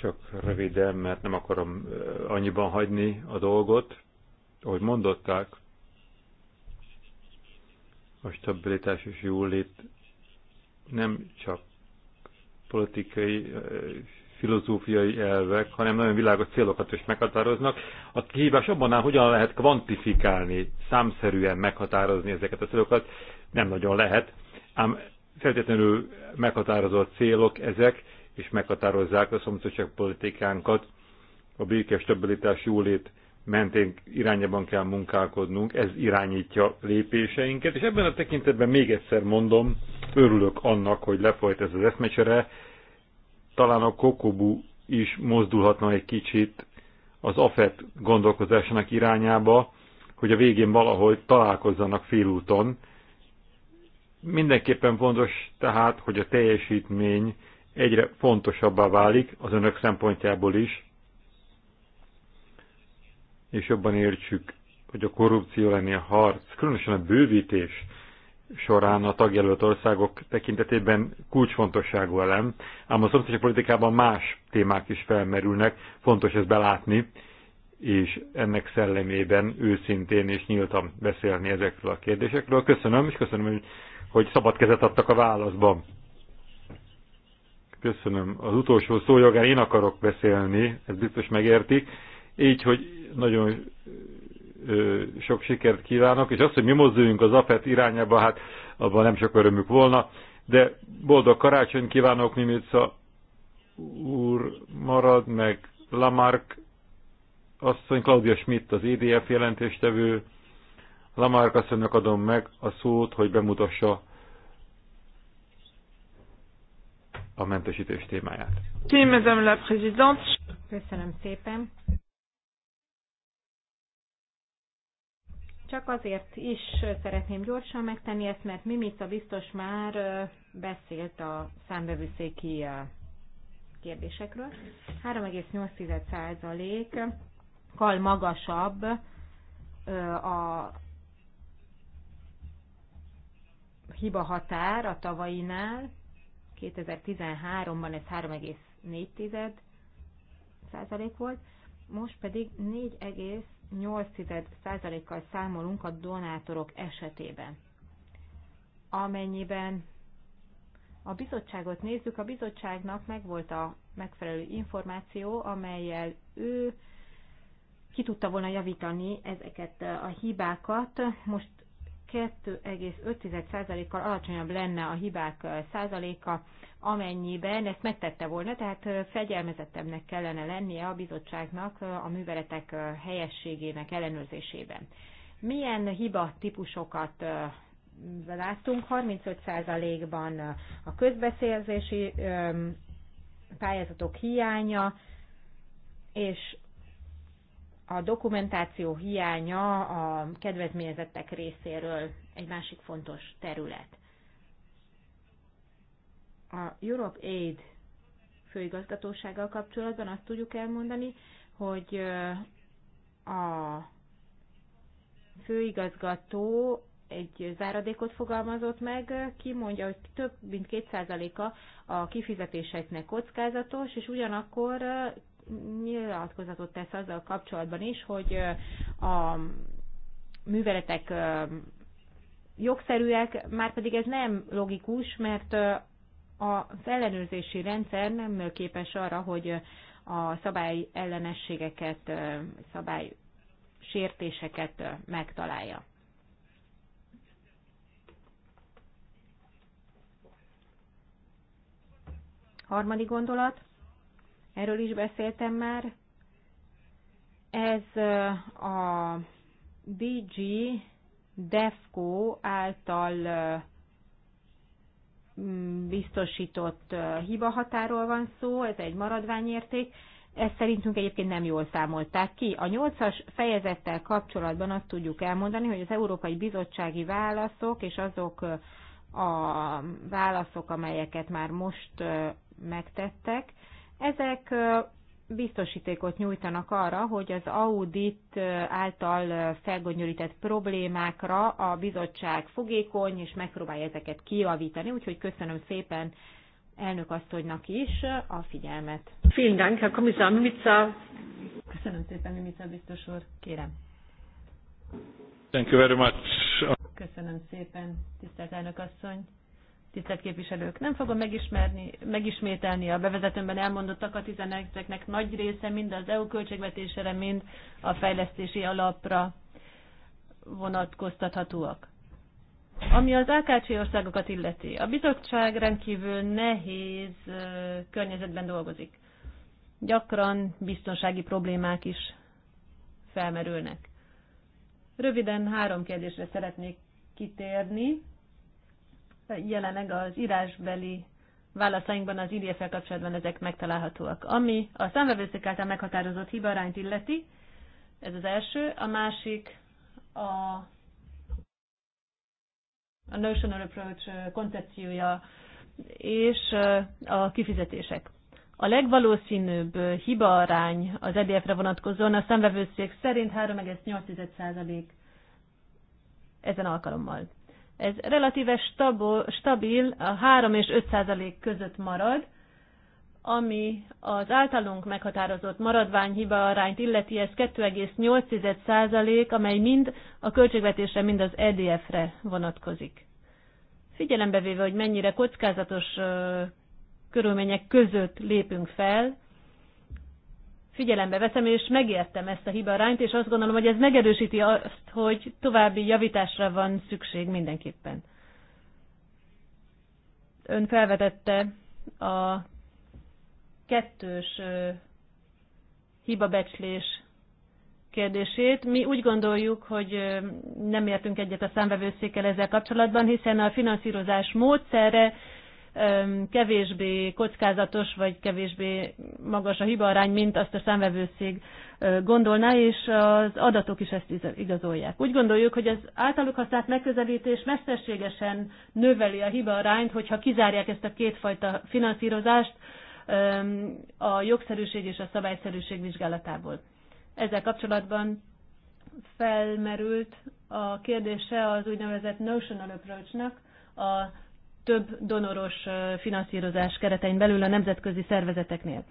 Csak röviden, mert nem akarom annyiban hagyni a dolgot. Ahogy mondották, a stabilitás és jólét nem csak politikai, filozófiai elvek, hanem nagyon világos célokat is meghatároznak. A kihívás abban áll, hogyan lehet kvantifikálni, számszerűen meghatározni ezeket a célokat, nem nagyon lehet, ám feltétlenül meghatározott célok ezek, és meghatározzák a szomszédság politikánkat, a békés stabilitás, jólét mentén irányában kell munkálkodnunk, ez irányítja lépéseinket, és ebben a tekintetben még egyszer mondom, örülök annak, hogy lefolyt ez az eszmecsere, talán a Kokobu is mozdulhatna egy kicsit az AFET gondolkozásának irányába, hogy a végén valahogy találkozzanak félúton. Mindenképpen fontos tehát, hogy a teljesítmény egyre fontosabbá válik az önök szempontjából is, és jobban értsük, hogy a korrupció lenni a harc, különösen a bővítés során a tagjelölt országok tekintetében kulcsfontosságú elem, ám a szomszédos politikában más témák is felmerülnek, fontos ezt belátni, és ennek szellemében őszintén és nyíltan beszélni ezekről a kérdésekről. Köszönöm, és köszönöm, hogy szabad kezet adtak a válaszban. Köszönöm. Az utolsó jogán én akarok beszélni, ez biztos megértik. Így, hogy nagyon sok sikert kívánok, és azt, hogy mi mozduljunk az APET irányába, hát abban nem sok örömük volna, de boldog karácsony kívánok, Mimica úr marad, meg Lamarck asszony, Claudia Schmidt az EDF jelentéstevő, Lamarck asszonynak adom meg a szót, hogy bemutassa a mentesítés témáját. Köszönöm szépen. Csak azért is szeretném gyorsan megtenni ezt, mert Mimica biztos már beszélt a számbevőszéki kérdésekről. 3,8%-kal magasabb a hiba határ a tavainál, 2013-ban ez 3,4 százalék volt, most pedig 4, 0,8%-kal számolunk a donátorok esetében. Amennyiben a bizottságot nézzük, a bizottságnak megvolt a megfelelő információ, amelyel ő ki tudta volna javítani ezeket a hibákat. Most 2,5%-kal alacsonyabb lenne a hibák százaléka, amennyiben ezt megtette volna, tehát fegyelmezettebbnek kellene lennie a bizottságnak a műveletek helyességének ellenőrzésében. Milyen hiba típusokat láttunk? 35%-ban a közbeszélzési pályázatok hiánya, és a dokumentáció hiánya a kedvezményezettek részéről egy másik fontos terület a Europe Aid főigazgatósággal kapcsolatban azt tudjuk elmondani, hogy a főigazgató egy záradékot fogalmazott meg, ki mondja, hogy több mint 2%-a a kifizetéseknek kockázatos, és ugyanakkor nyilatkozatot tesz azzal kapcsolatban is, hogy a műveletek jogszerűek, már pedig ez nem logikus, mert a ellenőrzési rendszer nem képes arra, hogy a szabály ellenességeket, szabály sértéseket megtalálja. Harmadik gondolat, erről is beszéltem már, ez a DG DEFCO által biztosított hibahatáról van szó, ez egy maradványérték. Ezt szerintünk egyébként nem jól számolták ki. A nyolcas fejezettel kapcsolatban azt tudjuk elmondani, hogy az Európai Bizottsági válaszok és azok a válaszok, amelyeket már most megtettek, ezek biztosítékot nyújtanak arra, hogy az audit által felgonyolített problémákra a bizottság fogékony, és megpróbálja ezeket kiavítani, Úgyhogy köszönöm szépen elnök asszonynak is a figyelmet. Vielen Dank, Herr Kommissar Mimica. Köszönöm szépen, Mimica biztos úr. Kérem. Thank you very much. Köszönöm szépen, tisztelt elnök asszony tisztelt képviselők, nem fogom megismerni, megismételni a bevezetőmben elmondottakat, hiszen ezeknek nagy része mind az EU költségvetésére, mind a fejlesztési alapra vonatkoztathatóak. Ami az AKC országokat illeti, a bizottság rendkívül nehéz környezetben dolgozik. Gyakran biztonsági problémák is felmerülnek. Röviden három kérdésre szeretnék kitérni, jelenleg az írásbeli válaszainkban az idf kapcsolatban ezek megtalálhatóak. Ami a számvevőszék által meghatározott hibarányt illeti, ez az első. A másik a, a notional approach koncepciója és a kifizetések. A legvalószínűbb hibaarány az EDF-re vonatkozóan a számvevőszék szerint 3,8% ezen alkalommal. Ez relatíve stabil, a 3 és 5 százalék között marad, ami az általunk meghatározott maradványhiba arányt illeti, ez 2,8 százalék, amely mind a költségvetésre, mind az EDF-re vonatkozik. Figyelembe véve, hogy mennyire kockázatos körülmények között lépünk fel, figyelembe veszem, és megértem ezt a hibarányt, és azt gondolom, hogy ez megerősíti azt, hogy további javításra van szükség mindenképpen. Ön felvetette a kettős hibabecslés kérdését. Mi úgy gondoljuk, hogy nem értünk egyet a számvevőszékkel ezzel kapcsolatban, hiszen a finanszírozás módszerre kevésbé kockázatos, vagy kevésbé magas a hibaarány, mint azt a számvevőszék gondolná, és az adatok is ezt igazolják. Úgy gondoljuk, hogy az általuk használt megközelítés mesterségesen növeli a hibaarányt, hogyha kizárják ezt a kétfajta finanszírozást a jogszerűség és a szabályszerűség vizsgálatából. Ezzel kapcsolatban felmerült a kérdése az úgynevezett notional approach-nak, a több donoros finanszírozás keretein belül a nemzetközi szervezeteknél.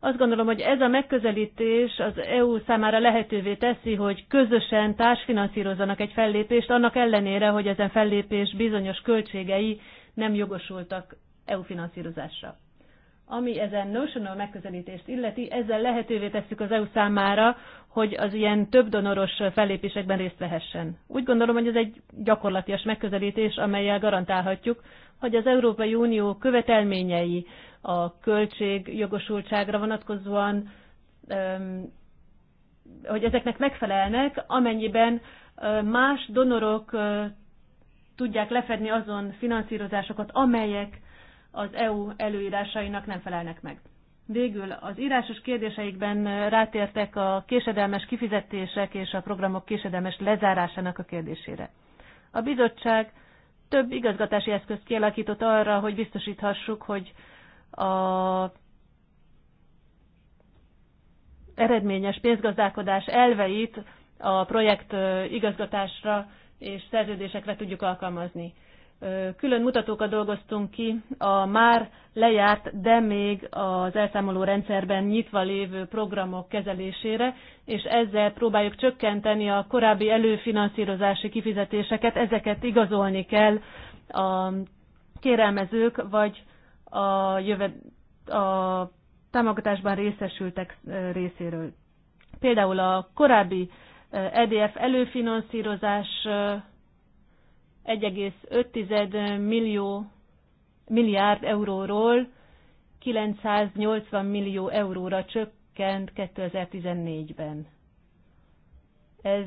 Azt gondolom, hogy ez a megközelítés az EU számára lehetővé teszi, hogy közösen társfinanszírozzanak egy fellépést, annak ellenére, hogy ezen fellépés bizonyos költségei nem jogosultak EU finanszírozásra. Ami ezen notional megközelítést illeti, ezzel lehetővé tesszük az EU számára, hogy az ilyen több donoros fellépésekben részt vehessen. Úgy gondolom, hogy ez egy gyakorlatias megközelítés, amelyel garantálhatjuk, hogy az Európai Unió követelményei a költség jogosultságra vonatkozóan, hogy ezeknek megfelelnek, amennyiben más donorok tudják lefedni azon finanszírozásokat, amelyek az EU előírásainak nem felelnek meg. Végül az írásos kérdéseikben rátértek a késedelmes kifizetések és a programok késedelmes lezárásának a kérdésére. A bizottság több igazgatási eszközt kialakított arra, hogy biztosíthassuk, hogy a eredményes pénzgazdálkodás elveit a projekt igazgatásra és szerződésekre tudjuk alkalmazni külön mutatókat dolgoztunk ki a már lejárt, de még az elszámoló rendszerben nyitva lévő programok kezelésére, és ezzel próbáljuk csökkenteni a korábbi előfinanszírozási kifizetéseket, ezeket igazolni kell a kérelmezők vagy a, jöved, a támogatásban részesültek részéről. Például a korábbi EDF előfinanszírozás 1,5 millió milliárd euróról 980 millió euróra csökkent 2014-ben. Ez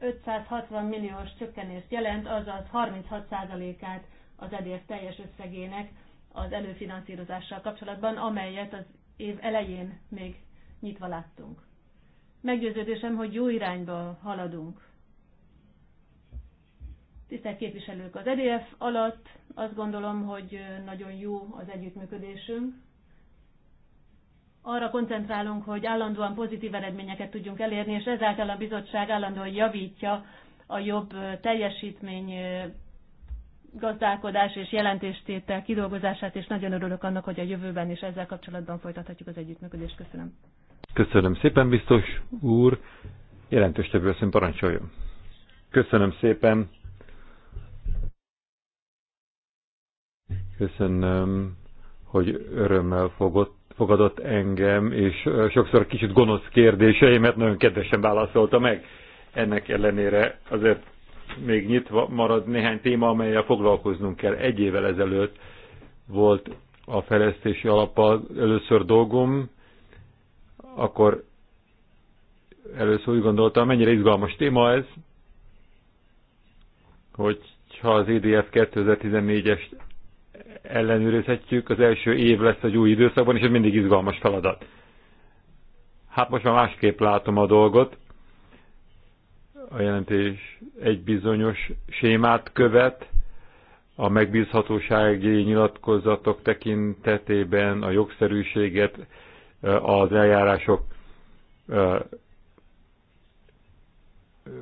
560 milliós csökkenést jelent, azaz 36%-át az edér teljes összegének az előfinanszírozással kapcsolatban, amelyet az év elején még nyitva láttunk. Meggyőződésem, hogy jó irányba haladunk. Tisztelt képviselők, az EDF alatt azt gondolom, hogy nagyon jó az együttműködésünk. Arra koncentrálunk, hogy állandóan pozitív eredményeket tudjunk elérni, és ezáltal a bizottság állandóan javítja a jobb teljesítmény gazdálkodás és jelentéstétel kidolgozását, és nagyon örülök annak, hogy a jövőben is ezzel kapcsolatban folytathatjuk az együttműködést. Köszönöm. Köszönöm szépen, biztos úr. Jelentős tevő parancsoljon. Köszönöm szépen Köszönöm, hogy örömmel fogott, fogadott engem, és sokszor kicsit gonosz kérdéseimet nagyon kedvesen válaszolta meg. Ennek ellenére azért még nyitva marad néhány téma, amelyel foglalkoznunk kell. Egy évvel ezelőtt volt a fejlesztési alappal először dolgom, akkor először úgy gondoltam, mennyire izgalmas téma ez, hogy ha az EDF 2014 es ellenőrizhetjük, az első év lesz egy új időszakban, és ez mindig izgalmas feladat. Hát most már másképp látom a dolgot. A jelentés egy bizonyos sémát követ, a megbízhatósági nyilatkozatok tekintetében a jogszerűséget, az eljárások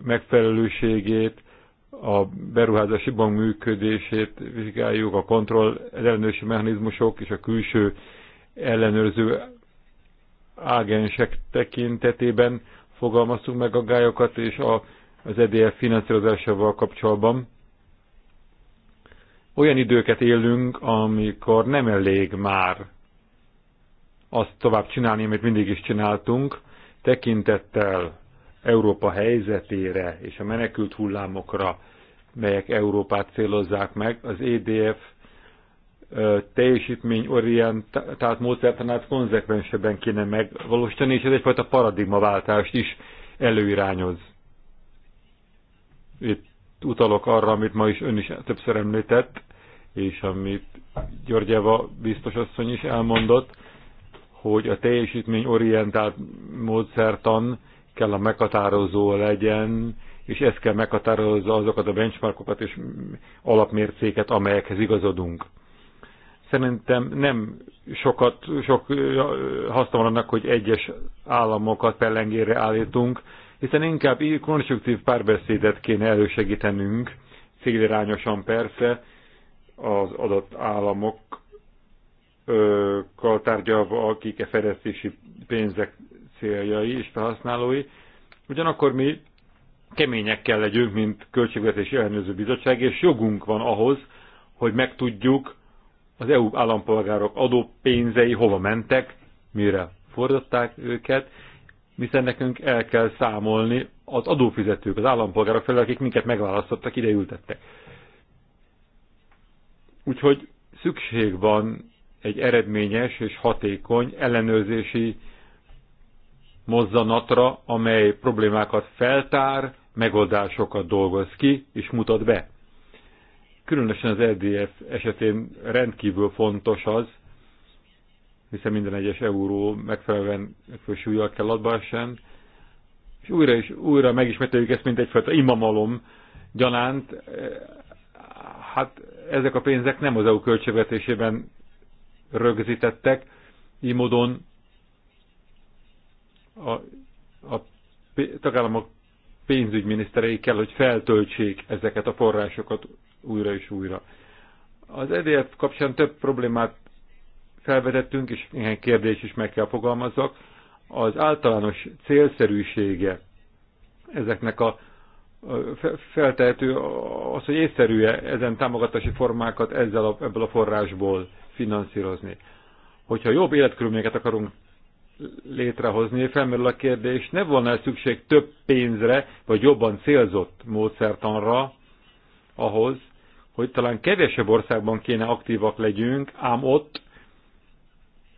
megfelelőségét, a beruházási bank működését vizsgáljuk, a kontroll ellenőrzési mechanizmusok és a külső ellenőrző ágensek tekintetében fogalmaztuk meg a gályokat, és a, az EDF finanszírozásával kapcsolatban. Olyan időket élünk, amikor nem elég már azt tovább csinálni, amit mindig is csináltunk, tekintettel Európa helyzetére és a menekült hullámokra, melyek Európát célozzák meg, az EDF teljesítményorientált módszertanát konzekvensebben kéne megvalósítani, és ez egyfajta paradigmaváltást is előirányoz. Itt utalok arra, amit ma is ön is többször említett, és amit Györgyeva biztos asszony is elmondott, hogy a teljesítményorientált módszertan kell a meghatározó legyen, és ez kell meghatározza azokat a benchmarkokat és alapmércéket, amelyekhez igazodunk. Szerintem nem sokat, sok haszna van annak, hogy egyes államokat pellengére állítunk, hiszen inkább konstruktív párbeszédet kéne elősegítenünk, célirányosan persze, az adott államokkal tárgyalva, akik a fejlesztési pénzek céljai és felhasználói. Ugyanakkor mi kemények kell legyünk, mint Költségvetési Ellenőrző Bizottság, és jogunk van ahhoz, hogy megtudjuk az EU állampolgárok adópénzei hova mentek, mire fordották őket, hiszen nekünk el kell számolni az adófizetők, az állampolgárok felé, akik minket megválasztottak, ide ültettek. Úgyhogy szükség van egy eredményes és hatékony ellenőrzési mozzanatra, amely problémákat feltár, megoldásokat dolgoz ki és mutat be. Különösen az EDF esetén rendkívül fontos az, hiszen minden egyes euró megfelelően súlyjal kell sem, és újra és újra megismételjük ezt, mint egyfajta imamalom gyanánt, hát ezek a pénzek nem az EU költségvetésében rögzítettek, így módon a, a tagállamok pénzügyminiszterei kell, hogy feltöltsék ezeket a forrásokat újra és újra. Az EDF kapcsán több problémát felvetettünk, és néhány kérdés is meg kell fogalmazzak. Az általános célszerűsége ezeknek a feltehető az, hogy észszerű -e ezen támogatási formákat ezzel a, ebből a forrásból finanszírozni. Hogyha jobb életkörülményeket akarunk létrehozni, felmerül a kérdés, ne volna -e szükség több pénzre, vagy jobban célzott módszertanra ahhoz, hogy talán kevesebb országban kéne aktívak legyünk, ám ott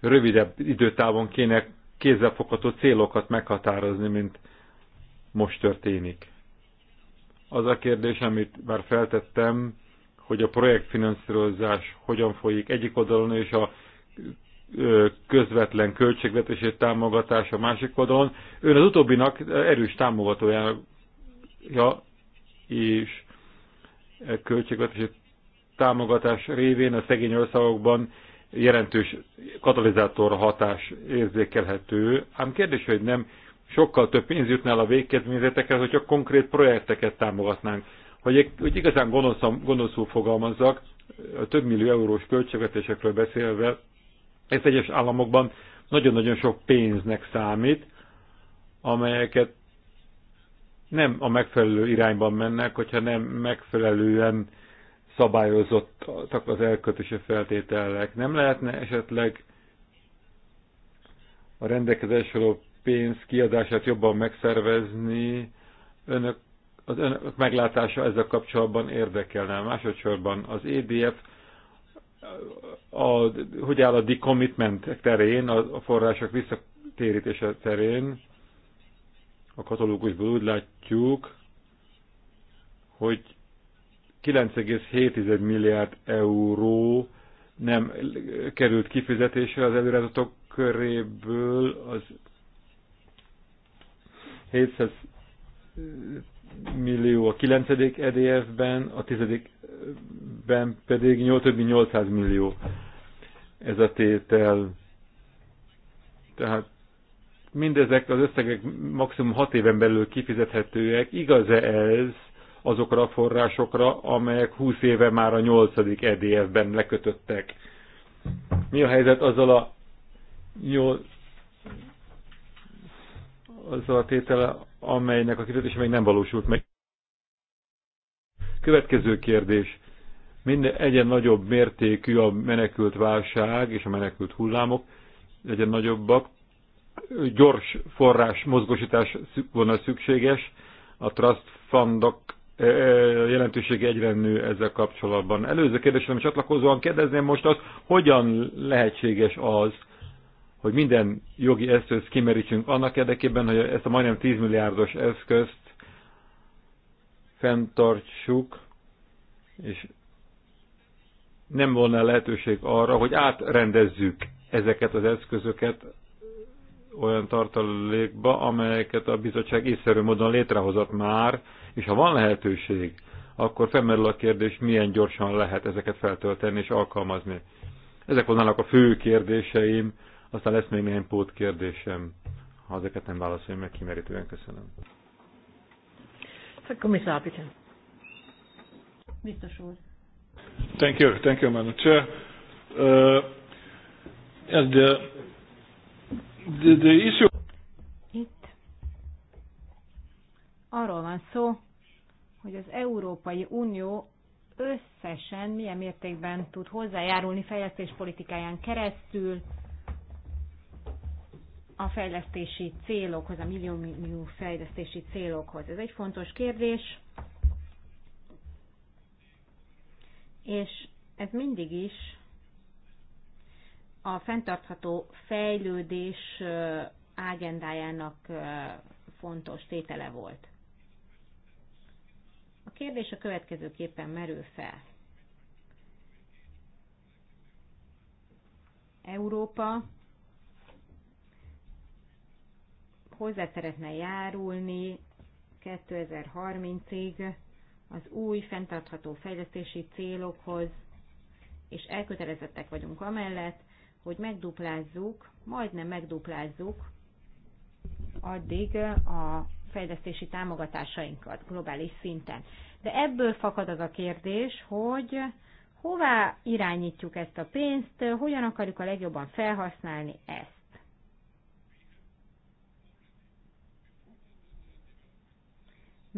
rövidebb időtávon kéne kézzelfogható célokat meghatározni, mint most történik. Az a kérdés, amit már feltettem, hogy a projektfinanszírozás hogyan folyik egyik oldalon, és a közvetlen költségvetési támogatás a másik oldalon. Ön az utóbbinak erős támogatója és e költségvetési támogatás révén a szegény országokban jelentős katalizátor hatás érzékelhető. Ám kérdés, hogy nem sokkal több pénz jutnál a végkedményezetekhez, hogyha konkrét projekteket támogatnánk. Hogy, hogy igazán gonoszul fogalmazzak, a több millió eurós költségvetésekről beszélve ez egyes államokban nagyon-nagyon sok pénznek számít, amelyeket nem a megfelelő irányban mennek, hogyha nem megfelelően szabályozottak az elkötési feltételek. Nem lehetne esetleg a rendelkezésről pénz kiadását jobban megszervezni, önök, az önök meglátása ezzel kapcsolatban érdekelne. Másodszorban az EDF a, hogy áll a decommitment terén, a források visszatérítése terén, a katalógusból úgy látjuk, hogy 9,7 milliárd euró nem került kifizetésre az előrázatok köréből az 700 millió a 9. EDF-ben, a 10 ben pedig 8, több mint 800 millió ez a tétel. Tehát mindezek az összegek maximum 6 éven belül kifizethetőek. Igaz-e ez azokra a forrásokra, amelyek 20 éve már a 8. EDF-ben lekötöttek? Mi a helyzet azzal a 8 azzal a tétele, amelynek a kifizetése még nem valósult meg. Következő kérdés. Minden egyen nagyobb mértékű a menekült válság és a menekült hullámok, egyen nagyobbak. Gyors forrás mozgósítás volna szükséges. A trust fundok e, e, jelentősége egyre nő ezzel kapcsolatban. Előző kérdésem csatlakozóan kérdezném most azt, hogyan lehetséges az, hogy minden jogi eszközt kimerítsünk annak érdekében, hogy ezt a majdnem 10 milliárdos eszközt fenntartsuk, és nem volna lehetőség arra, hogy átrendezzük ezeket az eszközöket olyan tartalékba, amelyeket a bizottság észszerű módon létrehozott már, és ha van lehetőség, akkor felmerül a kérdés, milyen gyorsan lehet ezeket feltölteni és alkalmazni. Ezek volnának a fő kérdéseim, aztán lesz még néhány pót kérdésem, ha ezeket nem válaszolom meg kimerítően. Köszönöm. Herr Kommissar, bitte. Biztos úr. Thank you, thank you, Madam Chair. Uh, and the, uh, the, the issue... Itt arról van szó, hogy az Európai Unió összesen milyen mértékben tud hozzájárulni fejlesztéspolitikáján keresztül a fejlesztési célokhoz, a millió fejlesztési célokhoz. Ez egy fontos kérdés, és ez mindig is a fenntartható fejlődés ágendájának fontos tétele volt. A kérdés a következőképpen merül fel. Európa hozzá szeretne járulni 2030-ig az új fenntartható fejlesztési célokhoz, és elkötelezettek vagyunk amellett, hogy megduplázzuk, majdnem megduplázzuk addig a fejlesztési támogatásainkat globális szinten. De ebből fakad az a kérdés, hogy hová irányítjuk ezt a pénzt, hogyan akarjuk a legjobban felhasználni ezt.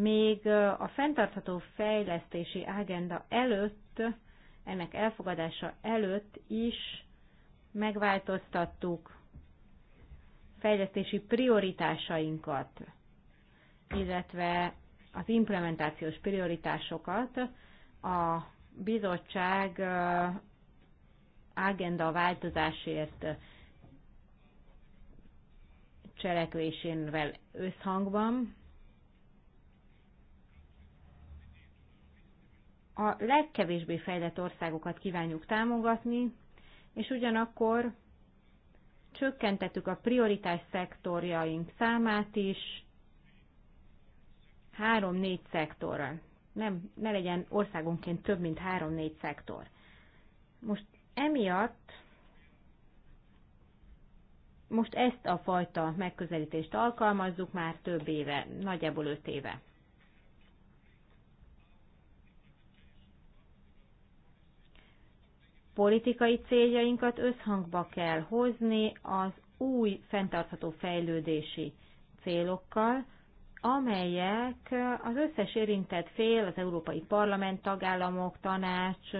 még a fenntartható fejlesztési ágenda előtt, ennek elfogadása előtt is megváltoztattuk fejlesztési prioritásainkat, illetve az implementációs prioritásokat a bizottság ágenda változásért cselekvésénvel összhangban, a legkevésbé fejlett országokat kívánjuk támogatni, és ugyanakkor csökkentettük a prioritás szektorjaink számát is, három-négy szektorra. Nem, ne legyen országonként több, mint három-négy szektor. Most emiatt most ezt a fajta megközelítést alkalmazzuk már több éve, nagyjából öt éve. politikai céljainkat összhangba kell hozni az új fenntartható fejlődési célokkal, amelyek az összes érintett fél, az Európai Parlament, tagállamok, tanács,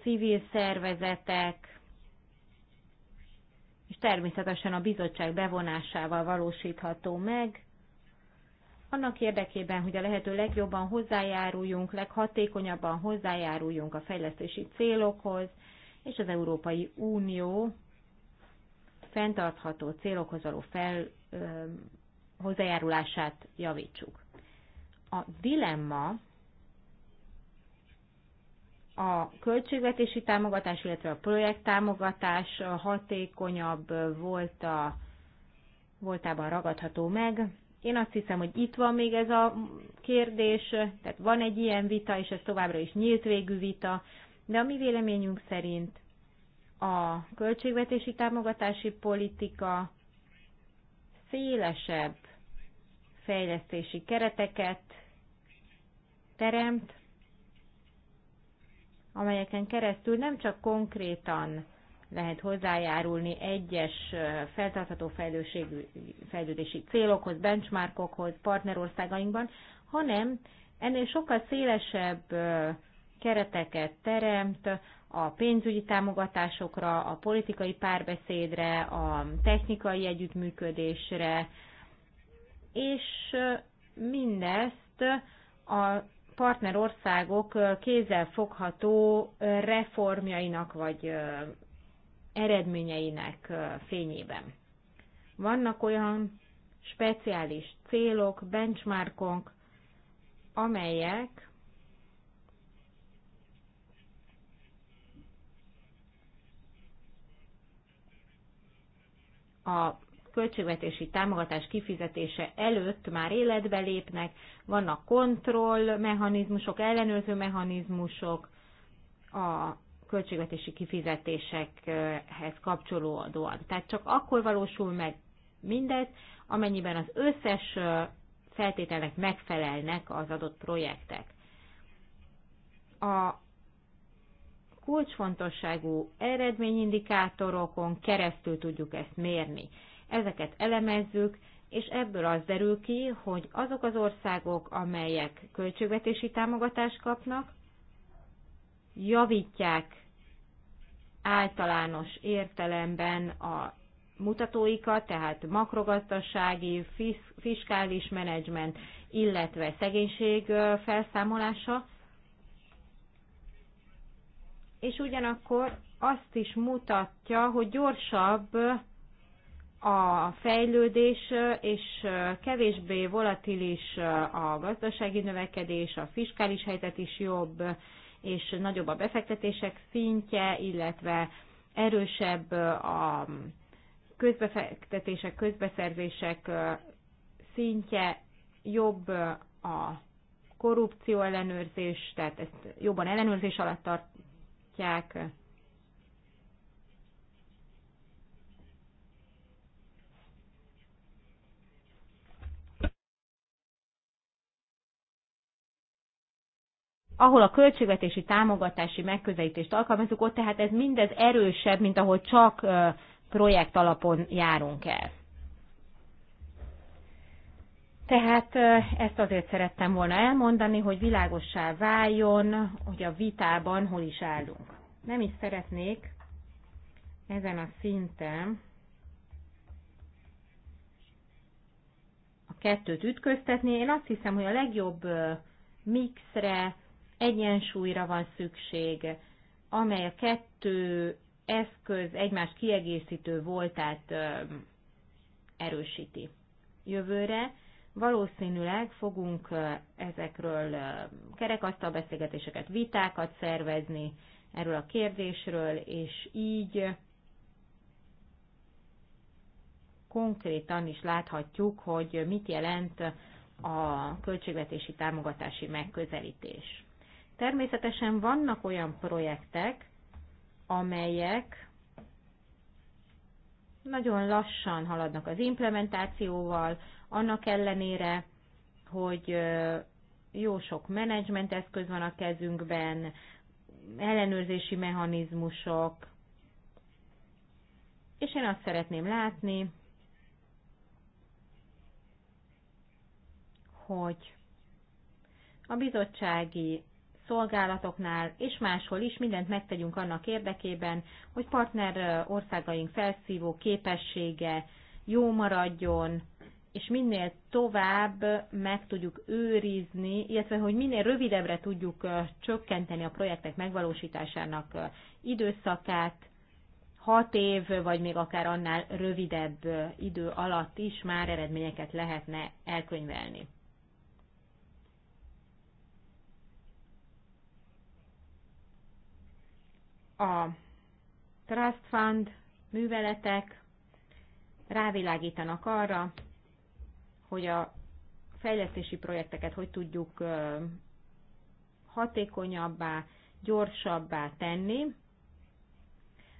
civil szervezetek, és természetesen a bizottság bevonásával valósítható meg, annak érdekében, hogy a lehető legjobban hozzájáruljunk, leghatékonyabban hozzájáruljunk a fejlesztési célokhoz, és az Európai Unió fenntartható célokhoz való fel, ö, hozzájárulását javítsuk. A dilemma a költségvetési támogatás, illetve a projekttámogatás hatékonyabb volt a, voltában ragadható meg, én azt hiszem, hogy itt van még ez a kérdés, tehát van egy ilyen vita, és ez továbbra is nyílt végű vita, de a mi véleményünk szerint a költségvetési támogatási politika szélesebb fejlesztési kereteket teremt, amelyeken keresztül nem csak konkrétan lehet hozzájárulni egyes feltartható fejlődési célokhoz, benchmarkokhoz, partnerországainkban, hanem ennél sokkal szélesebb kereteket teremt a pénzügyi támogatásokra, a politikai párbeszédre, a technikai együttműködésre, és mindezt a partnerországok fogható reformjainak vagy eredményeinek fényében. Vannak olyan speciális célok, benchmarkok, amelyek a költségvetési támogatás kifizetése előtt már életbe lépnek, vannak kontrollmechanizmusok, ellenőrző mechanizmusok, a költségvetési kifizetésekhez kapcsolódóan. Tehát csak akkor valósul meg mindez, amennyiben az összes feltételnek megfelelnek az adott projektek. A kulcsfontosságú eredményindikátorokon keresztül tudjuk ezt mérni. Ezeket elemezzük, és ebből az derül ki, hogy azok az országok, amelyek költségvetési támogatást kapnak, javítják általános értelemben a mutatóikat, tehát makrogazdasági, fiskális menedzsment, illetve szegénység felszámolása, és ugyanakkor azt is mutatja, hogy gyorsabb a fejlődés, és kevésbé volatilis a gazdasági növekedés, a fiskális helyzet is jobb, és nagyobb a befektetések szintje, illetve erősebb a közbefektetések, közbeszerzések szintje, jobb a korrupció ellenőrzés, tehát ezt jobban ellenőrzés alatt tartják, ahol a költségvetési támogatási megközelítést alkalmazunk, ott tehát ez mindez erősebb, mint ahol csak projekt alapon járunk el. Tehát ezt azért szerettem volna elmondani, hogy világossá váljon, hogy a vitában hol is állunk. Nem is szeretnék ezen a szinten a kettőt ütköztetni. Én azt hiszem, hogy a legjobb mixre egyensúlyra van szükség, amely a kettő eszköz egymás kiegészítő voltát erősíti. Jövőre valószínűleg fogunk ezekről kerekasztal beszélgetéseket, vitákat szervezni erről a kérdésről, és így konkrétan is láthatjuk, hogy mit jelent a költségvetési támogatási megközelítés. Természetesen vannak olyan projektek, amelyek nagyon lassan haladnak az implementációval, annak ellenére, hogy jó sok menedzsment eszköz van a kezünkben, ellenőrzési mechanizmusok, és én azt szeretném látni, hogy a bizottsági szolgálatoknál és máshol is mindent megtegyünk annak érdekében, hogy partner országaink felszívó képessége jó maradjon, és minél tovább meg tudjuk őrizni, illetve hogy minél rövidebbre tudjuk csökkenteni a projektek megvalósításának időszakát, hat év, vagy még akár annál rövidebb idő alatt is már eredményeket lehetne elkönyvelni. a trust fund műveletek rávilágítanak arra, hogy a fejlesztési projekteket hogy tudjuk hatékonyabbá, gyorsabbá tenni.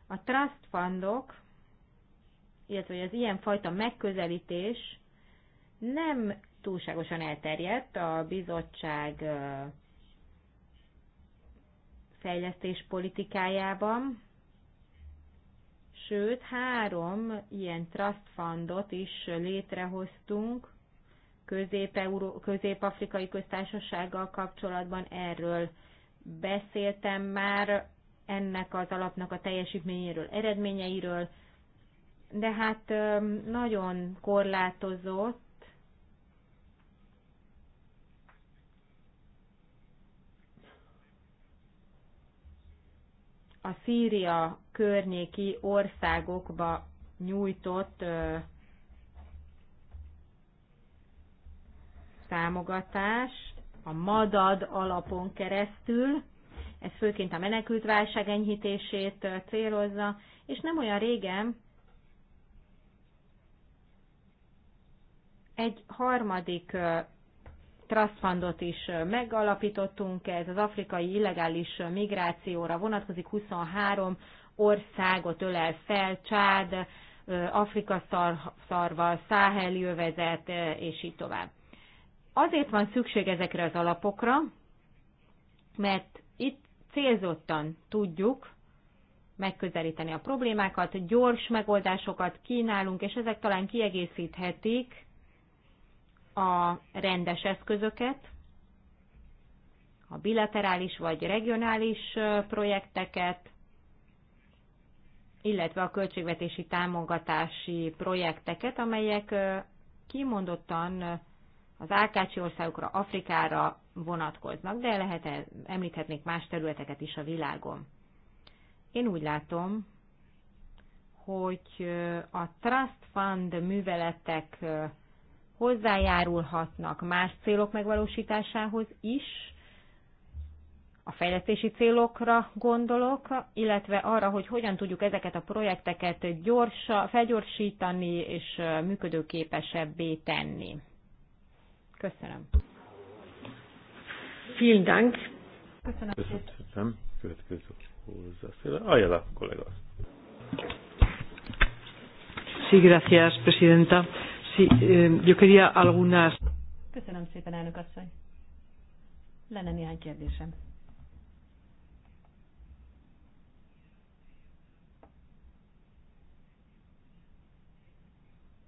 A trust fundok, illetve az ilyenfajta megközelítés nem túlságosan elterjedt a bizottság fejlesztés politikájában, sőt három ilyen trust fundot is létrehoztunk Közép-Afrikai Köztársasággal kapcsolatban, erről beszéltem már, ennek az alapnak a teljesítményéről, eredményeiről, de hát nagyon korlátozott a Szíria környéki országokba nyújtott támogatás a MADAD alapon keresztül, ez főként a menekültválság enyhítését célozza, és nem olyan régen egy harmadik Trust Fundot is megalapítottunk, ez az afrikai illegális migrációra vonatkozik, 23 országot ölel fel, Csád, Afrika szar, szarva, Száheli övezet, és így tovább. Azért van szükség ezekre az alapokra, mert itt célzottan tudjuk megközelíteni a problémákat, gyors megoldásokat kínálunk, és ezek talán kiegészíthetik a rendes eszközöket, a bilaterális vagy regionális projekteket, illetve a költségvetési támogatási projekteket, amelyek kimondottan az Ákácsi országokra, Afrikára vonatkoznak, de lehet -e, említhetnék más területeket is a világon. Én úgy látom, hogy a Trust Fund műveletek hozzájárulhatnak más célok megvalósításához is, a fejlesztési célokra gondolok, illetve arra, hogy hogyan tudjuk ezeket a projekteket gyorsa, felgyorsítani és működőképesebbé tenni. Köszönöm. Vielen Dank. Köszönöm. Köszönöm. Következő hozzászél. Ajala, kollega. Sí, gracias, presidenta. Sí, eh, yo quería algunas. Köszönöm szépen, elnök asszony. Lenne néhány kérdésem.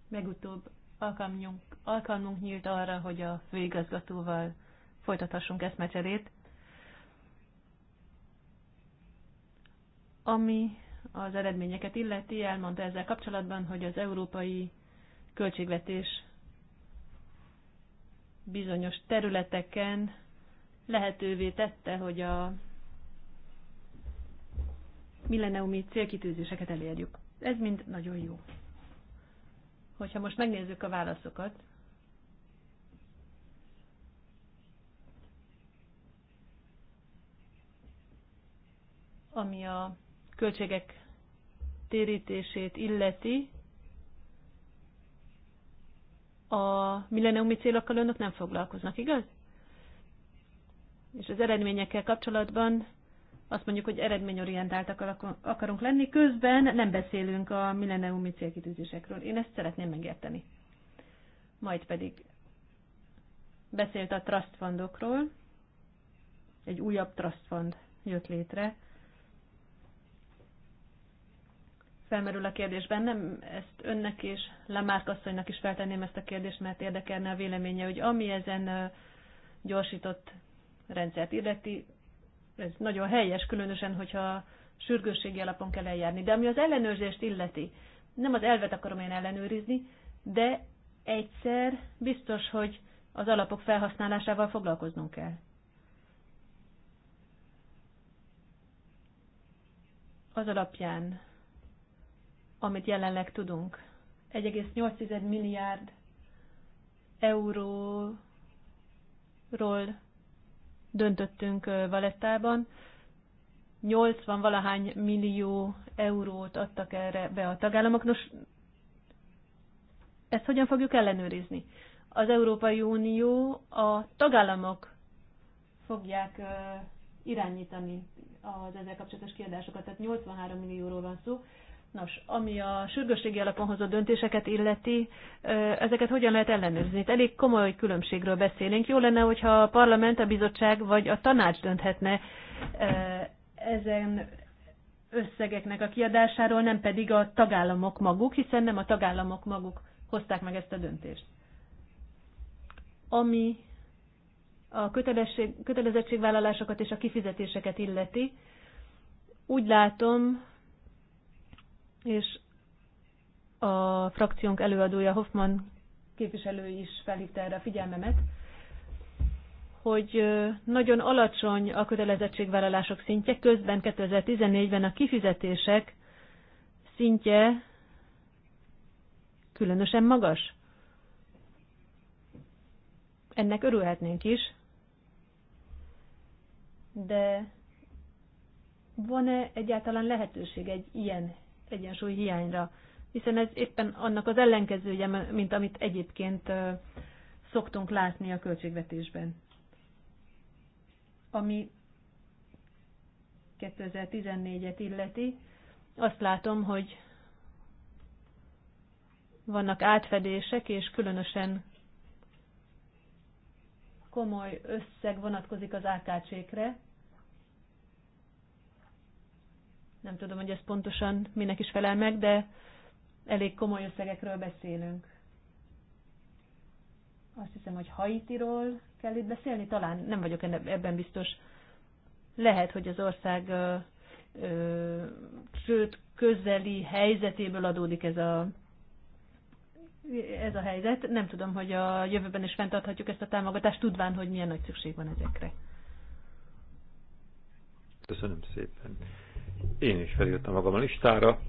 Megutóbb alkalmunk, alkalmunk nyílt arra, hogy a főigazgatóval folytathassunk eszmecserét. Ami az eredményeket illeti, elmondta ezzel kapcsolatban, hogy az európai költségvetés bizonyos területeken lehetővé tette, hogy a milleniumi célkitűzéseket elérjük. Ez mind nagyon jó. Hogyha most megnézzük a válaszokat, ami a költségek térítését illeti, a millenniumi célokkal önök nem foglalkoznak, igaz? És az eredményekkel kapcsolatban azt mondjuk, hogy eredményorientáltak akarunk lenni, közben nem beszélünk a millenniumi célkitűzésekről. Én ezt szeretném megérteni. Majd pedig beszélt a trust fundokról, egy újabb trust fund jött létre, felmerül a kérdésben. Nem ezt önnek és Lamárk asszonynak is feltenném ezt a kérdést, mert érdekelne a véleménye, hogy ami ezen gyorsított rendszert illeti, ez nagyon helyes, különösen, hogyha sürgősségi alapon kell eljárni. De ami az ellenőrzést illeti, nem az elvet akarom én ellenőrizni, de egyszer biztos, hogy az alapok felhasználásával foglalkoznunk kell. Az alapján, amit jelenleg tudunk. 1,8 milliárd euróról döntöttünk Valettában. 80 valahány millió eurót adtak erre be a tagállamok. Nos, ezt hogyan fogjuk ellenőrizni? Az Európai Unió a tagállamok fogják irányítani az ezzel kapcsolatos kiadásokat, tehát 83 millióról van szó. Nos, ami a sürgősségi alapon hozott döntéseket illeti, ezeket hogyan lehet ellenőrizni? Itt elég komoly különbségről beszélünk. Jó lenne, hogyha a parlament, a bizottság vagy a tanács dönthetne ezen összegeknek a kiadásáról, nem pedig a tagállamok maguk, hiszen nem a tagállamok maguk hozták meg ezt a döntést. Ami a kötelezettségvállalásokat és a kifizetéseket illeti, úgy látom, és a frakciónk előadója Hoffman képviselő is felhívta erre a figyelmemet, hogy nagyon alacsony a kötelezettségvállalások szintje, közben 2014-ben a kifizetések szintje különösen magas. Ennek örülhetnénk is, de van-e egyáltalán lehetőség egy ilyen egyensúly hiányra, hiszen ez éppen annak az ellenkezője, mint amit egyébként szoktunk látni a költségvetésben. Ami 2014-et illeti, azt látom, hogy vannak átfedések, és különösen komoly összeg vonatkozik az AKC-kre, Nem tudom, hogy ez pontosan minek is felel meg, de elég komoly összegekről beszélünk. Azt hiszem, hogy Haitiról kell itt beszélni, talán nem vagyok ebben biztos. Lehet, hogy az ország sőt közeli helyzetéből adódik ez a ez a helyzet. Nem tudom, hogy a jövőben is fenntarthatjuk ezt a támogatást, tudván, hogy milyen nagy szükség van ezekre. Köszönöm szépen. Én is felírtam magam a listára.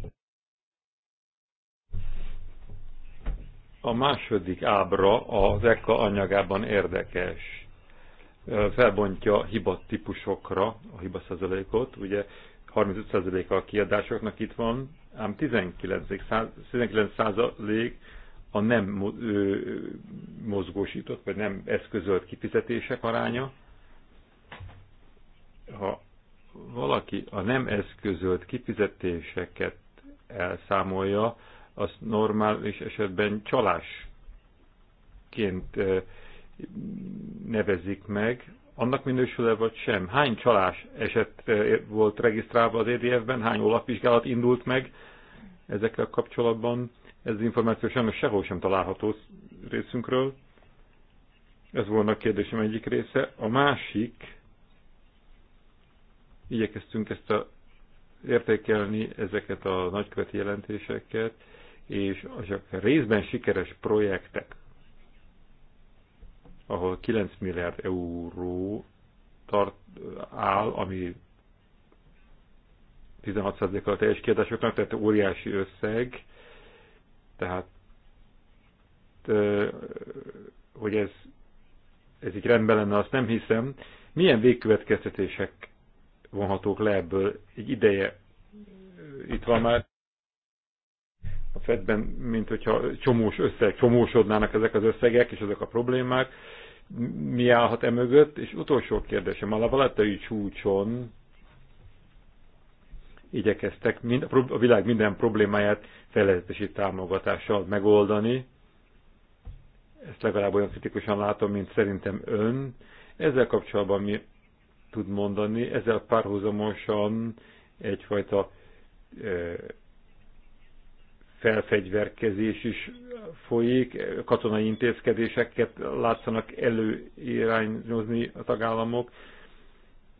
A második ábra az ECA anyagában érdekes. Felbontja hiba típusokra a százalékot, Ugye 35%-a a kiadásoknak itt van, ám 19% a nem mozgósított, vagy nem eszközölt kifizetések aránya. Ha valaki a nem eszközölt kifizetéseket elszámolja, az normális esetben csalásként nevezik meg, annak minősül-e vagy sem? Hány csalás eset volt regisztrálva az EDF-ben? Hány olapvizsgálat indult meg ezekkel kapcsolatban? Ez az információ sem, sehol sem található részünkről. Ez volna a kérdésem egyik része. A másik, Igyekeztünk ezt a, értékelni ezeket a nagyköveti jelentéseket, és azok részben sikeres projektek, ahol 9 milliárd euró tart, áll, ami 16 kal a teljes kiadásoknak, tehát óriási összeg, tehát hogy ez, ez így rendben lenne, azt nem hiszem. Milyen végkövetkeztetések vonhatók le ebből. Egy ideje itt van már a Fedben, mint hogyha csomós összeg, csomósodnának ezek az összegek és ezek a problémák. Mi állhat e mögött? És utolsó kérdésem, a valettai csúcson igyekeztek mind, a világ minden problémáját fejlesztési támogatással megoldani. Ezt legalább olyan kritikusan látom, mint szerintem ön. Ezzel kapcsolatban mi tud mondani, ezzel párhuzamosan egyfajta e, felfegyverkezés is folyik, katonai intézkedéseket látszanak előirányozni a tagállamok.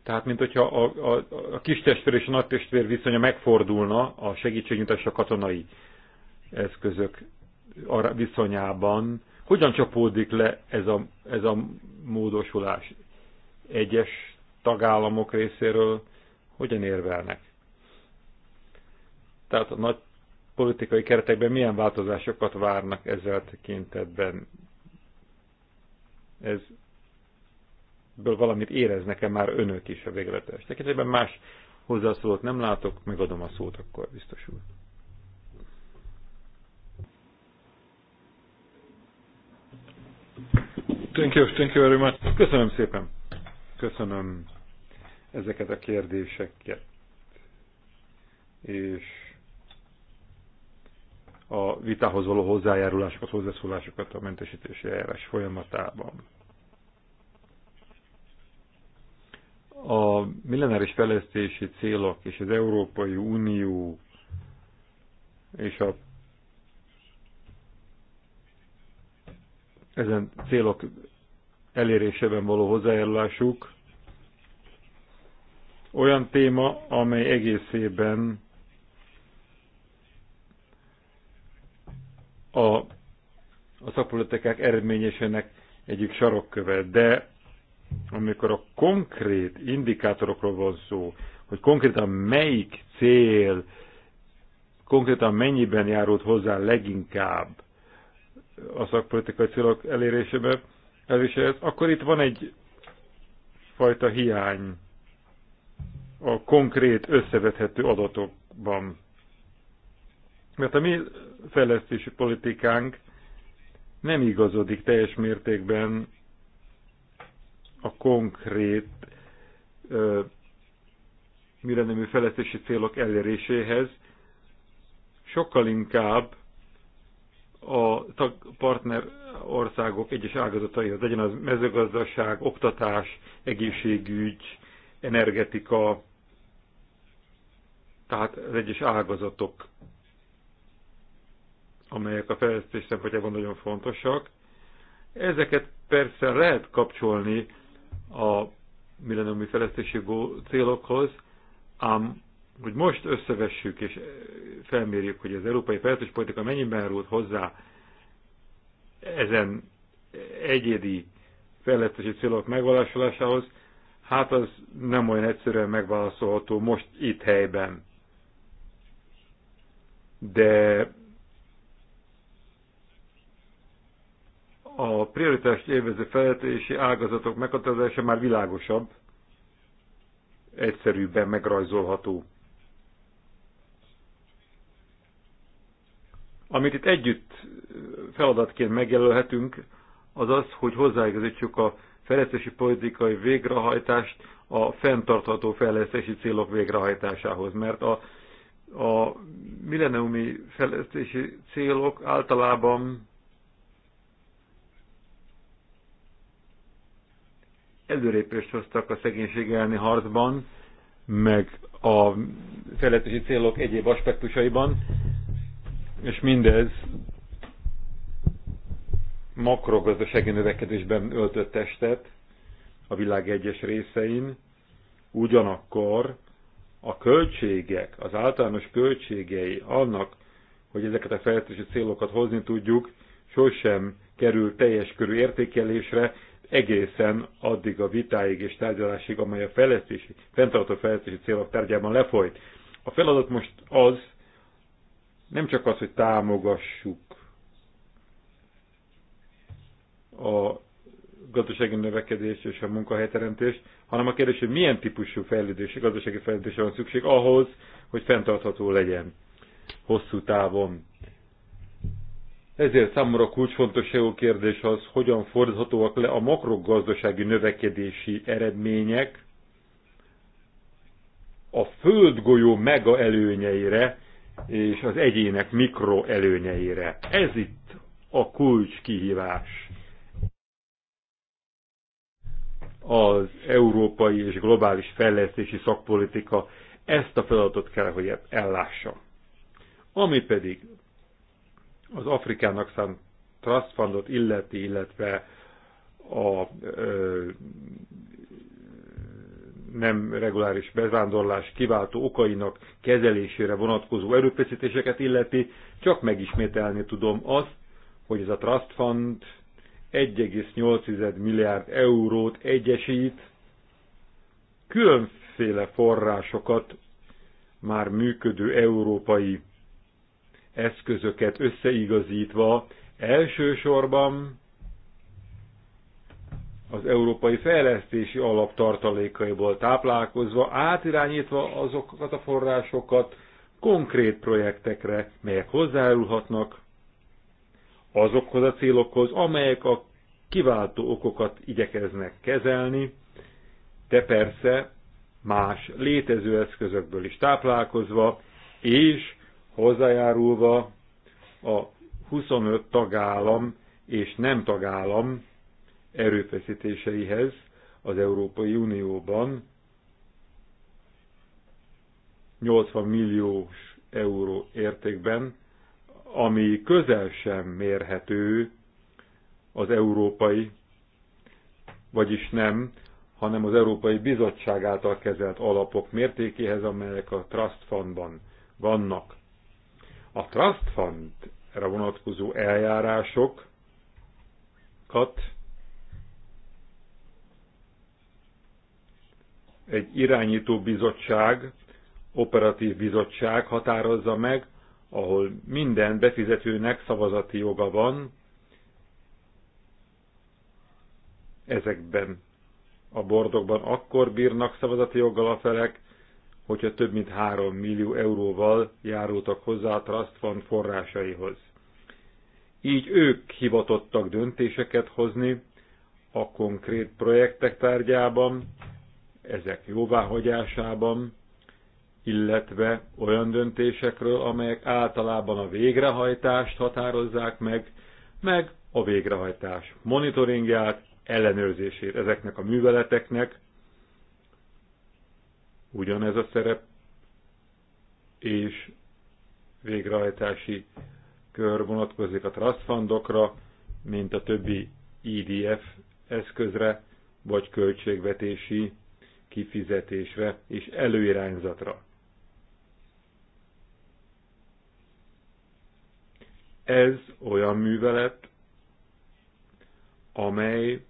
Tehát, mint hogyha a, a, a testvér és a testvér viszonya megfordulna a segítségnyújtás a katonai eszközök viszonyában. Hogyan csapódik le ez a, ez a módosulás? Egyes tagállamok részéről hogyan érvelnek. Tehát a nagy politikai keretekben milyen változásokat várnak ezzel tekintetben? Ez ből valamit éreznek-e már önök is a végletes tekintetben. Más hozzászólót nem látok, megadom a szót akkor biztos úr. Thank you, thank you very much. Köszönöm szépen. Köszönöm ezeket a kérdéseket. És a vitához való hozzájárulásokat, hozzászólásokat a mentesítési eljárás folyamatában. A millenáris fejlesztési célok és az Európai Unió és a ezen célok elérésében való hozzájárulásuk olyan téma, amely egészében a, a szakpolitikák eredményesének egyik sarokköve, de amikor a konkrét indikátorokról van szó, hogy konkrétan melyik cél, konkrétan mennyiben járult hozzá leginkább a szakpolitikai célok elérésébe, elviselhet, akkor itt van egy fajta hiány a konkrét összevethető adatokban. Mert a mi fejlesztési politikánk nem igazodik teljes mértékben a konkrét ö, fejlesztési célok eléréséhez, sokkal inkább a partner országok egyes ágazatai az legyen az mezőgazdaság, oktatás, egészségügy, energetika, tehát az egyes ágazatok, amelyek a fejlesztés szempontjából nagyon fontosak. Ezeket persze lehet kapcsolni a millenniumi fejlesztési célokhoz, ám hogy most összevessük és felmérjük, hogy az európai fejlesztési politika mennyiben rúlt hozzá ezen egyedi fejlesztési célok megvalósulásához, hát az nem olyan egyszerűen megválaszolható most itt helyben de a prioritást élvező feltési ágazatok meghatározása már világosabb, egyszerűbben megrajzolható. Amit itt együtt feladatként megjelölhetünk, az az, hogy hozzáigazítsuk a fejlesztési politikai végrehajtást a fenntartható fejlesztési célok végrehajtásához, mert a a milleniumi fejlesztési célok általában előrépést hoztak a szegénység elleni harcban, meg a fejlesztési célok egyéb aspektusaiban, és mindez makrogazdasági növekedésben öltött testet a világ egyes részein, ugyanakkor a költségek, az általános költségei annak, hogy ezeket a fejlesztési célokat hozni tudjuk, sosem kerül teljes körű értékelésre, egészen addig a vitáig és tárgyalásig, amely a fejlesztési, fenntartó fejlesztési célok tárgyában lefolyt. A feladat most az, nem csak az, hogy támogassuk a gazdasági növekedés és a munkahelyteremtés, hanem a kérdés, hogy milyen típusú fejlődés, gazdasági fejlődésre van szükség ahhoz, hogy fenntartható legyen hosszú távon. Ezért számomra kulcsfontosságú kérdés az, hogyan fordíthatóak le a makrogazdasági növekedési eredmények a földgolyó mega előnyeire és az egyének mikro előnyeire. Ez itt a kulcs kihívás az európai és globális fejlesztési szakpolitika ezt a feladatot kell, hogy ellássa. Ami pedig az Afrikának szánt Trust Fundot illeti, illetve a ö, nem reguláris bezándorlás kiváltó okainak kezelésére vonatkozó erőfeszítéseket illeti, csak megismételni tudom azt, hogy ez a Trust Fund 1,8 milliárd eurót egyesít, különféle forrásokat, már működő európai eszközöket összeigazítva, elsősorban az európai fejlesztési alap tartalékaiból táplálkozva, átirányítva azokat a forrásokat konkrét projektekre, melyek hozzájárulhatnak azokhoz a célokhoz, amelyek a kiváltó okokat igyekeznek kezelni, de persze más létező eszközökből is táplálkozva, és hozzájárulva a 25 tagállam és nem tagállam erőfeszítéseihez az Európai Unióban 80 milliós euró értékben ami közel sem mérhető az európai, vagyis nem, hanem az Európai Bizottság által kezelt alapok mértékéhez, amelyek a Trust Fundban vannak. A Trust Fundra vonatkozó eljárásokat egy irányító bizottság, operatív bizottság határozza meg, ahol minden befizetőnek szavazati joga van ezekben a bordokban akkor bírnak szavazati joggal a felek, hogyha több mint 3 millió euróval járultak hozzá a Trust Fund forrásaihoz. Így ők hivatottak döntéseket hozni a konkrét projektek tárgyában, ezek jóváhagyásában, illetve olyan döntésekről, amelyek általában a végrehajtást határozzák meg, meg a végrehajtás monitoringját, ellenőrzését ezeknek a műveleteknek. Ugyanez a szerep és végrehajtási kör vonatkozik a trust fundokra, mint a többi IDF e eszközre, vagy költségvetési kifizetésre és előirányzatra. Ez olyan művelet, amely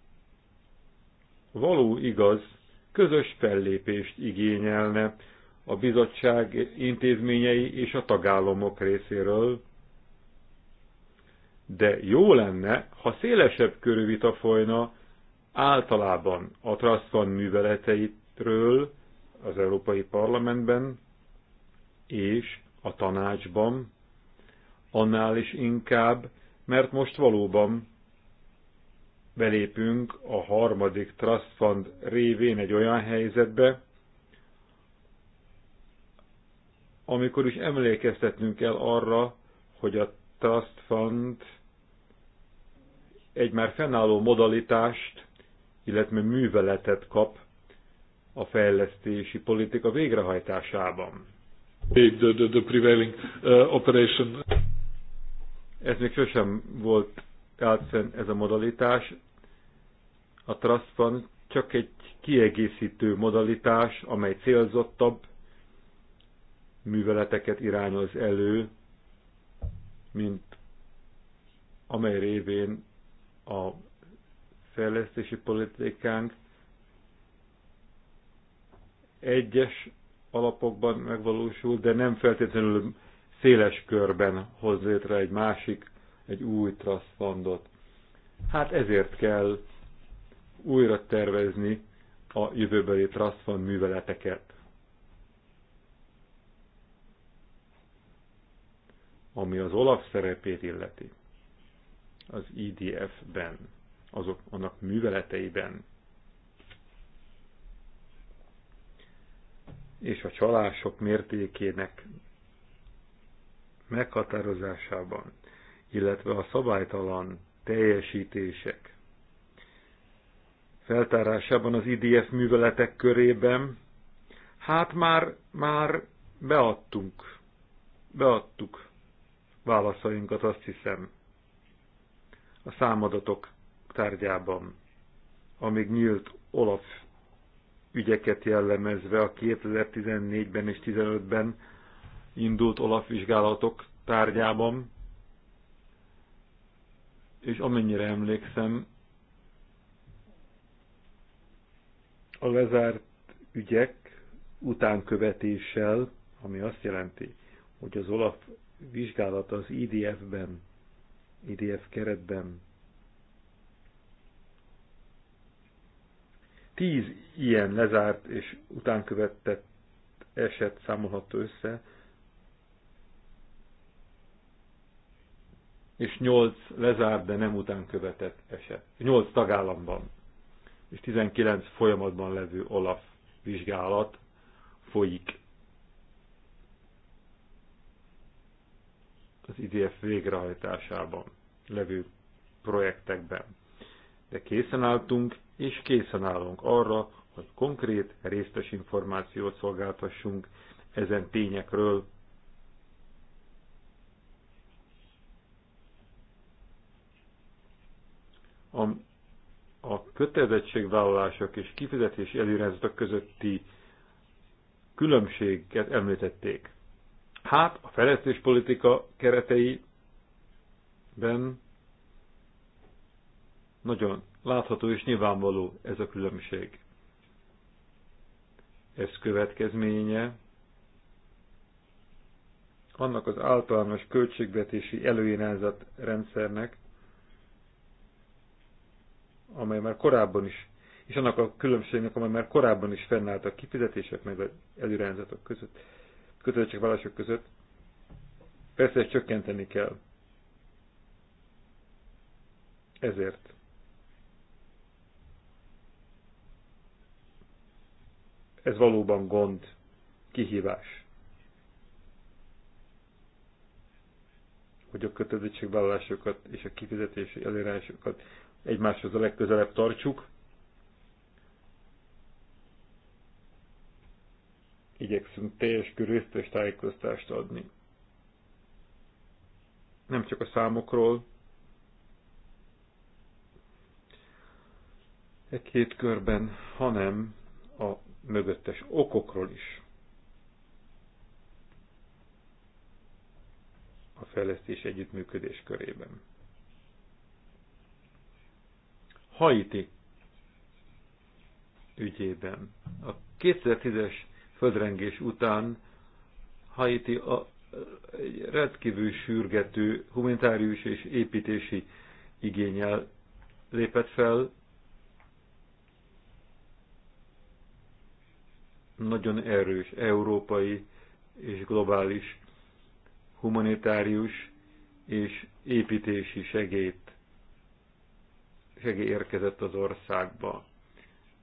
való igaz, közös fellépést igényelne a bizottság intézményei és a tagállamok részéről, de jó lenne, ha szélesebb körű vita folyna általában a Trasztan műveleteitről az Európai Parlamentben és a tanácsban, annál is inkább, mert most valóban belépünk a harmadik Trust Fund révén egy olyan helyzetbe, amikor is emlékeztetnünk kell arra, hogy a Trust Fund egy már fennálló modalitást, illetve műveletet kap a fejlesztési politika végrehajtásában. The, the, the prevailing uh, operation. Ez még sosem volt átszen ez a modalitás. A trustban, csak egy kiegészítő modalitás, amely célzottabb műveleteket irányoz elő, mint amely révén a fejlesztési politikánk egyes alapokban megvalósul, de nem feltétlenül széles körben hoz létre egy másik, egy új trust fundot. Hát ezért kell újra tervezni a jövőbeli trust fund műveleteket. ami az Olaf szerepét illeti az IDF-ben, e azok annak műveleteiben, és a csalások mértékének meghatározásában, illetve a szabálytalan teljesítések feltárásában az IDF műveletek körében, hát már, már beadtunk, beadtuk válaszainkat, azt hiszem, a számadatok tárgyában, amíg nyílt Olaf ügyeket jellemezve a 2014-ben és 2015-ben indult Olaf vizsgálatok tárgyában, és amennyire emlékszem, a lezárt ügyek utánkövetéssel, ami azt jelenti, hogy az Olaf vizsgálata az IDF-ben, IDF keretben tíz ilyen lezárt és utánkövetett eset számolható össze, és 8 lezárt, de nem után követett eset. 8 tagállamban és 19 folyamatban levő OLAF vizsgálat folyik. Az IDF végrehajtásában levő projektekben. De készen álltunk, és készen állunk arra, hogy konkrét résztes információt szolgáltassunk ezen tényekről a kötelezettségvállalások és kifizetési előirányzatok közötti különbséget említették. Hát a politika kereteiben nagyon látható és nyilvánvaló ez a különbség. Ez következménye annak az általános költségvetési előirányzat rendszernek, amely már korábban is, és annak a különbségnek, amely már korábban is fennállt a kifizetések meg az előrendzetek között, kötelezettségvállások között, persze ezt csökkenteni kell. Ezért. Ez valóban gond, kihívás. hogy a kötelezettségvállalásokat és a kifizetési előírásokat egymáshoz a legközelebb tartsuk. Igyekszünk teljes körű és tájékoztást adni. Nem csak a számokról, egy két körben, hanem a mögöttes okokról is. A fejlesztés együttműködés körében. Haiti ügyében. A 2010-es földrengés után Haiti a rendkívül sürgető humanitárius és építési igényel lépett fel. Nagyon erős európai és globális humanitárius és építési segélyt segé érkezett az országba.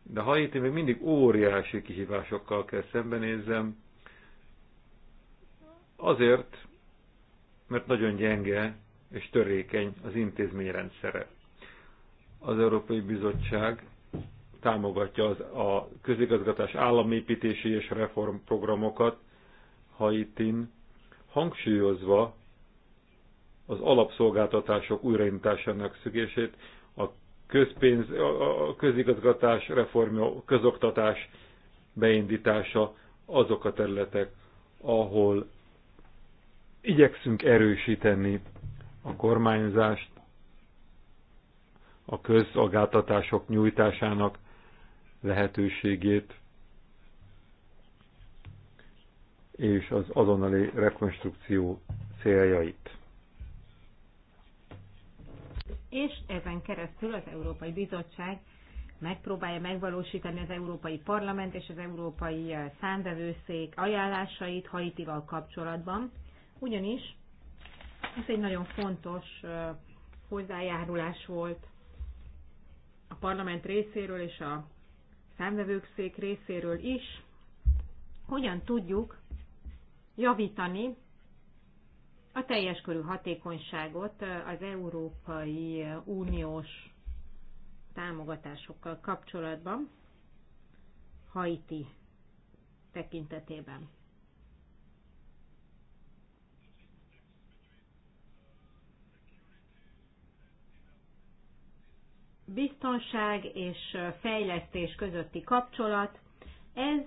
De itt még mindig óriási kihívásokkal kell szembenézzem, azért, mert nagyon gyenge és törékeny az intézményrendszere. Az Európai Bizottság támogatja az, a közigazgatás államépítési és reformprogramokat Haitin, hangsúlyozva az alapszolgáltatások újraindításának szükségét, közpénz, a közigazgatás reformja, közoktatás beindítása azok a területek, ahol igyekszünk erősíteni a kormányzást, a közszolgáltatások nyújtásának lehetőségét, és az azonnali rekonstrukció céljait és ezen keresztül az Európai Bizottság megpróbálja megvalósítani az Európai Parlament és az Európai Számbevőszék ajánlásait Haitival kapcsolatban, ugyanis ez egy nagyon fontos hozzájárulás volt a parlament részéről és a szék részéről is, hogyan tudjuk javítani a teljes körű hatékonyságot az Európai Uniós támogatásokkal kapcsolatban Haiti tekintetében. Biztonság és fejlesztés közötti kapcsolat, ez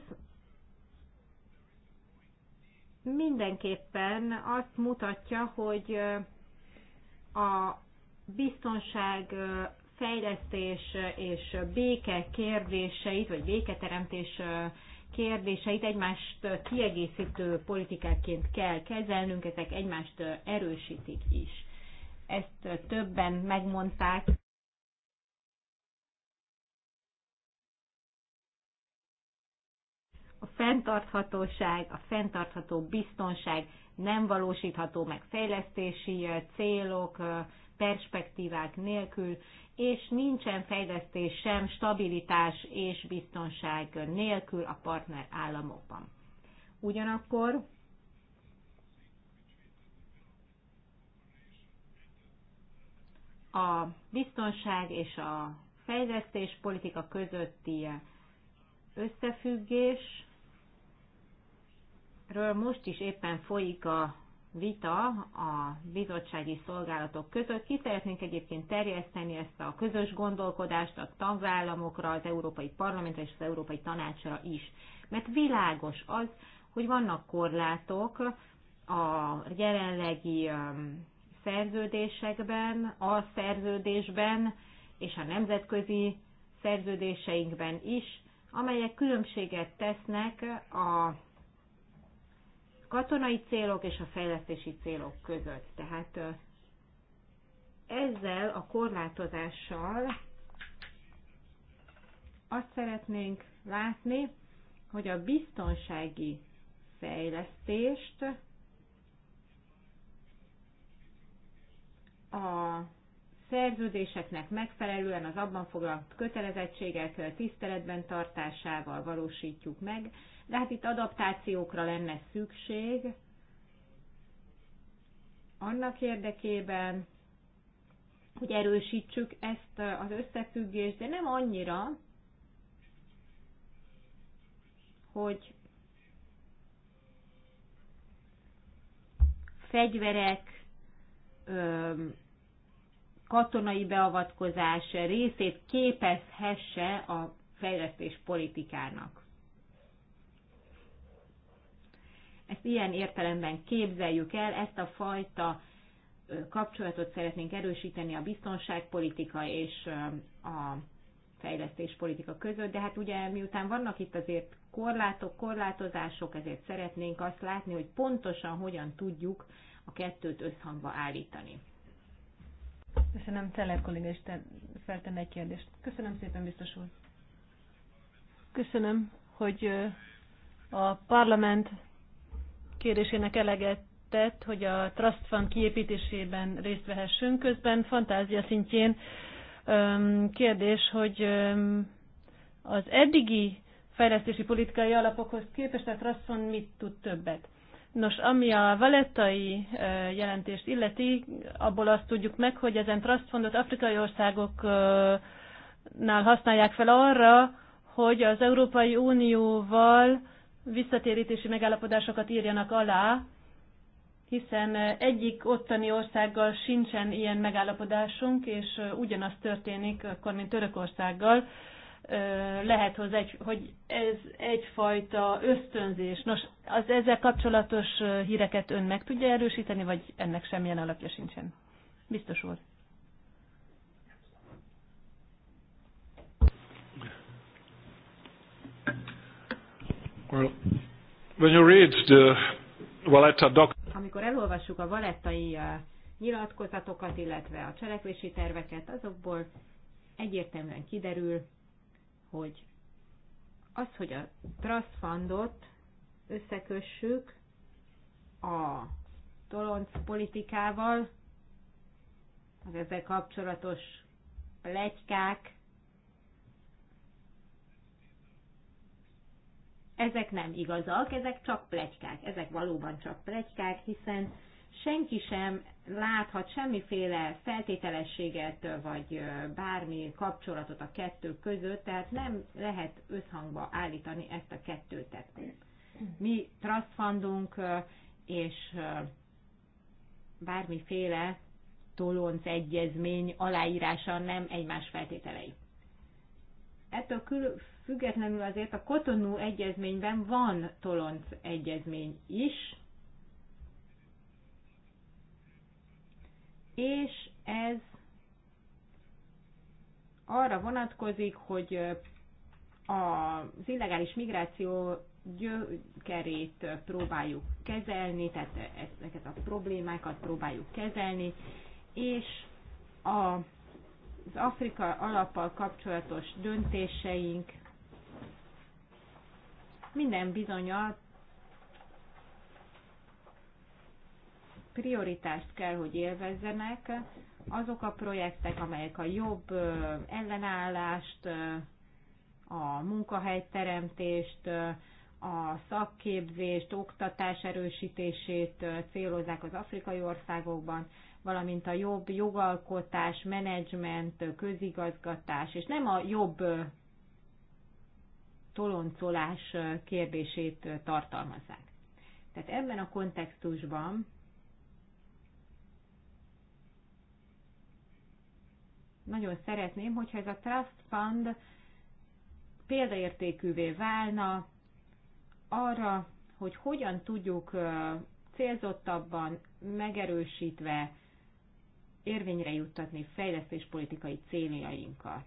mindenképpen azt mutatja, hogy a biztonság fejlesztés és béke kérdéseit, vagy béketeremtés kérdéseit egymást kiegészítő politikáként kell kezelnünk, ezek egymást erősítik is. Ezt többen megmondták. a fenntarthatóság, a fenntartható biztonság nem valósítható meg fejlesztési célok, perspektívák nélkül, és nincsen fejlesztés sem stabilitás és biztonság nélkül a partner államokban. Ugyanakkor a biztonság és a fejlesztés politika közötti összefüggés ről most is éppen folyik a vita a bizottsági szolgálatok között. Ki szeretnénk egyébként terjeszteni ezt a közös gondolkodást a tagállamokra, az Európai Parlamentre és az Európai Tanácsra is. Mert világos az, hogy vannak korlátok a jelenlegi szerződésekben, a szerződésben és a nemzetközi szerződéseinkben is, amelyek különbséget tesznek a katonai célok és a fejlesztési célok között. Tehát ezzel a korlátozással azt szeretnénk látni, hogy a biztonsági fejlesztést a szerződéseknek megfelelően az abban foglalt kötelezettségek tiszteletben tartásával valósítjuk meg, de hát itt adaptációkra lenne szükség annak érdekében, hogy erősítsük ezt az összefüggést, de nem annyira, hogy fegyverek, katonai beavatkozás részét képezhesse a fejlesztés politikának. Ezt ilyen értelemben képzeljük el, ezt a fajta kapcsolatot szeretnénk erősíteni a biztonságpolitika és a fejlesztéspolitika között, de hát ugye miután vannak itt azért korlátok, korlátozások, ezért szeretnénk azt látni, hogy pontosan hogyan tudjuk a kettőt összhangba állítani. Köszönöm, Celler kolléga is feltenne egy kérdést. Köszönöm szépen, biztos úr. Köszönöm, hogy a parlament kérésének eleget tett, hogy a Trust Fund kiépítésében részt vehessünk. Közben fantázia szintjén kérdés, hogy az eddigi fejlesztési politikai alapokhoz képest a Trust Fund mit tud többet? Nos, ami a valettai jelentést illeti, abból azt tudjuk meg, hogy ezen trustfondot afrikai országoknál használják fel arra, hogy az Európai Unióval visszatérítési megállapodásokat írjanak alá, hiszen egyik ottani országgal sincsen ilyen megállapodásunk, és ugyanaz történik akkor, mint Törökországgal lehet hozzá, egy, hogy ez egyfajta ösztönzés. Nos, az ezzel kapcsolatos híreket ön meg tudja erősíteni, vagy ennek semmilyen alapja sincsen? Biztos úr. Well, when you read the Valletta doc- Amikor elolvassuk a valettai nyilatkozatokat, illetve a cselekvési terveket, azokból egyértelműen kiderül, hogy az, hogy a trust fundot összekössük a tolonc politikával, az ezzel kapcsolatos plegykák, ezek nem igazak, ezek csak plegykák, ezek valóban csak plegykák, hiszen senki sem láthat semmiféle feltételességet, vagy bármi kapcsolatot a kettő között, tehát nem lehet összhangba állítani ezt a kettőt. Mi trust fundunk, és bármiféle tolonc egyezmény aláírása nem egymás feltételei. Ettől külön, függetlenül azért a Kotonú egyezményben van tolonc egyezmény is, és ez arra vonatkozik, hogy az illegális migráció gyökerét próbáljuk kezelni, tehát ezeket a problémákat próbáljuk kezelni, és a, az Afrika alappal kapcsolatos döntéseink minden bizonyal prioritást kell, hogy élvezzenek azok a projektek, amelyek a jobb ellenállást, a munkahelyteremtést, a szakképzést, oktatás erősítését célozzák az afrikai országokban, valamint a jobb jogalkotás, menedzsment, közigazgatás, és nem a jobb toloncolás kérdését tartalmazzák. Tehát ebben a kontextusban nagyon szeretném, hogyha ez a Trust Fund példaértékűvé válna arra, hogy hogyan tudjuk célzottabban, megerősítve érvényre juttatni fejlesztéspolitikai céljainkat.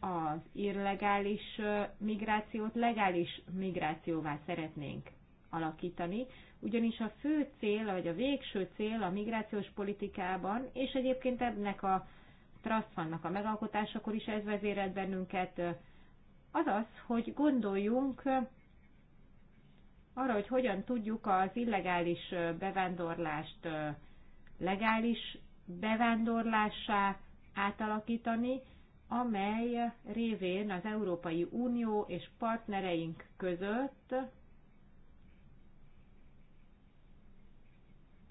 Az illegális migrációt legális migrációvá szeretnénk alakítani, ugyanis a fő cél, vagy a végső cél a migrációs politikában, és egyébként ennek a Trust vannak a megalkotásakor is ez vezérelt bennünket. Az az, hogy gondoljunk arra, hogy hogyan tudjuk az illegális bevándorlást legális bevándorlássá átalakítani, amely révén az Európai Unió és partnereink között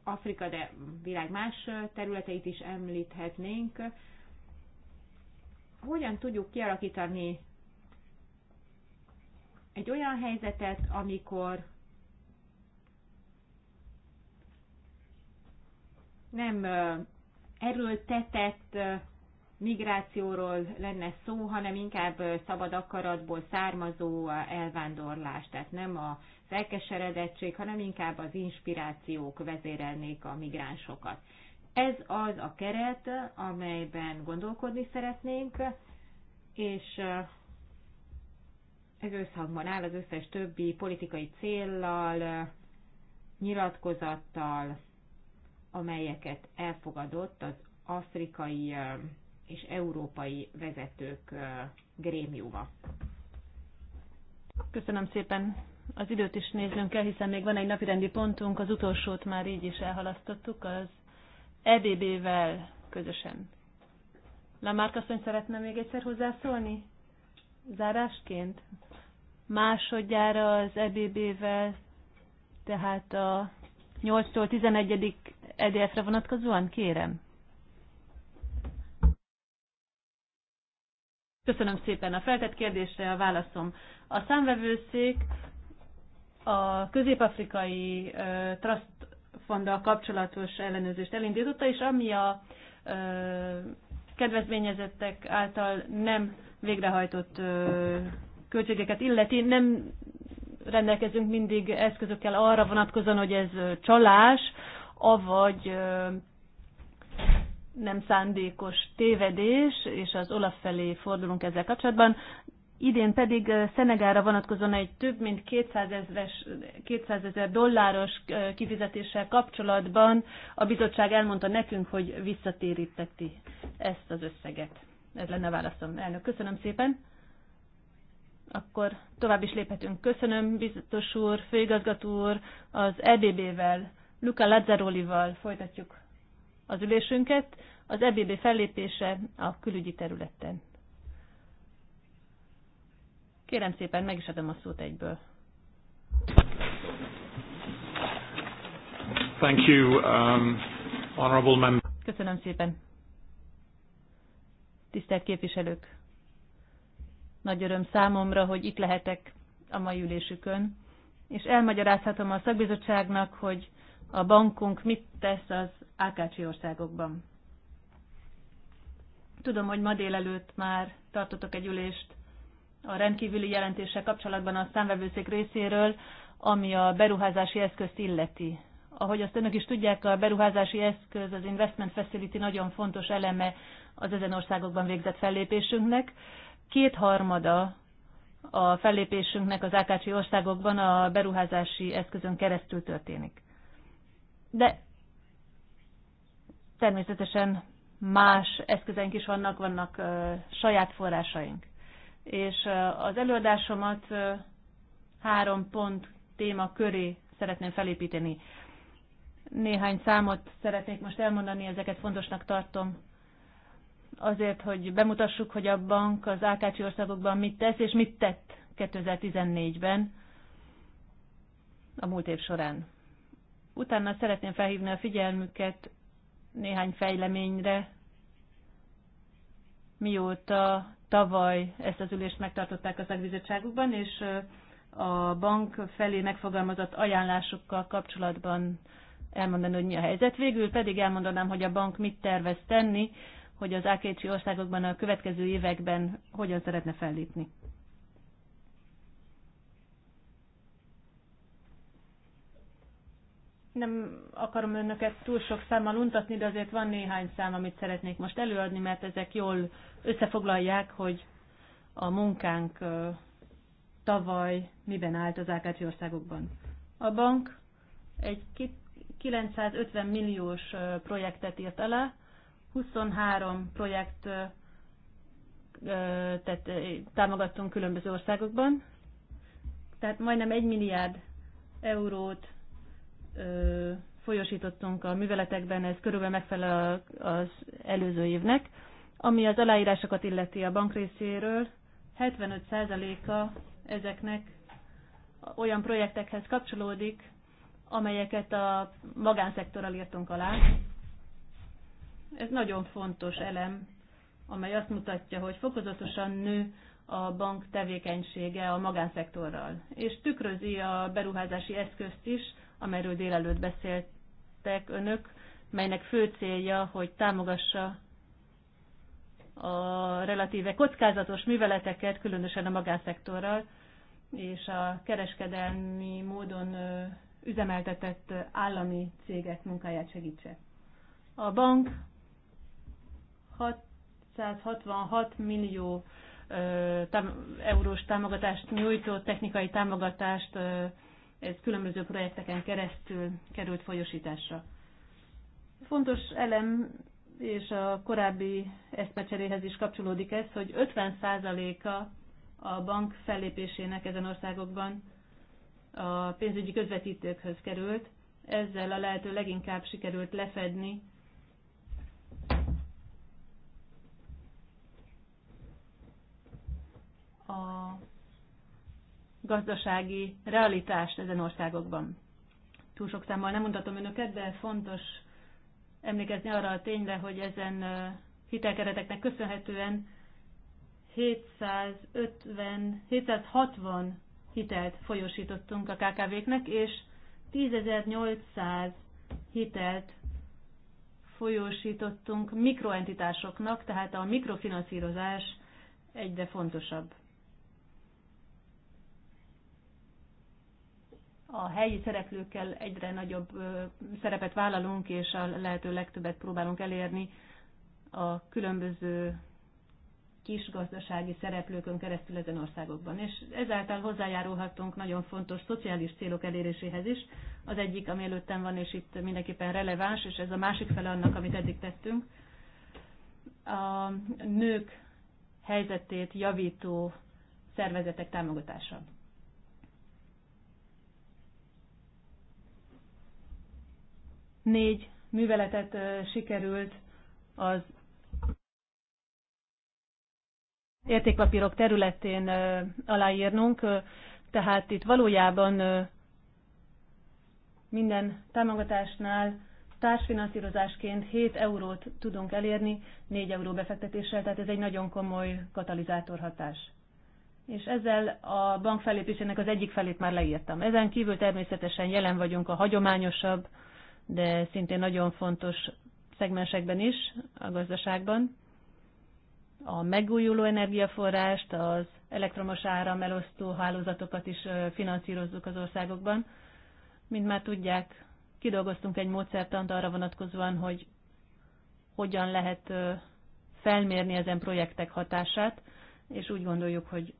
Afrika, de világ más területeit is említhetnénk, hogyan tudjuk kialakítani egy olyan helyzetet, amikor nem erőltetett migrációról lenne szó, hanem inkább szabad akaratból származó elvándorlás. Tehát nem az elkeseredettség, hanem inkább az inspirációk vezérelnék a migránsokat. Ez az a keret, amelyben gondolkodni szeretnénk, és ez összhangban áll az összes többi politikai céllal, nyilatkozattal, amelyeket elfogadott az afrikai és európai vezetők grémiuma. Köszönöm szépen. Az időt is nézzünk el, hiszen még van egy napirendi pontunk, az utolsót már így is elhalasztottuk, az EBB-vel közösen. Lamárk asszony szeretne még egyszer hozzászólni? Zárásként? Másodjára az EBB-vel, tehát a 8-tól 11. EDF-re vonatkozóan? Kérem. Köszönöm szépen a feltett kérdésre a válaszom. A számvevőszék a közép-afrikai uh, trust fonddal kapcsolatos ellenőrzést elindította, és ami a ö, kedvezményezettek által nem végrehajtott ö, költségeket illeti, nem rendelkezünk mindig eszközökkel arra vonatkozóan, hogy ez csalás, avagy ö, nem szándékos tévedés, és az Olaf felé fordulunk ezzel kapcsolatban, idén pedig Szenegára vonatkozóan egy több mint 200 ezres, 200 ezer dolláros kifizetéssel kapcsolatban a bizottság elmondta nekünk, hogy visszatéríteti ezt az összeget. Ez lenne a válaszom. Elnök, köszönöm szépen. Akkor tovább is léphetünk. Köszönöm, biztos úr, főigazgató úr, az EBB-vel, Luca Lazzarolival folytatjuk az ülésünket. Az EBB fellépése a külügyi területen. Kérem szépen, meg is adom a szót egyből. Thank you, um, honorable member. Köszönöm szépen. Tisztelt képviselők! Nagy öröm számomra, hogy itt lehetek a mai ülésükön, és elmagyarázhatom a szakbizottságnak, hogy a bankunk mit tesz az Ákácsi országokban. Tudom, hogy ma délelőtt már tartottak egy ülést a rendkívüli jelentéssel kapcsolatban a számvevőszék részéről, ami a beruházási eszközt illeti. Ahogy azt önök is tudják, a beruházási eszköz, az investment facility nagyon fontos eleme az ezen országokban végzett fellépésünknek. Kétharmada a fellépésünknek az ákácsi országokban a beruházási eszközön keresztül történik. De természetesen más eszközeink is vannak, vannak ö, saját forrásaink és az előadásomat három pont téma köré szeretném felépíteni. Néhány számot szeretnék most elmondani, ezeket fontosnak tartom azért, hogy bemutassuk, hogy a bank az Ákácsi országokban mit tesz, és mit tett 2014-ben a múlt év során. Utána szeretném felhívni a figyelmüket néhány fejleményre, mióta Tavaly ezt az ülést megtartották a szakbizottságukban, és a bank felé megfogalmazott ajánlásokkal kapcsolatban elmondani, hogy mi a helyzet. Végül pedig elmondanám, hogy a bank mit tervez tenni, hogy az AKC országokban a következő években hogyan szeretne fellépni. Nem akarom önöket túl sok számmal untatni, de azért van néhány szám, amit szeretnék most előadni, mert ezek jól összefoglalják, hogy a munkánk tavaly miben állt az AKC országokban. A bank egy 950 milliós projektet írt alá, 23 projekt tehát támogattunk különböző országokban, tehát majdnem 1 milliárd eurót folyosítottunk a műveletekben, ez körülbelül megfelel az előző évnek. Ami az aláírásokat illeti a bank részéről, 75%-a ezeknek olyan projektekhez kapcsolódik, amelyeket a magánszektorral írtunk alá. Ez nagyon fontos elem, amely azt mutatja, hogy fokozatosan nő a bank tevékenysége a magánszektorral, és tükrözi a beruházási eszközt is, amelyről délelőtt beszéltek önök, melynek fő célja, hogy támogassa a relatíve kockázatos műveleteket, különösen a magánszektorral, és a kereskedelmi módon üzemeltetett állami cégek munkáját segítse. A bank 666 millió eurós támogatást nyújtó technikai támogatást ez különböző projekteken keresztül került folyosításra. Fontos elem, és a korábbi eszmecseréhez is kapcsolódik ez, hogy 50%-a a bank fellépésének ezen országokban a pénzügyi közvetítőkhöz került, ezzel a lehető leginkább sikerült lefedni a gazdasági realitást ezen országokban. Túl sok számmal nem mutatom önöket, de fontos emlékezni arra a tényre, hogy ezen hitelkereteknek köszönhetően 750, 760 hitelt folyosítottunk a KKV-knek, és 10.800 hitelt folyósítottunk mikroentitásoknak, tehát a mikrofinanszírozás egyre fontosabb. a helyi szereplőkkel egyre nagyobb szerepet vállalunk, és a lehető legtöbbet próbálunk elérni a különböző kis gazdasági szereplőkön keresztül ezen országokban. És ezáltal hozzájárulhatunk nagyon fontos szociális célok eléréséhez is. Az egyik, ami előttem van, és itt mindenképpen releváns, és ez a másik fele annak, amit eddig tettünk, a nők helyzetét javító szervezetek támogatása. Négy műveletet sikerült az értékpapírok területén aláírnunk, tehát itt valójában minden támogatásnál társfinanszírozásként 7 eurót tudunk elérni 4 euró befektetéssel, tehát ez egy nagyon komoly katalizátorhatás. És ezzel a bank fellépésének az egyik felét már leírtam. Ezen kívül természetesen jelen vagyunk a hagyományosabb de szintén nagyon fontos szegmensekben is a gazdaságban. A megújuló energiaforrást, az elektromos áram elosztó hálózatokat is finanszírozzuk az országokban. Mint már tudják, kidolgoztunk egy módszertant arra vonatkozóan, hogy hogyan lehet felmérni ezen projektek hatását, és úgy gondoljuk, hogy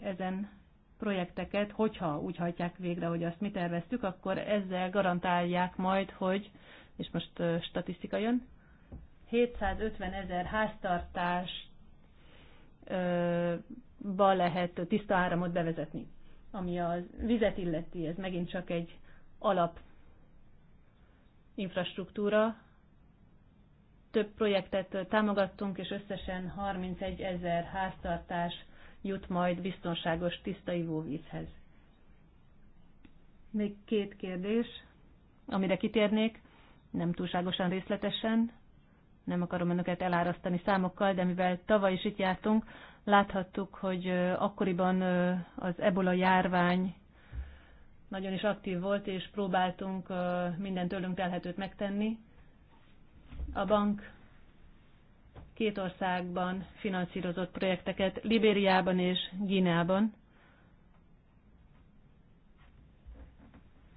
ezen projekteket, hogyha úgy hajtják végre, hogy azt mi terveztük, akkor ezzel garantálják majd, hogy, és most statisztika jön, 750 ezer háztartásba lehet tiszta áramot bevezetni. Ami a vizet illeti, ez megint csak egy alap infrastruktúra. Több projektet támogattunk, és összesen 31 ezer háztartás jut majd biztonságos, tiszta ivóvízhez. Még két kérdés, amire kitérnék, nem túlságosan részletesen, nem akarom önöket elárasztani számokkal, de mivel tavaly is itt jártunk, láthattuk, hogy akkoriban az ebola járvány nagyon is aktív volt, és próbáltunk minden tőlünk telhetőt megtenni. A bank két országban finanszírozott projekteket, Libériában és Gínában.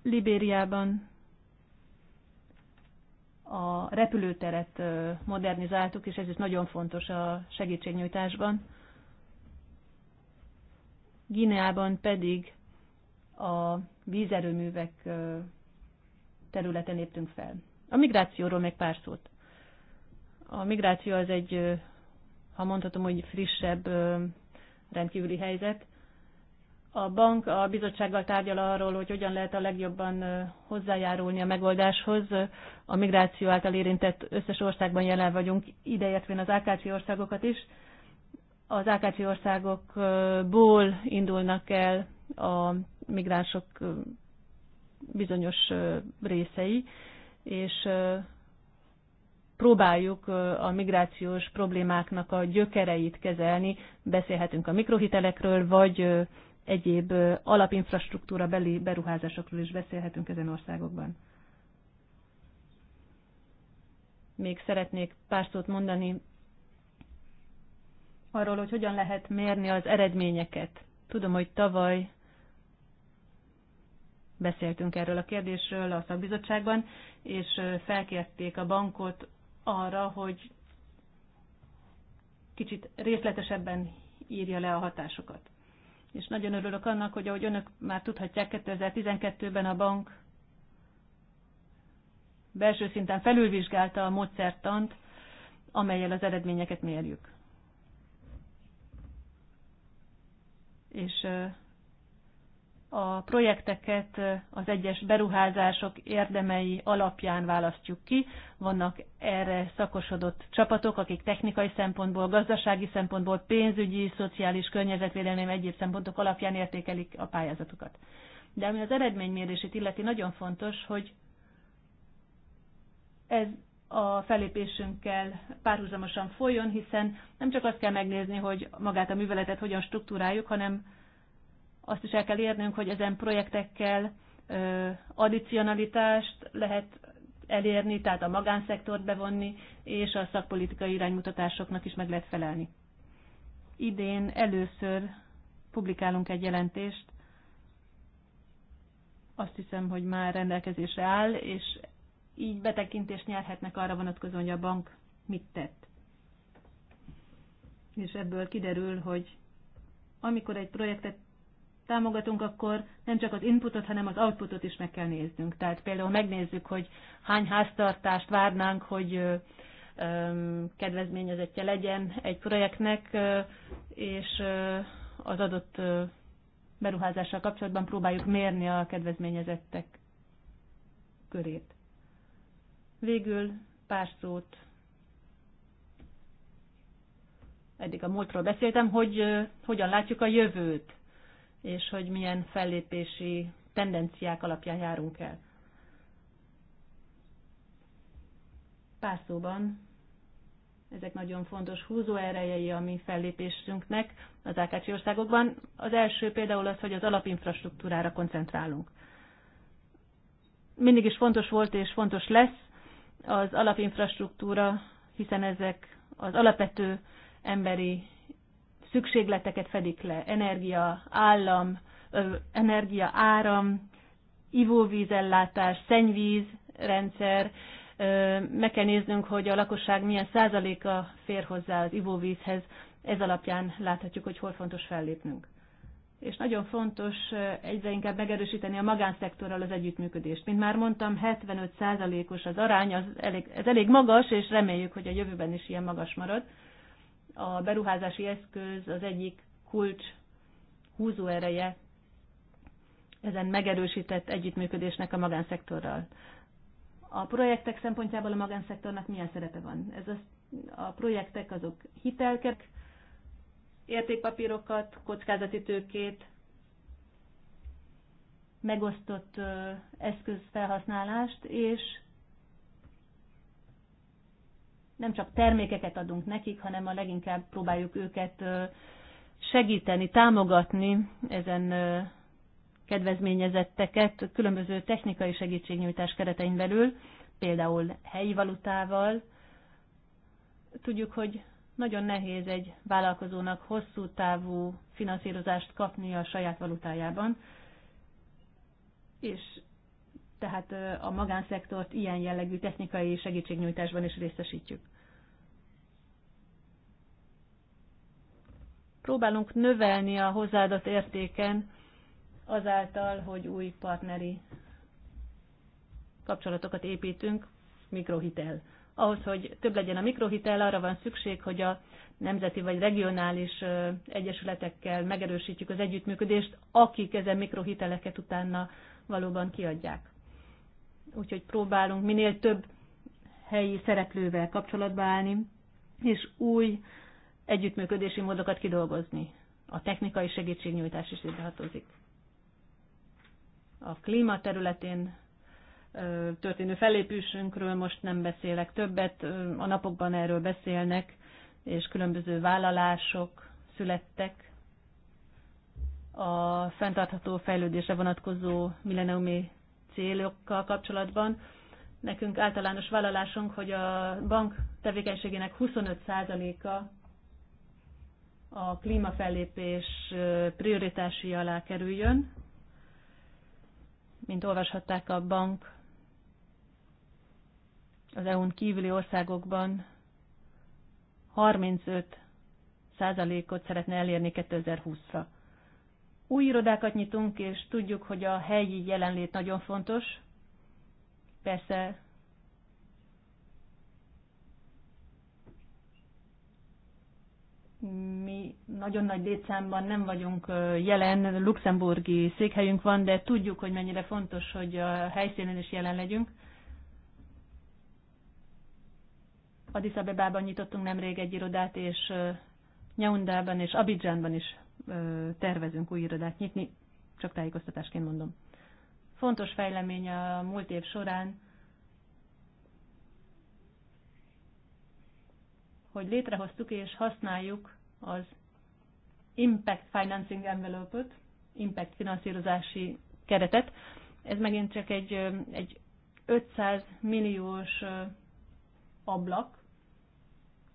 Libériában a repülőteret modernizáltuk, és ez is nagyon fontos a segítségnyújtásban. Gineában pedig a vízerőművek területen léptünk fel. A migrációról még pár szót. A migráció az egy, ha mondhatom, hogy frissebb rendkívüli helyzet. A bank a bizottsággal tárgyal arról, hogy hogyan lehet a legjobban hozzájárulni a megoldáshoz. A migráció által érintett összes országban jelen vagyunk, ideértvén az AKC országokat is. Az AKC országokból indulnak el a migránsok bizonyos részei, és próbáljuk a migrációs problémáknak a gyökereit kezelni. Beszélhetünk a mikrohitelekről, vagy egyéb alapinfrastruktúra beli beruházásokról is beszélhetünk ezen országokban. Még szeretnék pár szót mondani arról, hogy hogyan lehet mérni az eredményeket. Tudom, hogy tavaly beszéltünk erről a kérdésről a szakbizottságban, és felkérték a bankot arra, hogy kicsit részletesebben írja le a hatásokat. És nagyon örülök annak, hogy ahogy önök már tudhatják, 2012-ben a bank belső szinten felülvizsgálta a módszertant, amelyel az eredményeket mérjük. És a projekteket az egyes beruházások érdemei alapján választjuk ki. Vannak erre szakosodott csapatok, akik technikai szempontból, gazdasági szempontból, pénzügyi, szociális, környezetvédelmi egyéb szempontok alapján értékelik a pályázatokat. De ami az eredménymérését illeti, nagyon fontos, hogy ez a felépésünkkel párhuzamosan folyjon, hiszen nem csak azt kell megnézni, hogy magát a műveletet hogyan struktúráljuk, hanem azt is el kell érnünk, hogy ezen projektekkel addicionalitást lehet elérni, tehát a magánszektort bevonni, és a szakpolitikai iránymutatásoknak is meg lehet felelni. Idén először publikálunk egy jelentést, azt hiszem, hogy már rendelkezésre áll, és így betekintést nyerhetnek arra vonatkozóan, hogy a bank mit tett. És ebből kiderül, hogy amikor egy projektet támogatunk, akkor nem csak az inputot, hanem az outputot is meg kell néznünk. Tehát például megnézzük, hogy hány háztartást várnánk, hogy kedvezményezettje legyen egy projektnek, és az adott beruházással kapcsolatban próbáljuk mérni a kedvezményezettek körét. Végül pár szót. Eddig a múltról beszéltem, hogy hogyan látjuk a jövőt és hogy milyen fellépési tendenciák alapján járunk el. Pár szóban, ezek nagyon fontos húzó erejei a mi fellépésünknek az AKC országokban. Az első például az, hogy az alapinfrastruktúrára koncentrálunk. Mindig is fontos volt és fontos lesz az alapinfrastruktúra, hiszen ezek az alapvető emberi szükségleteket fedik le, energia, állam, energia, áram, ivóvízellátás, szennyvízrendszer, rendszer meg kell néznünk, hogy a lakosság milyen százaléka fér hozzá az ivóvízhez, ez alapján láthatjuk, hogy hol fontos fellépnünk. És nagyon fontos egyre inkább megerősíteni a magánszektorral az együttműködést. Mint már mondtam, 75%-os az arány, az elég, ez elég magas, és reméljük, hogy a jövőben is ilyen magas marad a beruházási eszköz az egyik kulcs húzóereje ezen megerősített együttműködésnek a magánszektorral. A projektek szempontjából a magánszektornak milyen szerepe van? Ez az, a projektek azok hitelkek, értékpapírokat, kockázati tőkét, megosztott eszközfelhasználást és nem csak termékeket adunk nekik, hanem a leginkább próbáljuk őket segíteni, támogatni ezen kedvezményezetteket különböző technikai segítségnyújtás keretein belül, például helyi valutával. Tudjuk, hogy nagyon nehéz egy vállalkozónak hosszú távú finanszírozást kapni a saját valutájában, és tehát a magánszektort ilyen jellegű technikai segítségnyújtásban is részesítjük. Próbálunk növelni a hozzáadott értéken azáltal, hogy új partneri kapcsolatokat építünk, mikrohitel. Ahhoz, hogy több legyen a mikrohitel, arra van szükség, hogy a nemzeti vagy regionális egyesületekkel megerősítjük az együttműködést, akik ezen mikrohiteleket utána valóban kiadják. Úgyhogy próbálunk minél több helyi szereplővel kapcsolatba állni, és új együttműködési módokat kidolgozni. A technikai segítségnyújtás is ide A klíma területén történő fellépésünkről most nem beszélek többet, a napokban erről beszélnek, és különböző vállalások születtek a fenntartható fejlődésre vonatkozó milleniumi célokkal kapcsolatban. Nekünk általános vállalásunk, hogy a bank tevékenységének 25%-a a klímafellépés prioritási alá kerüljön. Mint olvashatták a bank, az EU-n kívüli országokban 35 százalékot szeretne elérni 2020-ra. Új irodákat nyitunk, és tudjuk, hogy a helyi jelenlét nagyon fontos. Persze mi nagyon nagy létszámban nem vagyunk jelen, luxemburgi székhelyünk van, de tudjuk, hogy mennyire fontos, hogy a helyszínen is jelen legyünk. Addis Abebában nyitottunk nemrég egy irodát, és Nyaundában és Abidjanban is tervezünk új irodát nyitni, csak tájékoztatásként mondom. Fontos fejlemény a múlt év során hogy létrehoztuk és használjuk az Impact Financing Envelope-ot, Impact finanszírozási keretet. Ez megint csak egy, egy 500 milliós ablak,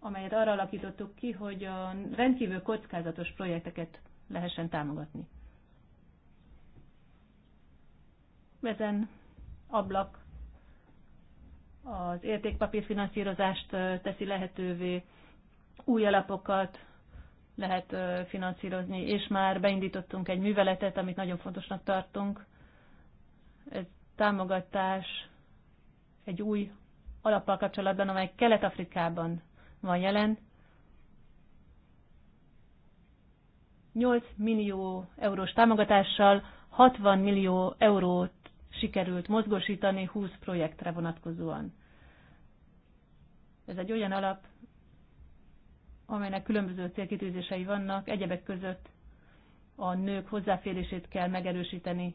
amelyet arra alakítottuk ki, hogy a rendkívül kockázatos projekteket lehessen támogatni. Ezen ablak az értékpapírfinanszírozást teszi lehetővé, új alapokat lehet finanszírozni, és már beindítottunk egy műveletet, amit nagyon fontosnak tartunk. Ez támogatás egy új alappal kapcsolatban, amely Kelet-Afrikában van jelen. 8 millió eurós támogatással 60 millió eurót sikerült mozgósítani 20 projektre vonatkozóan. Ez egy olyan alap, amelynek különböző célkitűzései vannak, egyebek között a nők hozzáférését kell megerősíteni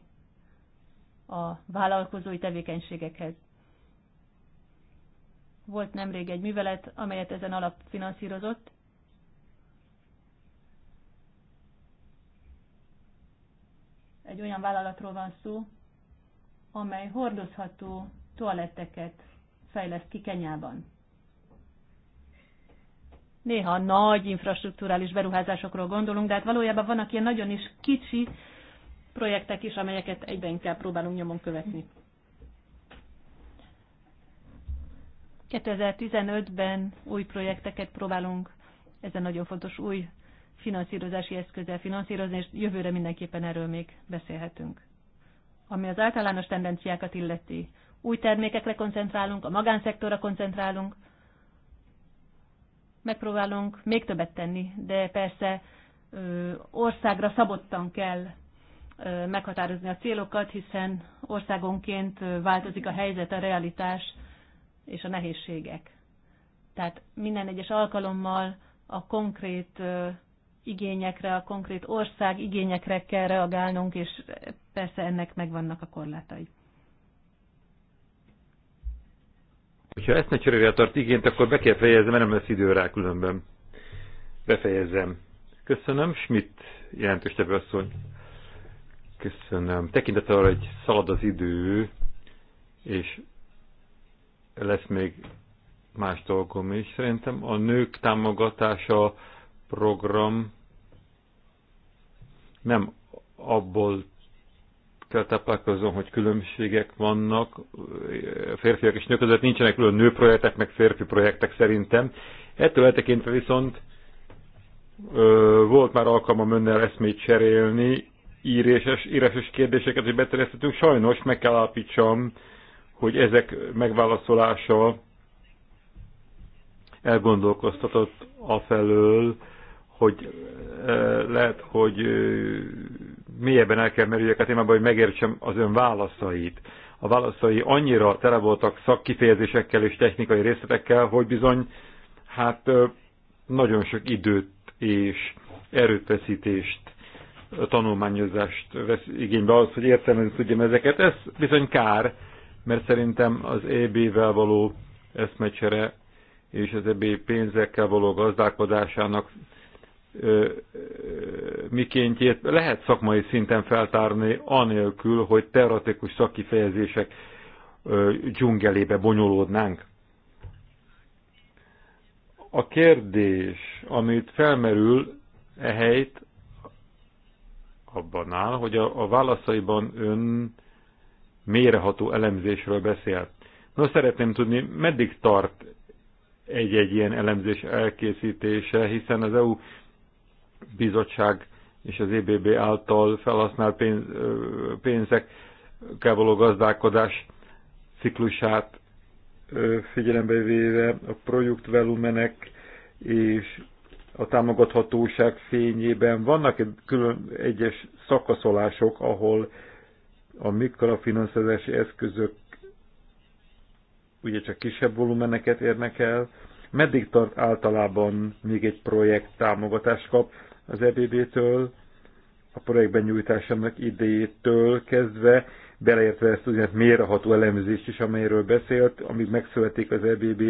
a vállalkozói tevékenységekhez. Volt nemrég egy művelet, amelyet ezen alap finanszírozott. Egy olyan vállalatról van szó, amely hordozható toaletteket fejleszt ki Kenyában. Néha nagy infrastruktúrális beruházásokról gondolunk, de hát valójában vannak ilyen nagyon is kicsi projektek is, amelyeket egyben inkább próbálunk nyomon követni. 2015-ben új projekteket próbálunk ezen nagyon fontos új finanszírozási eszközzel finanszírozni, és jövőre mindenképpen erről még beszélhetünk. Ami az általános tendenciákat illeti, új termékekre koncentrálunk, a magánszektorra koncentrálunk, megpróbálunk még többet tenni, de persze országra szabottan kell meghatározni a célokat, hiszen országonként változik a helyzet, a realitás és a nehézségek. Tehát minden egyes alkalommal a konkrét igényekre, a konkrét ország igényekre kell reagálnunk, és persze ennek megvannak a korlátai. Ha ezt ne cserére tart igényt, akkor be kell fejezzem, mert nem lesz idő rá különben. Befejezem. Köszönöm, Schmidt jelentős asszony. Köszönöm. Tekintet arra, hogy szalad az idő, és lesz még más dolgom is. Szerintem a nők támogatása program nem abból kell táplálkozom, hogy különbségek vannak, férfiak és nők között nincsenek külön nőprojektek, meg férfi projektek szerintem. Ettől eltekintve viszont ö, volt már alkalmam önnel eszmét cserélni, íréses, írásos kérdéseket is beterjesztettünk. Sajnos meg kell állapítsam, hogy ezek megválaszolása elgondolkoztatott afelől, hogy lehet, hogy mélyebben el kell merüljek a témába, hogy megértsem az ön válaszait. A válaszai annyira tele voltak szakkifejezésekkel és technikai részletekkel, hogy bizony, hát nagyon sok időt és erőfeszítést, tanulmányozást vesz igénybe az, hogy értelmezni tudjam ezeket. Ez bizony kár, mert szerintem az EB-vel való eszmecsere és az EB pénzekkel való gazdálkodásának mikéntjét lehet szakmai szinten feltárni, anélkül, hogy teoretikus szakifejezések dzsungelébe bonyolódnánk. A kérdés, amit felmerül ehelyt, abban áll, hogy a, a válaszaiban ön méreható elemzésről beszél. Nos, szeretném tudni, meddig tart egy-egy ilyen elemzés elkészítése, hiszen az EU bizottság és az EBB által felhasznált pénz, pénzekkel való gazdálkodás ciklusát figyelembe véve a projekt velumenek és a támogathatóság fényében vannak külön egyes szakaszolások, ahol a mikrofinanszírozási eszközök ugye csak kisebb volumeneket érnek el, meddig tart általában még egy projekt támogatást kap, az EBB-től, a projektben nyújtásának idejétől kezdve, beleértve ezt úgynevezett méreható elemzést is, amelyről beszélt, amíg megszületik az EBB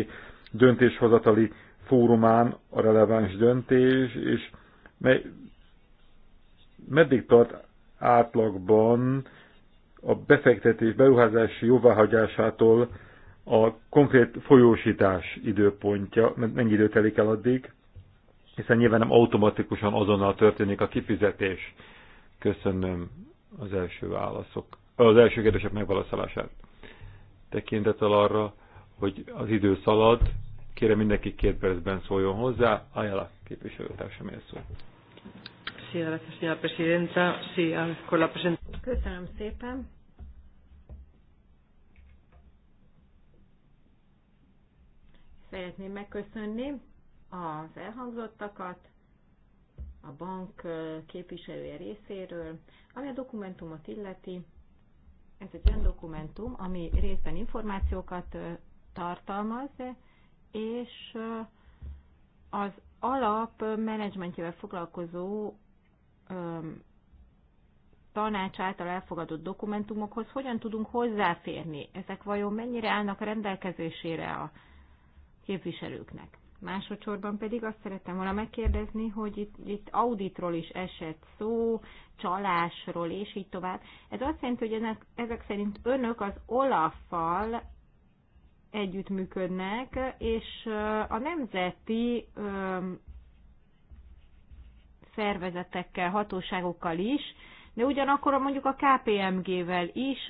döntéshozatali fórumán a releváns döntés, és mely, meddig tart átlagban a befektetés beruházási jóváhagyásától a konkrét folyósítás időpontja, mennyi idő telik el addig, hiszen nyilván nem automatikusan azonnal történik a kifizetés. Köszönöm az első válaszok, az első kérdések megválaszolását. Tekintettel arra, hogy az idő szalad, kérem mindenki két percben szóljon hozzá, Ajala képviselőtársam él szó. Köszönöm szépen. Szeretném megköszönni az elhangzottakat a bank képviselője részéről, ami a dokumentumot illeti. Ez egy olyan dokumentum, ami részben információkat tartalmaz, és az alap menedzsmentjével foglalkozó tanács által elfogadott dokumentumokhoz hogyan tudunk hozzáférni? Ezek vajon mennyire állnak a rendelkezésére a képviselőknek? Másodszorban pedig azt szerettem volna megkérdezni, hogy itt, itt auditról is esett szó, csalásról és így tovább. Ez azt jelenti, hogy ennek, ezek szerint önök az Olaffal együttműködnek, és a nemzeti szervezetekkel, hatóságokkal is, de ugyanakkor mondjuk a KPMG-vel is,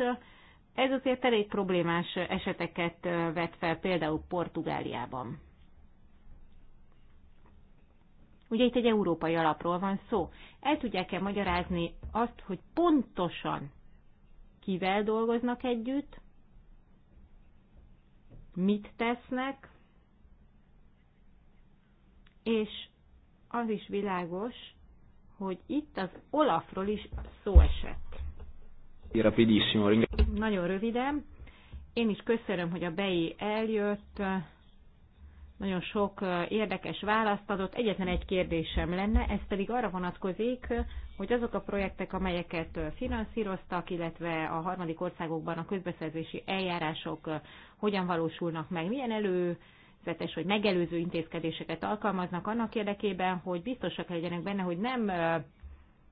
ez azért elég problémás eseteket vet fel, például Portugáliában. Ugye itt egy európai alapról van szó. El tudják-e magyarázni azt, hogy pontosan kivel dolgoznak együtt, mit tesznek, és az is világos, hogy itt az Olafról is szó esett. Rapidissimo. Nagyon röviden. Én is köszönöm, hogy a BEI eljött, nagyon sok érdekes választ adott. Egyetlen egy kérdésem lenne, ez pedig arra vonatkozik, hogy azok a projektek, amelyeket finanszíroztak, illetve a harmadik országokban a közbeszerzési eljárások hogyan valósulnak meg, milyen előzetes vagy megelőző intézkedéseket alkalmaznak annak érdekében, hogy biztosak legyenek benne, hogy nem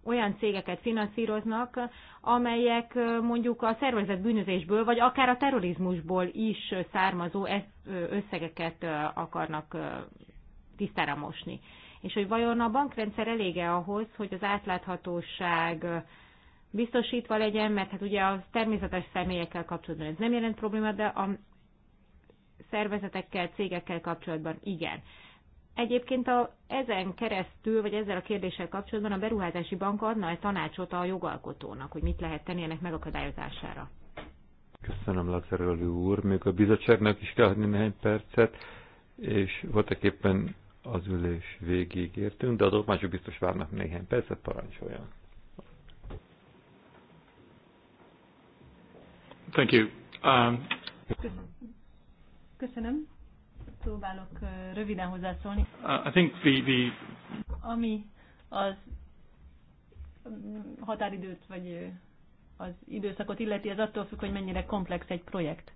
olyan cégeket finanszíroznak, amelyek mondjuk a szervezett bűnözésből, vagy akár a terrorizmusból is származó e-, összegeket akarnak tisztára mosni. És hogy vajon a bankrendszer elége ahhoz, hogy az átláthatóság biztosítva legyen, mert hát ugye a természetes személyekkel kapcsolatban ez nem jelent problémát, de a szervezetekkel, cégekkel kapcsolatban igen. Egyébként a, ezen keresztül, vagy ezzel a kérdéssel kapcsolatban a beruházási bank adna-e tanácsot a jogalkotónak, hogy mit lehet tenni ennek megakadályozására? Köszönöm, Lazarolő úr. Még a bizottságnak is kell adni néhány percet, és voltak éppen az ülés végig értünk, de azok mások biztos várnak néhány percet, parancsoljon. Thank you. Um... Köszönöm próbálok röviden hozzászólni. Uh, I think the, the... Ami az mm, határidőt, vagy az időszakot illeti, az attól függ, hogy mennyire komplex egy projekt.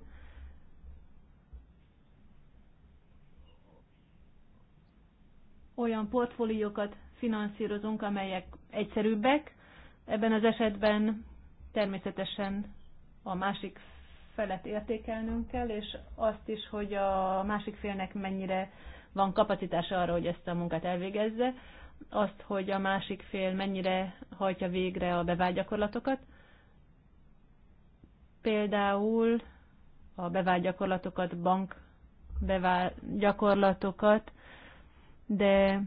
Olyan portfóliókat finanszírozunk, amelyek egyszerűbbek. Ebben az esetben természetesen a másik felet értékelnünk kell, és azt is, hogy a másik félnek mennyire van kapacitása arra, hogy ezt a munkát elvégezze, azt, hogy a másik fél mennyire hajtja végre a bevált gyakorlatokat. Például a bevált gyakorlatokat, bank bevált gyakorlatokat, de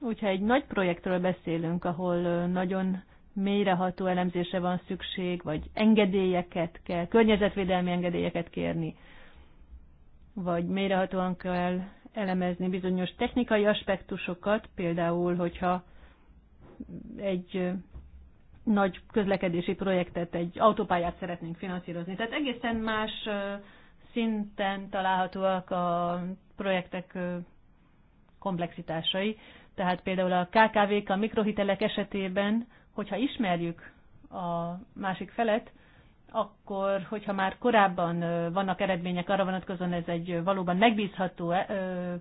hogyha egy nagy projektről beszélünk, ahol nagyon mélyreható elemzése van szükség, vagy engedélyeket kell, környezetvédelmi engedélyeket kérni, vagy mélyrehatóan kell elemezni bizonyos technikai aspektusokat, például, hogyha egy nagy közlekedési projektet, egy autópályát szeretnénk finanszírozni. Tehát egészen más szinten találhatóak a projektek komplexitásai. Tehát például a KKV-k, a mikrohitelek esetében hogyha ismerjük a másik felet, akkor, hogyha már korábban vannak eredmények arra vonatkozóan, ez egy valóban megbízható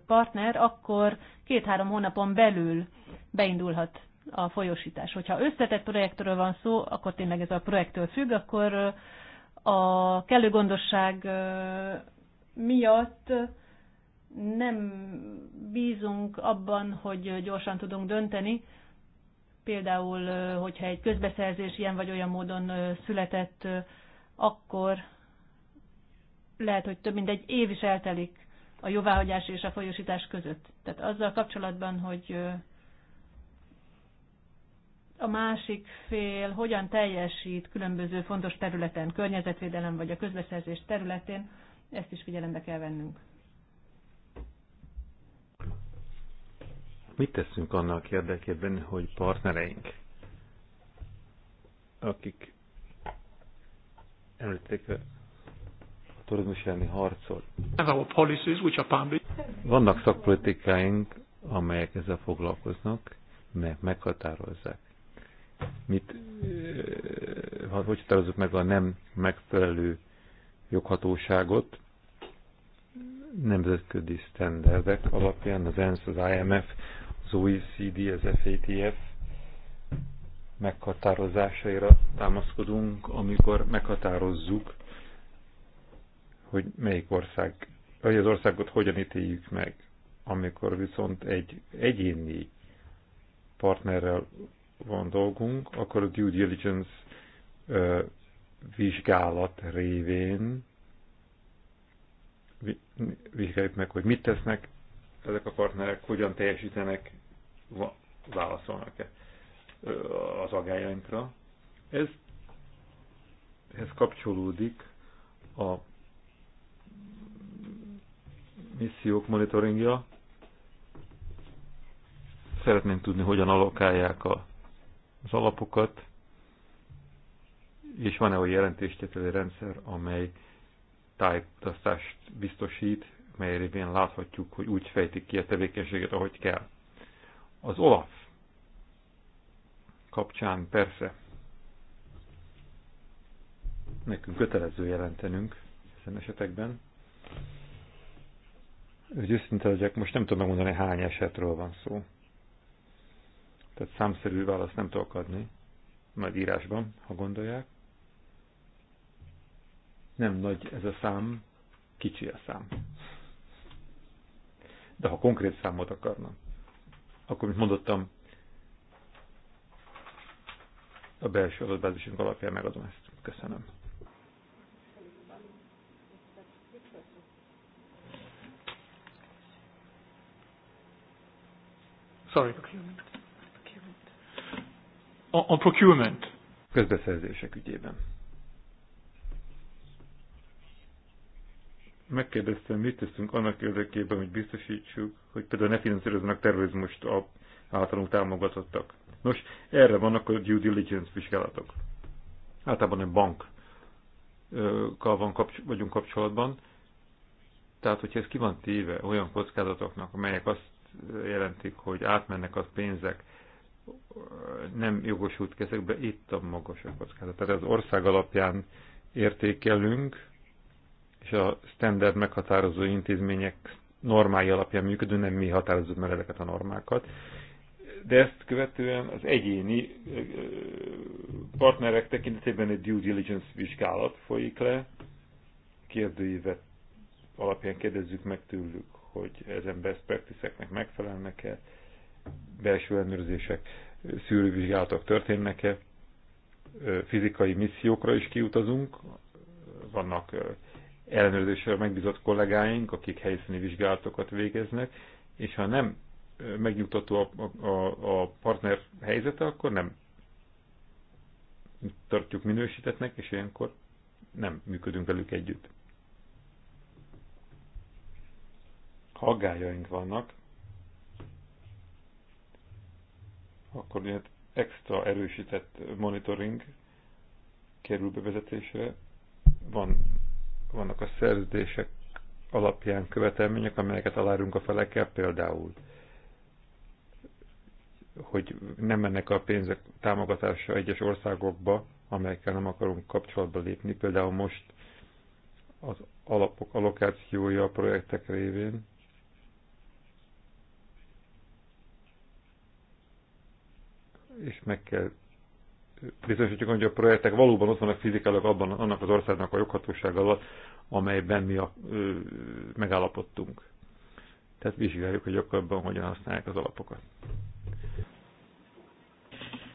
partner, akkor két-három hónapon belül beindulhat a folyósítás. Hogyha összetett projektről van szó, akkor tényleg ez a projektől függ, akkor a kellő gondosság miatt nem bízunk abban, hogy gyorsan tudunk dönteni, Például, hogyha egy közbeszerzés ilyen vagy olyan módon született, akkor lehet, hogy több mint egy év is eltelik a jóváhagyás és a folyosítás között. Tehát azzal kapcsolatban, hogy a másik fél hogyan teljesít különböző fontos területen, környezetvédelem vagy a közbeszerzés területén, ezt is figyelembe kell vennünk. Mit teszünk annak érdekében, hogy partnereink, akik említették a turizmus elleni harcot. Vannak szakpolitikáink, amelyek ezzel foglalkoznak, mert meghatározzák. Mit, eh, hogy határozzuk meg a nem megfelelő joghatóságot, nemzetközi sztenderdek alapján az ENSZ, az IMF az OECD, az FATF meghatározásaira támaszkodunk, amikor meghatározzuk, hogy melyik ország, vagy az országot hogyan ítéljük meg. Amikor viszont egy egyéni partnerrel van dolgunk, akkor a due diligence ö, vizsgálat révén vizsgáljuk meg, hogy mit tesznek ezek a partnerek hogyan teljesítenek, válaszolnak-e az agályainkra. Ez, ez kapcsolódik a missziók monitoringja. Szeretném tudni, hogyan alokálják a, az alapokat, és van-e olyan jelentéstételi rendszer, amely tájékoztatást biztosít mely révén láthatjuk, hogy úgy fejtik ki a tevékenységet, ahogy kell. Az Olaf kapcsán persze nekünk kötelező jelentenünk ezen esetekben. Hogy őszinte legyek, most nem tudom megmondani, hány esetről van szó. Tehát számszerű választ nem tudok adni, majd írásban, ha gondolják. Nem nagy ez a szám, kicsi a szám. De ha konkrét számot akarna, akkor, mint mondottam, a belső adatbázisunk alapján megadom ezt. Köszönöm. Sorry. Procurement. Procurement. On, on procurement. Közbeszerzések ügyében. megkérdeztem, mit teszünk annak érdekében, hogy biztosítsuk, hogy például ne finanszírozzanak terrorizmust a általunk támogatottak. Nos, erre vannak a due diligence vizsgálatok. Általában egy bankkal van kapcs vagyunk kapcsolatban, tehát hogyha ez ki van téve olyan kockázatoknak, amelyek azt jelentik, hogy átmennek az pénzek, nem jogosult kezekbe, itt a magasabb kockázat. Tehát az ország alapján értékelünk, és a standard meghatározó intézmények normái alapján működő, nem mi határozunk meg ezeket a normákat. De ezt követően az egyéni partnerek tekintetében egy due diligence vizsgálat folyik le, kérdőívet alapján kérdezzük meg tőlük, hogy ezen best practice-eknek megfelelnek-e, belső ellenőrzések, szűrővizsgálatok történnek-e, fizikai missziókra is kiutazunk, vannak ellenőrzésre megbízott kollégáink, akik helyszíni vizsgálatokat végeznek, és ha nem megnyugtató a, a, a partner helyzete, akkor nem tartjuk minősítetnek, és ilyenkor nem működünk velük együtt. Ha aggájaink vannak, akkor ilyen hát extra erősített monitoring kerül bevezetésre. Van vannak a szerződések alapján követelmények, amelyeket alárunk a felekkel, például hogy nem mennek a pénzek támogatása egyes országokba, amelyekkel nem akarunk kapcsolatba lépni. Például most az alapok allokációja a projektek révén. És meg kell bizonyosítjuk, hogy a projektek valóban ott vannak fizikailag abban annak az országnak a joghatóság alatt, amelyben mi a, ö, megállapodtunk. Tehát vizsgáljuk, hogy gyakorlatban hogyan használják az alapokat.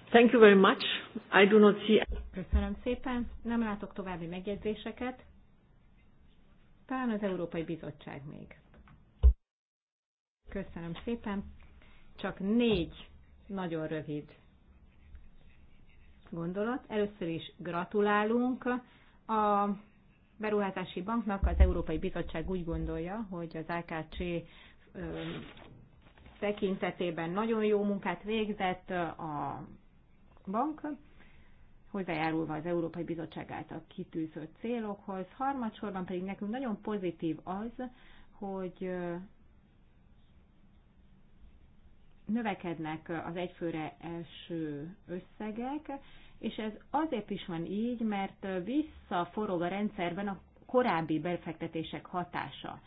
Thank you very much. I do not see... Köszönöm szépen. Nem látok további megjegyzéseket. Talán az Európai Bizottság még. Köszönöm szépen. Csak négy nagyon rövid gondolat. Először is gratulálunk a beruházási banknak. Az Európai Bizottság úgy gondolja, hogy az AKC tekintetében nagyon jó munkát végzett a bank, hozzájárulva az Európai Bizottság által kitűzött célokhoz. Harmadsorban pedig nekünk nagyon pozitív az, hogy növekednek az egyfőre első összegek, és ez azért is van így, mert visszaforog a rendszerben a korábbi befektetések hatása.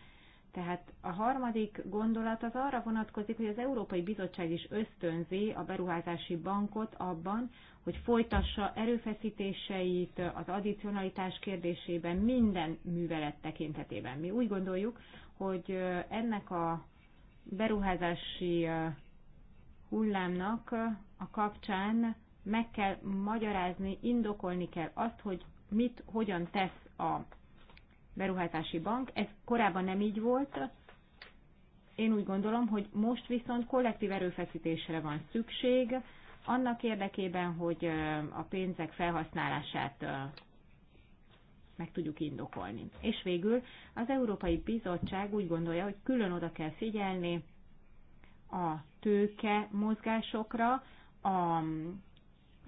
Tehát a harmadik gondolat az arra vonatkozik, hogy az Európai Bizottság is ösztönzi a beruházási bankot abban, hogy folytassa erőfeszítéseit az addicionalitás kérdésében minden művelet tekintetében. Mi úgy gondoljuk, hogy ennek a beruházási hullámnak a kapcsán meg kell magyarázni, indokolni kell azt, hogy mit, hogyan tesz a beruházási bank. Ez korábban nem így volt. Én úgy gondolom, hogy most viszont kollektív erőfeszítésre van szükség, annak érdekében, hogy a pénzek felhasználását meg tudjuk indokolni. És végül az Európai Bizottság úgy gondolja, hogy külön oda kell figyelni a tőke mozgásokra, a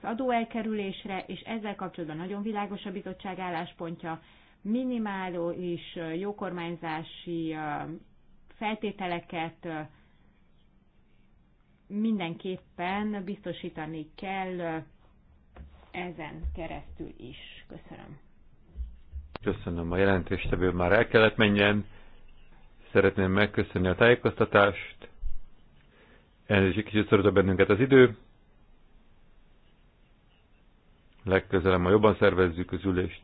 az adóelkerülésre, és ezzel kapcsolatban nagyon világos a bizottság álláspontja, minimáló és jókormányzási feltételeket mindenképpen biztosítani kell ezen keresztül is. Köszönöm. Köszönöm a jelentéstevő, már el kellett menjen. Szeretném megköszönni a tájékoztatást ez is egy kicsit szorozza bennünket az idő. Legközelebb, ma jobban szervezzük az ülést.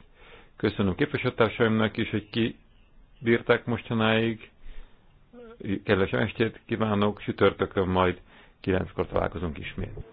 Köszönöm képviselőtársaimnak is, hogy ki bírták mostanáig. Kedves estét kívánok, sütörtökön majd kilenckor találkozunk ismét.